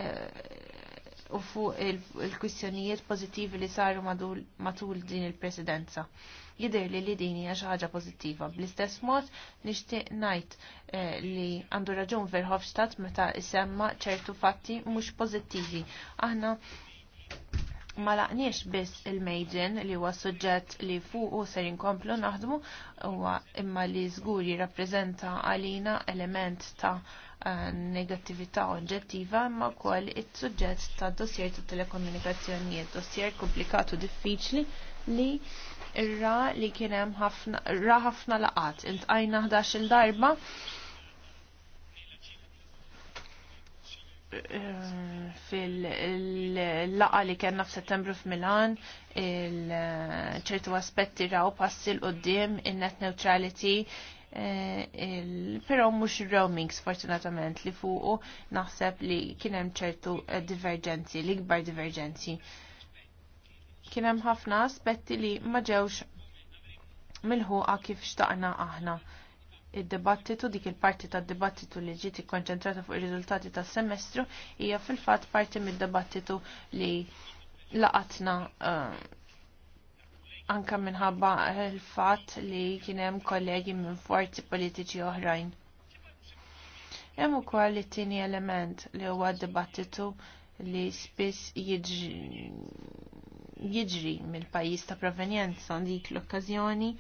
eh, u fuq il-kwistjonijiet pożittivi li saru matul din il-presidenza. Jidher li li din hija xi ħaġa pożittiva. Bl-istess mod nixtieq ngħid eh, li għandu raġun Verhofstadt meta isemma ċertu fatti mhux pożittivi. Aħna ma laqniex biss il-Maiden li huwa suġġett li fuqu ser inkomplu naħdmu huwa imma li żgur jirrappreżenta għalina element ta' eh, negattività oġġettiva imma wkoll it-suġġett ta' dossier ta' telekomunikazzjonijiet, dossier komplikat u diffiċli li ra li kien hemm ħafna ra ħafna laqat intqajna 11-il darba fil-laqa li kena f-settembru f-Milan, ċertu aspetti raw passi l-qoddim, il-net neutrality, eh, pero mux roaming sfortunatament li fuqu naħseb li kienem ċertu eh, divergenzi, li gbar divergenzi. Kienem ħafna aspetti li maġewx milħuqa kif xtaqna aħna id-dibattitu dik il-parti tad dibattitu li ġiet ikkonċentrata fuq ir-riżultati tas-semestru hija fil-fatt parti mid-dibattitu li laqatna uh, anka minħabba il-fatt li kien hemm kollegi minn forzi politiċi oħrajn. Hemm ukoll it-tieni element li huwa d-dibattitu li spiss jiġri, jiġri mill-pajjiż ta' provenjenza dik l-okkażjoni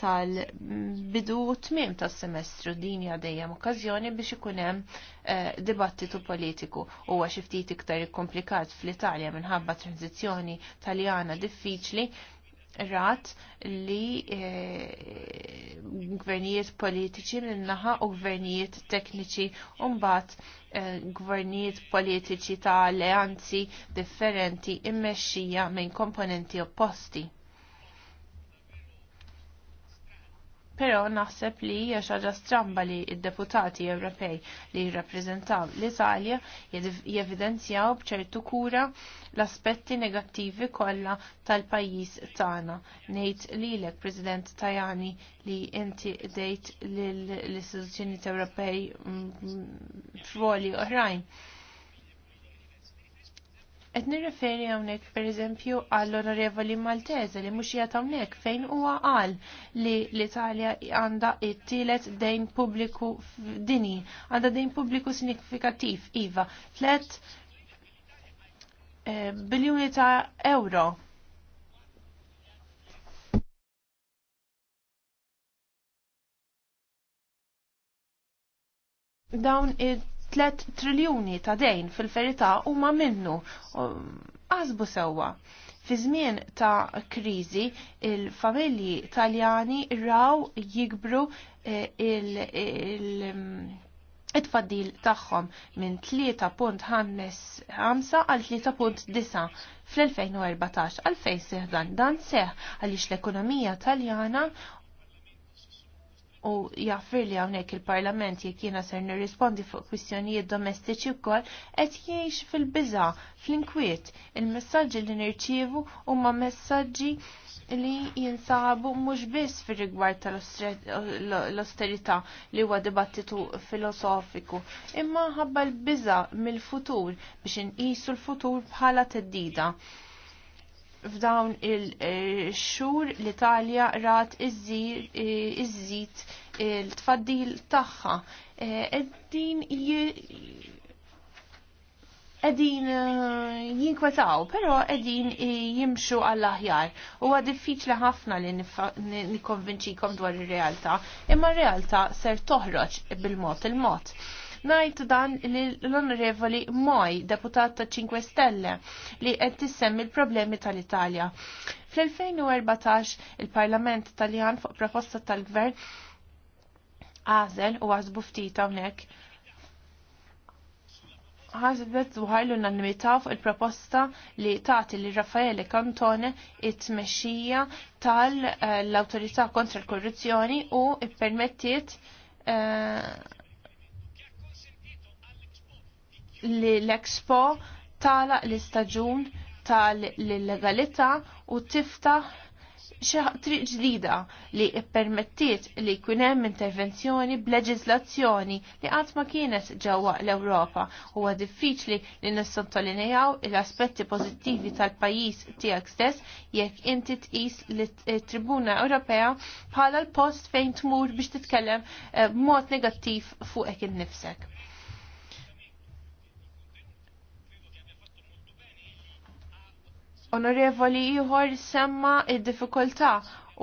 tal-bidu u tmim tas-semestru din hija dejjem okkażjoni biex ikun hemm eh, dibattitu politiku huwa xi ftit iktar ikkomplikat fl-Italja minħabba tranzizzjoni Taljana diffiċli rat li eh, gvernijiet politiċi minnaħa u gvernijiet tekniċi umbat eh, gvernijiet politiċi ta' alleanzi differenti immexxija minn komponenti opposti. Pero naħseb li hija ħaġa stramba li id-deputati Ewropej li jirrappreżentaw l-Italja jevidenzjaw b'ċertu kura l-aspetti negattivi kollha tal-pajjiż tagħna. Ngħid lilek President Tajani li inti dejt lill-istituzzjonijiet Ewropej mm, mm, fwoli oħrajn. Et nirreferi għonek per eżempju għall-onorevoli Maltese li mux jgħat għonek fejn huwa għal li l-Italja għanda it-tielet dejn publiku dini, għanda dejn publiku signifikativ, Iva, tlet eh, biljoni ta' euro. Dawn id 3 triljuni ta' dejn fil u huma minnu. Għazbu sewwa. Fi żmien ta' kriżi, il-familji Taljani raw jikbru eh, il-, tfaddil it-faddil tagħhom minn 3.5 għal 3.9 fl-2014 għalfejn seħdan dan seħ għaliex l-ekonomija taljana u jaffir li hawnhekk il-Parlament jekk jina ser nirrispondi fuq kwistjonijiet domestiċi wkoll qed jgħix fil-biża, fl-inkwiet. Il-messaġġi li nirċievu huma messaġġi li jinsabu mhux biss fir-rigward tal-austerità li huwa dibattitu filosofiku, imma ħabba l-biża mill-futur biex inqisu l-futur bħala teddida f'dawn il-xur l-Italja rat iż-żid eh, il-tfaddil tagħha. Eddin eh, edin eh, jinkwetaw, pero edin jimxu għall-aħjar. U għad diffiċli ħafna li nikonvinċikom dwar ir realtà imma r realtà ser toħroġ bil-mod il-mod. il mod Najt dan l-onorevoli Moj, deputat ta' 5 Stelle, li qed tissemmi l-problemi tal-Italja. Fl-2014 il-Parlament Taljan fuq proposta tal-Gvern għażel u għazbu ftit hawnhekk ħasbet dwar l-unanimità fuq il-proposta li tagħti li Raffaele Cantone it-tmexxija tal-Awtorità kontra l-Korruzzjoni u ippermettiet uh, li l-Expo tala l-istaġun tal-legalità u tiftaħ triq ġdida li permettiet li kunem intervenzjoni b'leġizlazzjoni li qatt ma kienet ġewwa l-Ewropa. Huwa diffiċli li nissottolinejaw l-aspetti pożittivi tal-pajjiż tiegħek stess jekk inti tqis li tribuna Ewropea bħala l-post fejn tmur biex titkellem eh, b'mod negattiv fuqek innifsek. Onorevoli ieħor semma id-diffikultà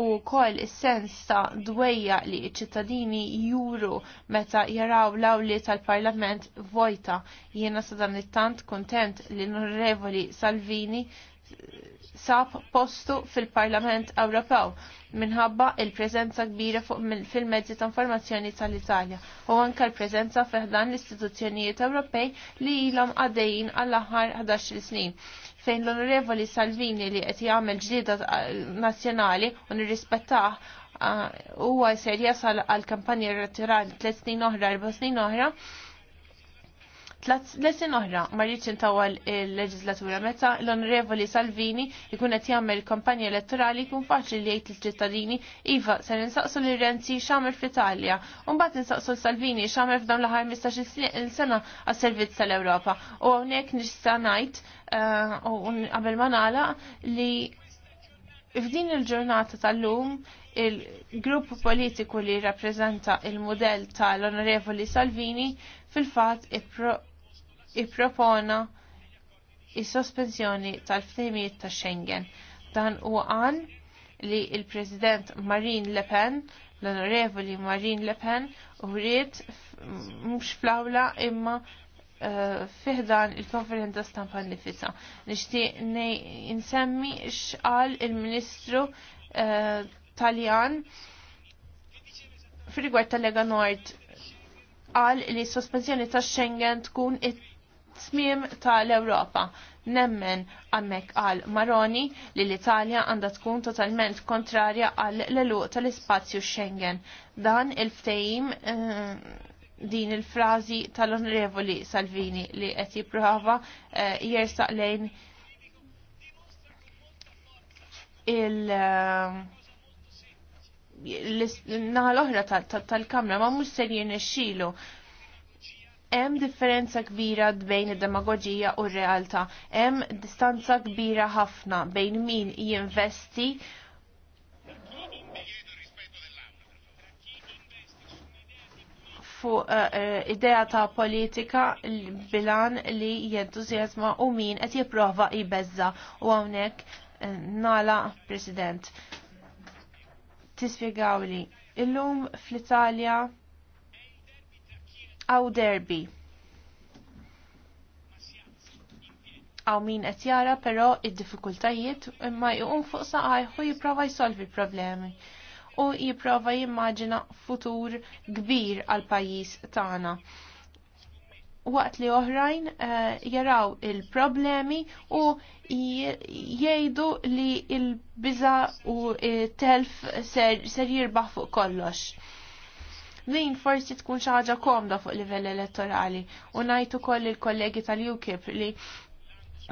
u kol is-sens ta' dwejja li ċ-ċittadini juru meta jaraw l-awli tal-Parlament vojta. Jiena sadan dan it-tant kontent li onorevoli Salvini sab postu fil-Parlament Ewropew minħabba il-preżenza kbira fil-mezzi ta' informazzjoni tal-Italja u anka l-preżenza fiħdan l-istituzzjonijiet Ewropej li ilhom għaddejjin għall-aħħar 11 snin fejn l-Onorevoli Salvini li qed jagħmel ġdida nazzjonali u nirrispettah ah, huwa jsir jasal għal kampanja elettorali tliet snin oħra, erba' snin oħra, Lesin oħra, ma rridx intawal il-leġislatura meta l-Onorevoli Salvini jkun qed jagħmel kampanja elettorali jkun faċli li jgħid lill-ċittadini iva se ninsaqsu lil Renzi x'għamel fl-Italja u mbagħad ninsaqsu Salvini x'għamel f'dawn l-aħħar il sena għas-servizz tal-Ewropa. U hawnhekk nista' ngħid eh, u qabel ma nagħlaq li f'din il-ġurnata tal-lum il-grupp politiku li rappreżenta il-modell tal-Onorevoli Salvini fil-fatt ippropona il sospensjoni tal-ftehimiet ta' Schengen. Dan huwa qal li il-President Marine Le Pen, l-Onorevoli Marine Le Pen, u mhux fl-awla imma eh, fiħdan il-konferenza stampa nifisa. Nishtiq insemmi xqal il-Ministru eh, Taljan fil-rigward tal-Lega Nord għal li sospensjoni ta' Schengen tkun it tmiem tal-Ewropa. Nemmen għammek għal Maroni li l-Italja għanda tkun totalment kontrarja għal l-eluq tal-ispazju Schengen. Dan il-ftejim eh, din il-frazi tal-Onorevoli Salvini li qed jipprova eh, jersaq lejn il- eh, naħal oħra tal-kamra ma mux ser jirnexxilu hemm differenza kbira bejn id-demagoġija u r-realtà. Hemm distanza kbira ħafna bejn min jinvesti fuq eh, eh, idea ta' politika bilan li jentużjazma u min qed jipprova jbeżza u hawnhekk eh, nala President. Tispjegawli, illum fl-Italja Aw derbi. Aw min qed jara però id-diffikultajiet imma jqum fuq saqajħu jipprova jsolvi problemi u jipprova jimmaġina futur kbir għal pajjiż tagħna. Waqt li oħrajn uh, jaraw il-problemi u jgħidu li il-biża u telf ser, ser jirbaħ fuq kollox Min forsi tkun xi ħaġa komda fuq livell elettorali u ngħid ukoll il-kollegi tal-UKIP li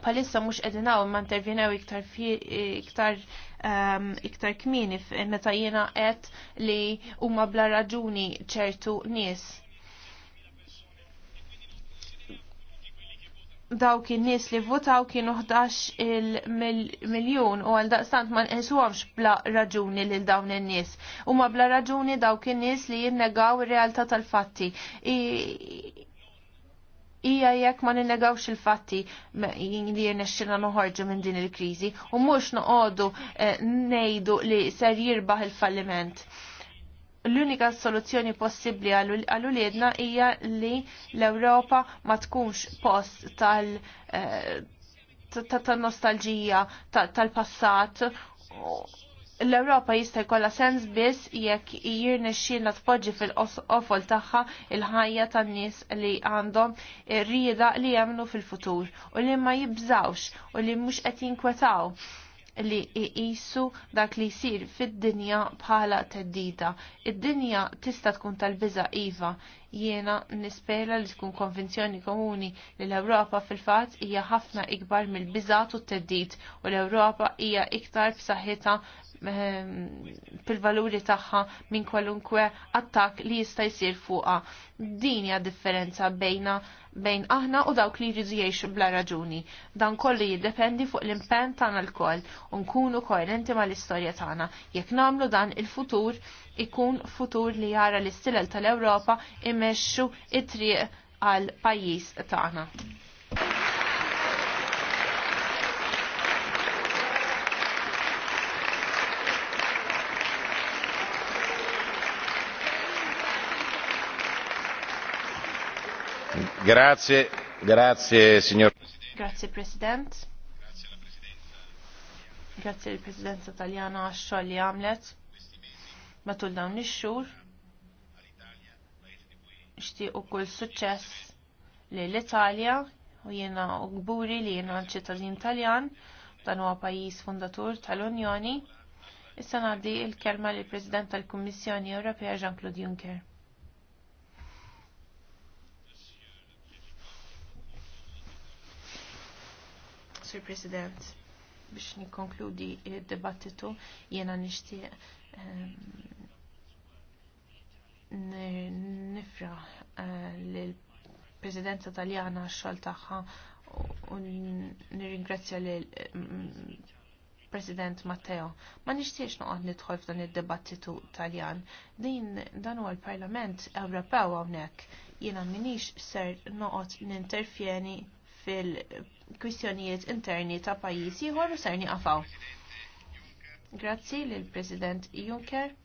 palissa mux edinaw ma intervjenew iktar fi, iktar um, iktar kmini meta jiena qed li huma bla raġuni ċertu nies dawk in-nies li votaw kienu 11 il-miljun u għal daqstant ma nqisuhomx bla raġuni lil dawn in-nies. Huma bla raġuni dawk in-nies li jinnegaw ir-realtà tal-fatti. Ija jekk ma ninnegawx il-fatti li jirnexxilna noħorġu minn din il-kriżi u mhux noqogħdu eh, ngħidu li ser jirbaħ il-falliment l-unika soluzzjoni possibbli għal-uliedna hija li l-Ewropa ma tkunx post tal- eh, nostalġija tal-passat l-Europa jista' jkollha sens biss jekk jirnexxielna tpoġġi fil-qofol tagħha il-ħajja tan-nies li għandhom rieda li jemnu fil-futur u li ma jibżawx u li mhux qed jinkwetaw li iqisu dak li jsir fid-dinja bħala teddida. Id-dinja tista' tkun tal-biża' iva. Jiena nispera li tkun konvenzjoni komuni li l-Ewropa fil-fatt hija ħafna ikbar mill-biżat u t-teddid u l-Ewropa hija iktar f'saħħitha pil ehm, valuri tagħha minn kwalunkwe attakk li jista' jsir fuqha. Din hija differenza bejna bejn aħna u dawk li jridu jgħixu bla raġuni. Dan kollu jiddependi fuq l-impenn tagħna lkoll u nkunu koerenti mal-istorja tagħna. Jekk nagħmlu dan il-futur ikun futur li jara l-istilel tal-Ewropa imexxu it-triq għal pajjiż tagħna. Grazie, grazie President. Grazie l-Presidenza Taljana għax-xogħol li għamlet matul dawn ix-xhur. Xtieq ukoll suċċess lil italja u jiena gburi li jiena ċittadin Taljan dan huwa pajjiż fundatur tal-Unjoni. Issa ngħaddi l-kelma lill-President tal-Kummissjoni Ewropea Jean-Claude Juncker. Sir President, biex nikonkludi il debattitu jena nishtiq ehm, nifra eh, l-Presidenza Taljana xol taħħa u nirringrazzja l-President ehm, Matteo. Ma nishtiex noqgħod nidħol f'dan id-debattitu Taljan. Din dan huwa l-Parlament Ewropew hawnhekk. Jiena minix ser noqgħod ninterfjeni fil-kwistjonijiet interni ta' pajjiż ieħor u ser Grazzi lill President Juncker.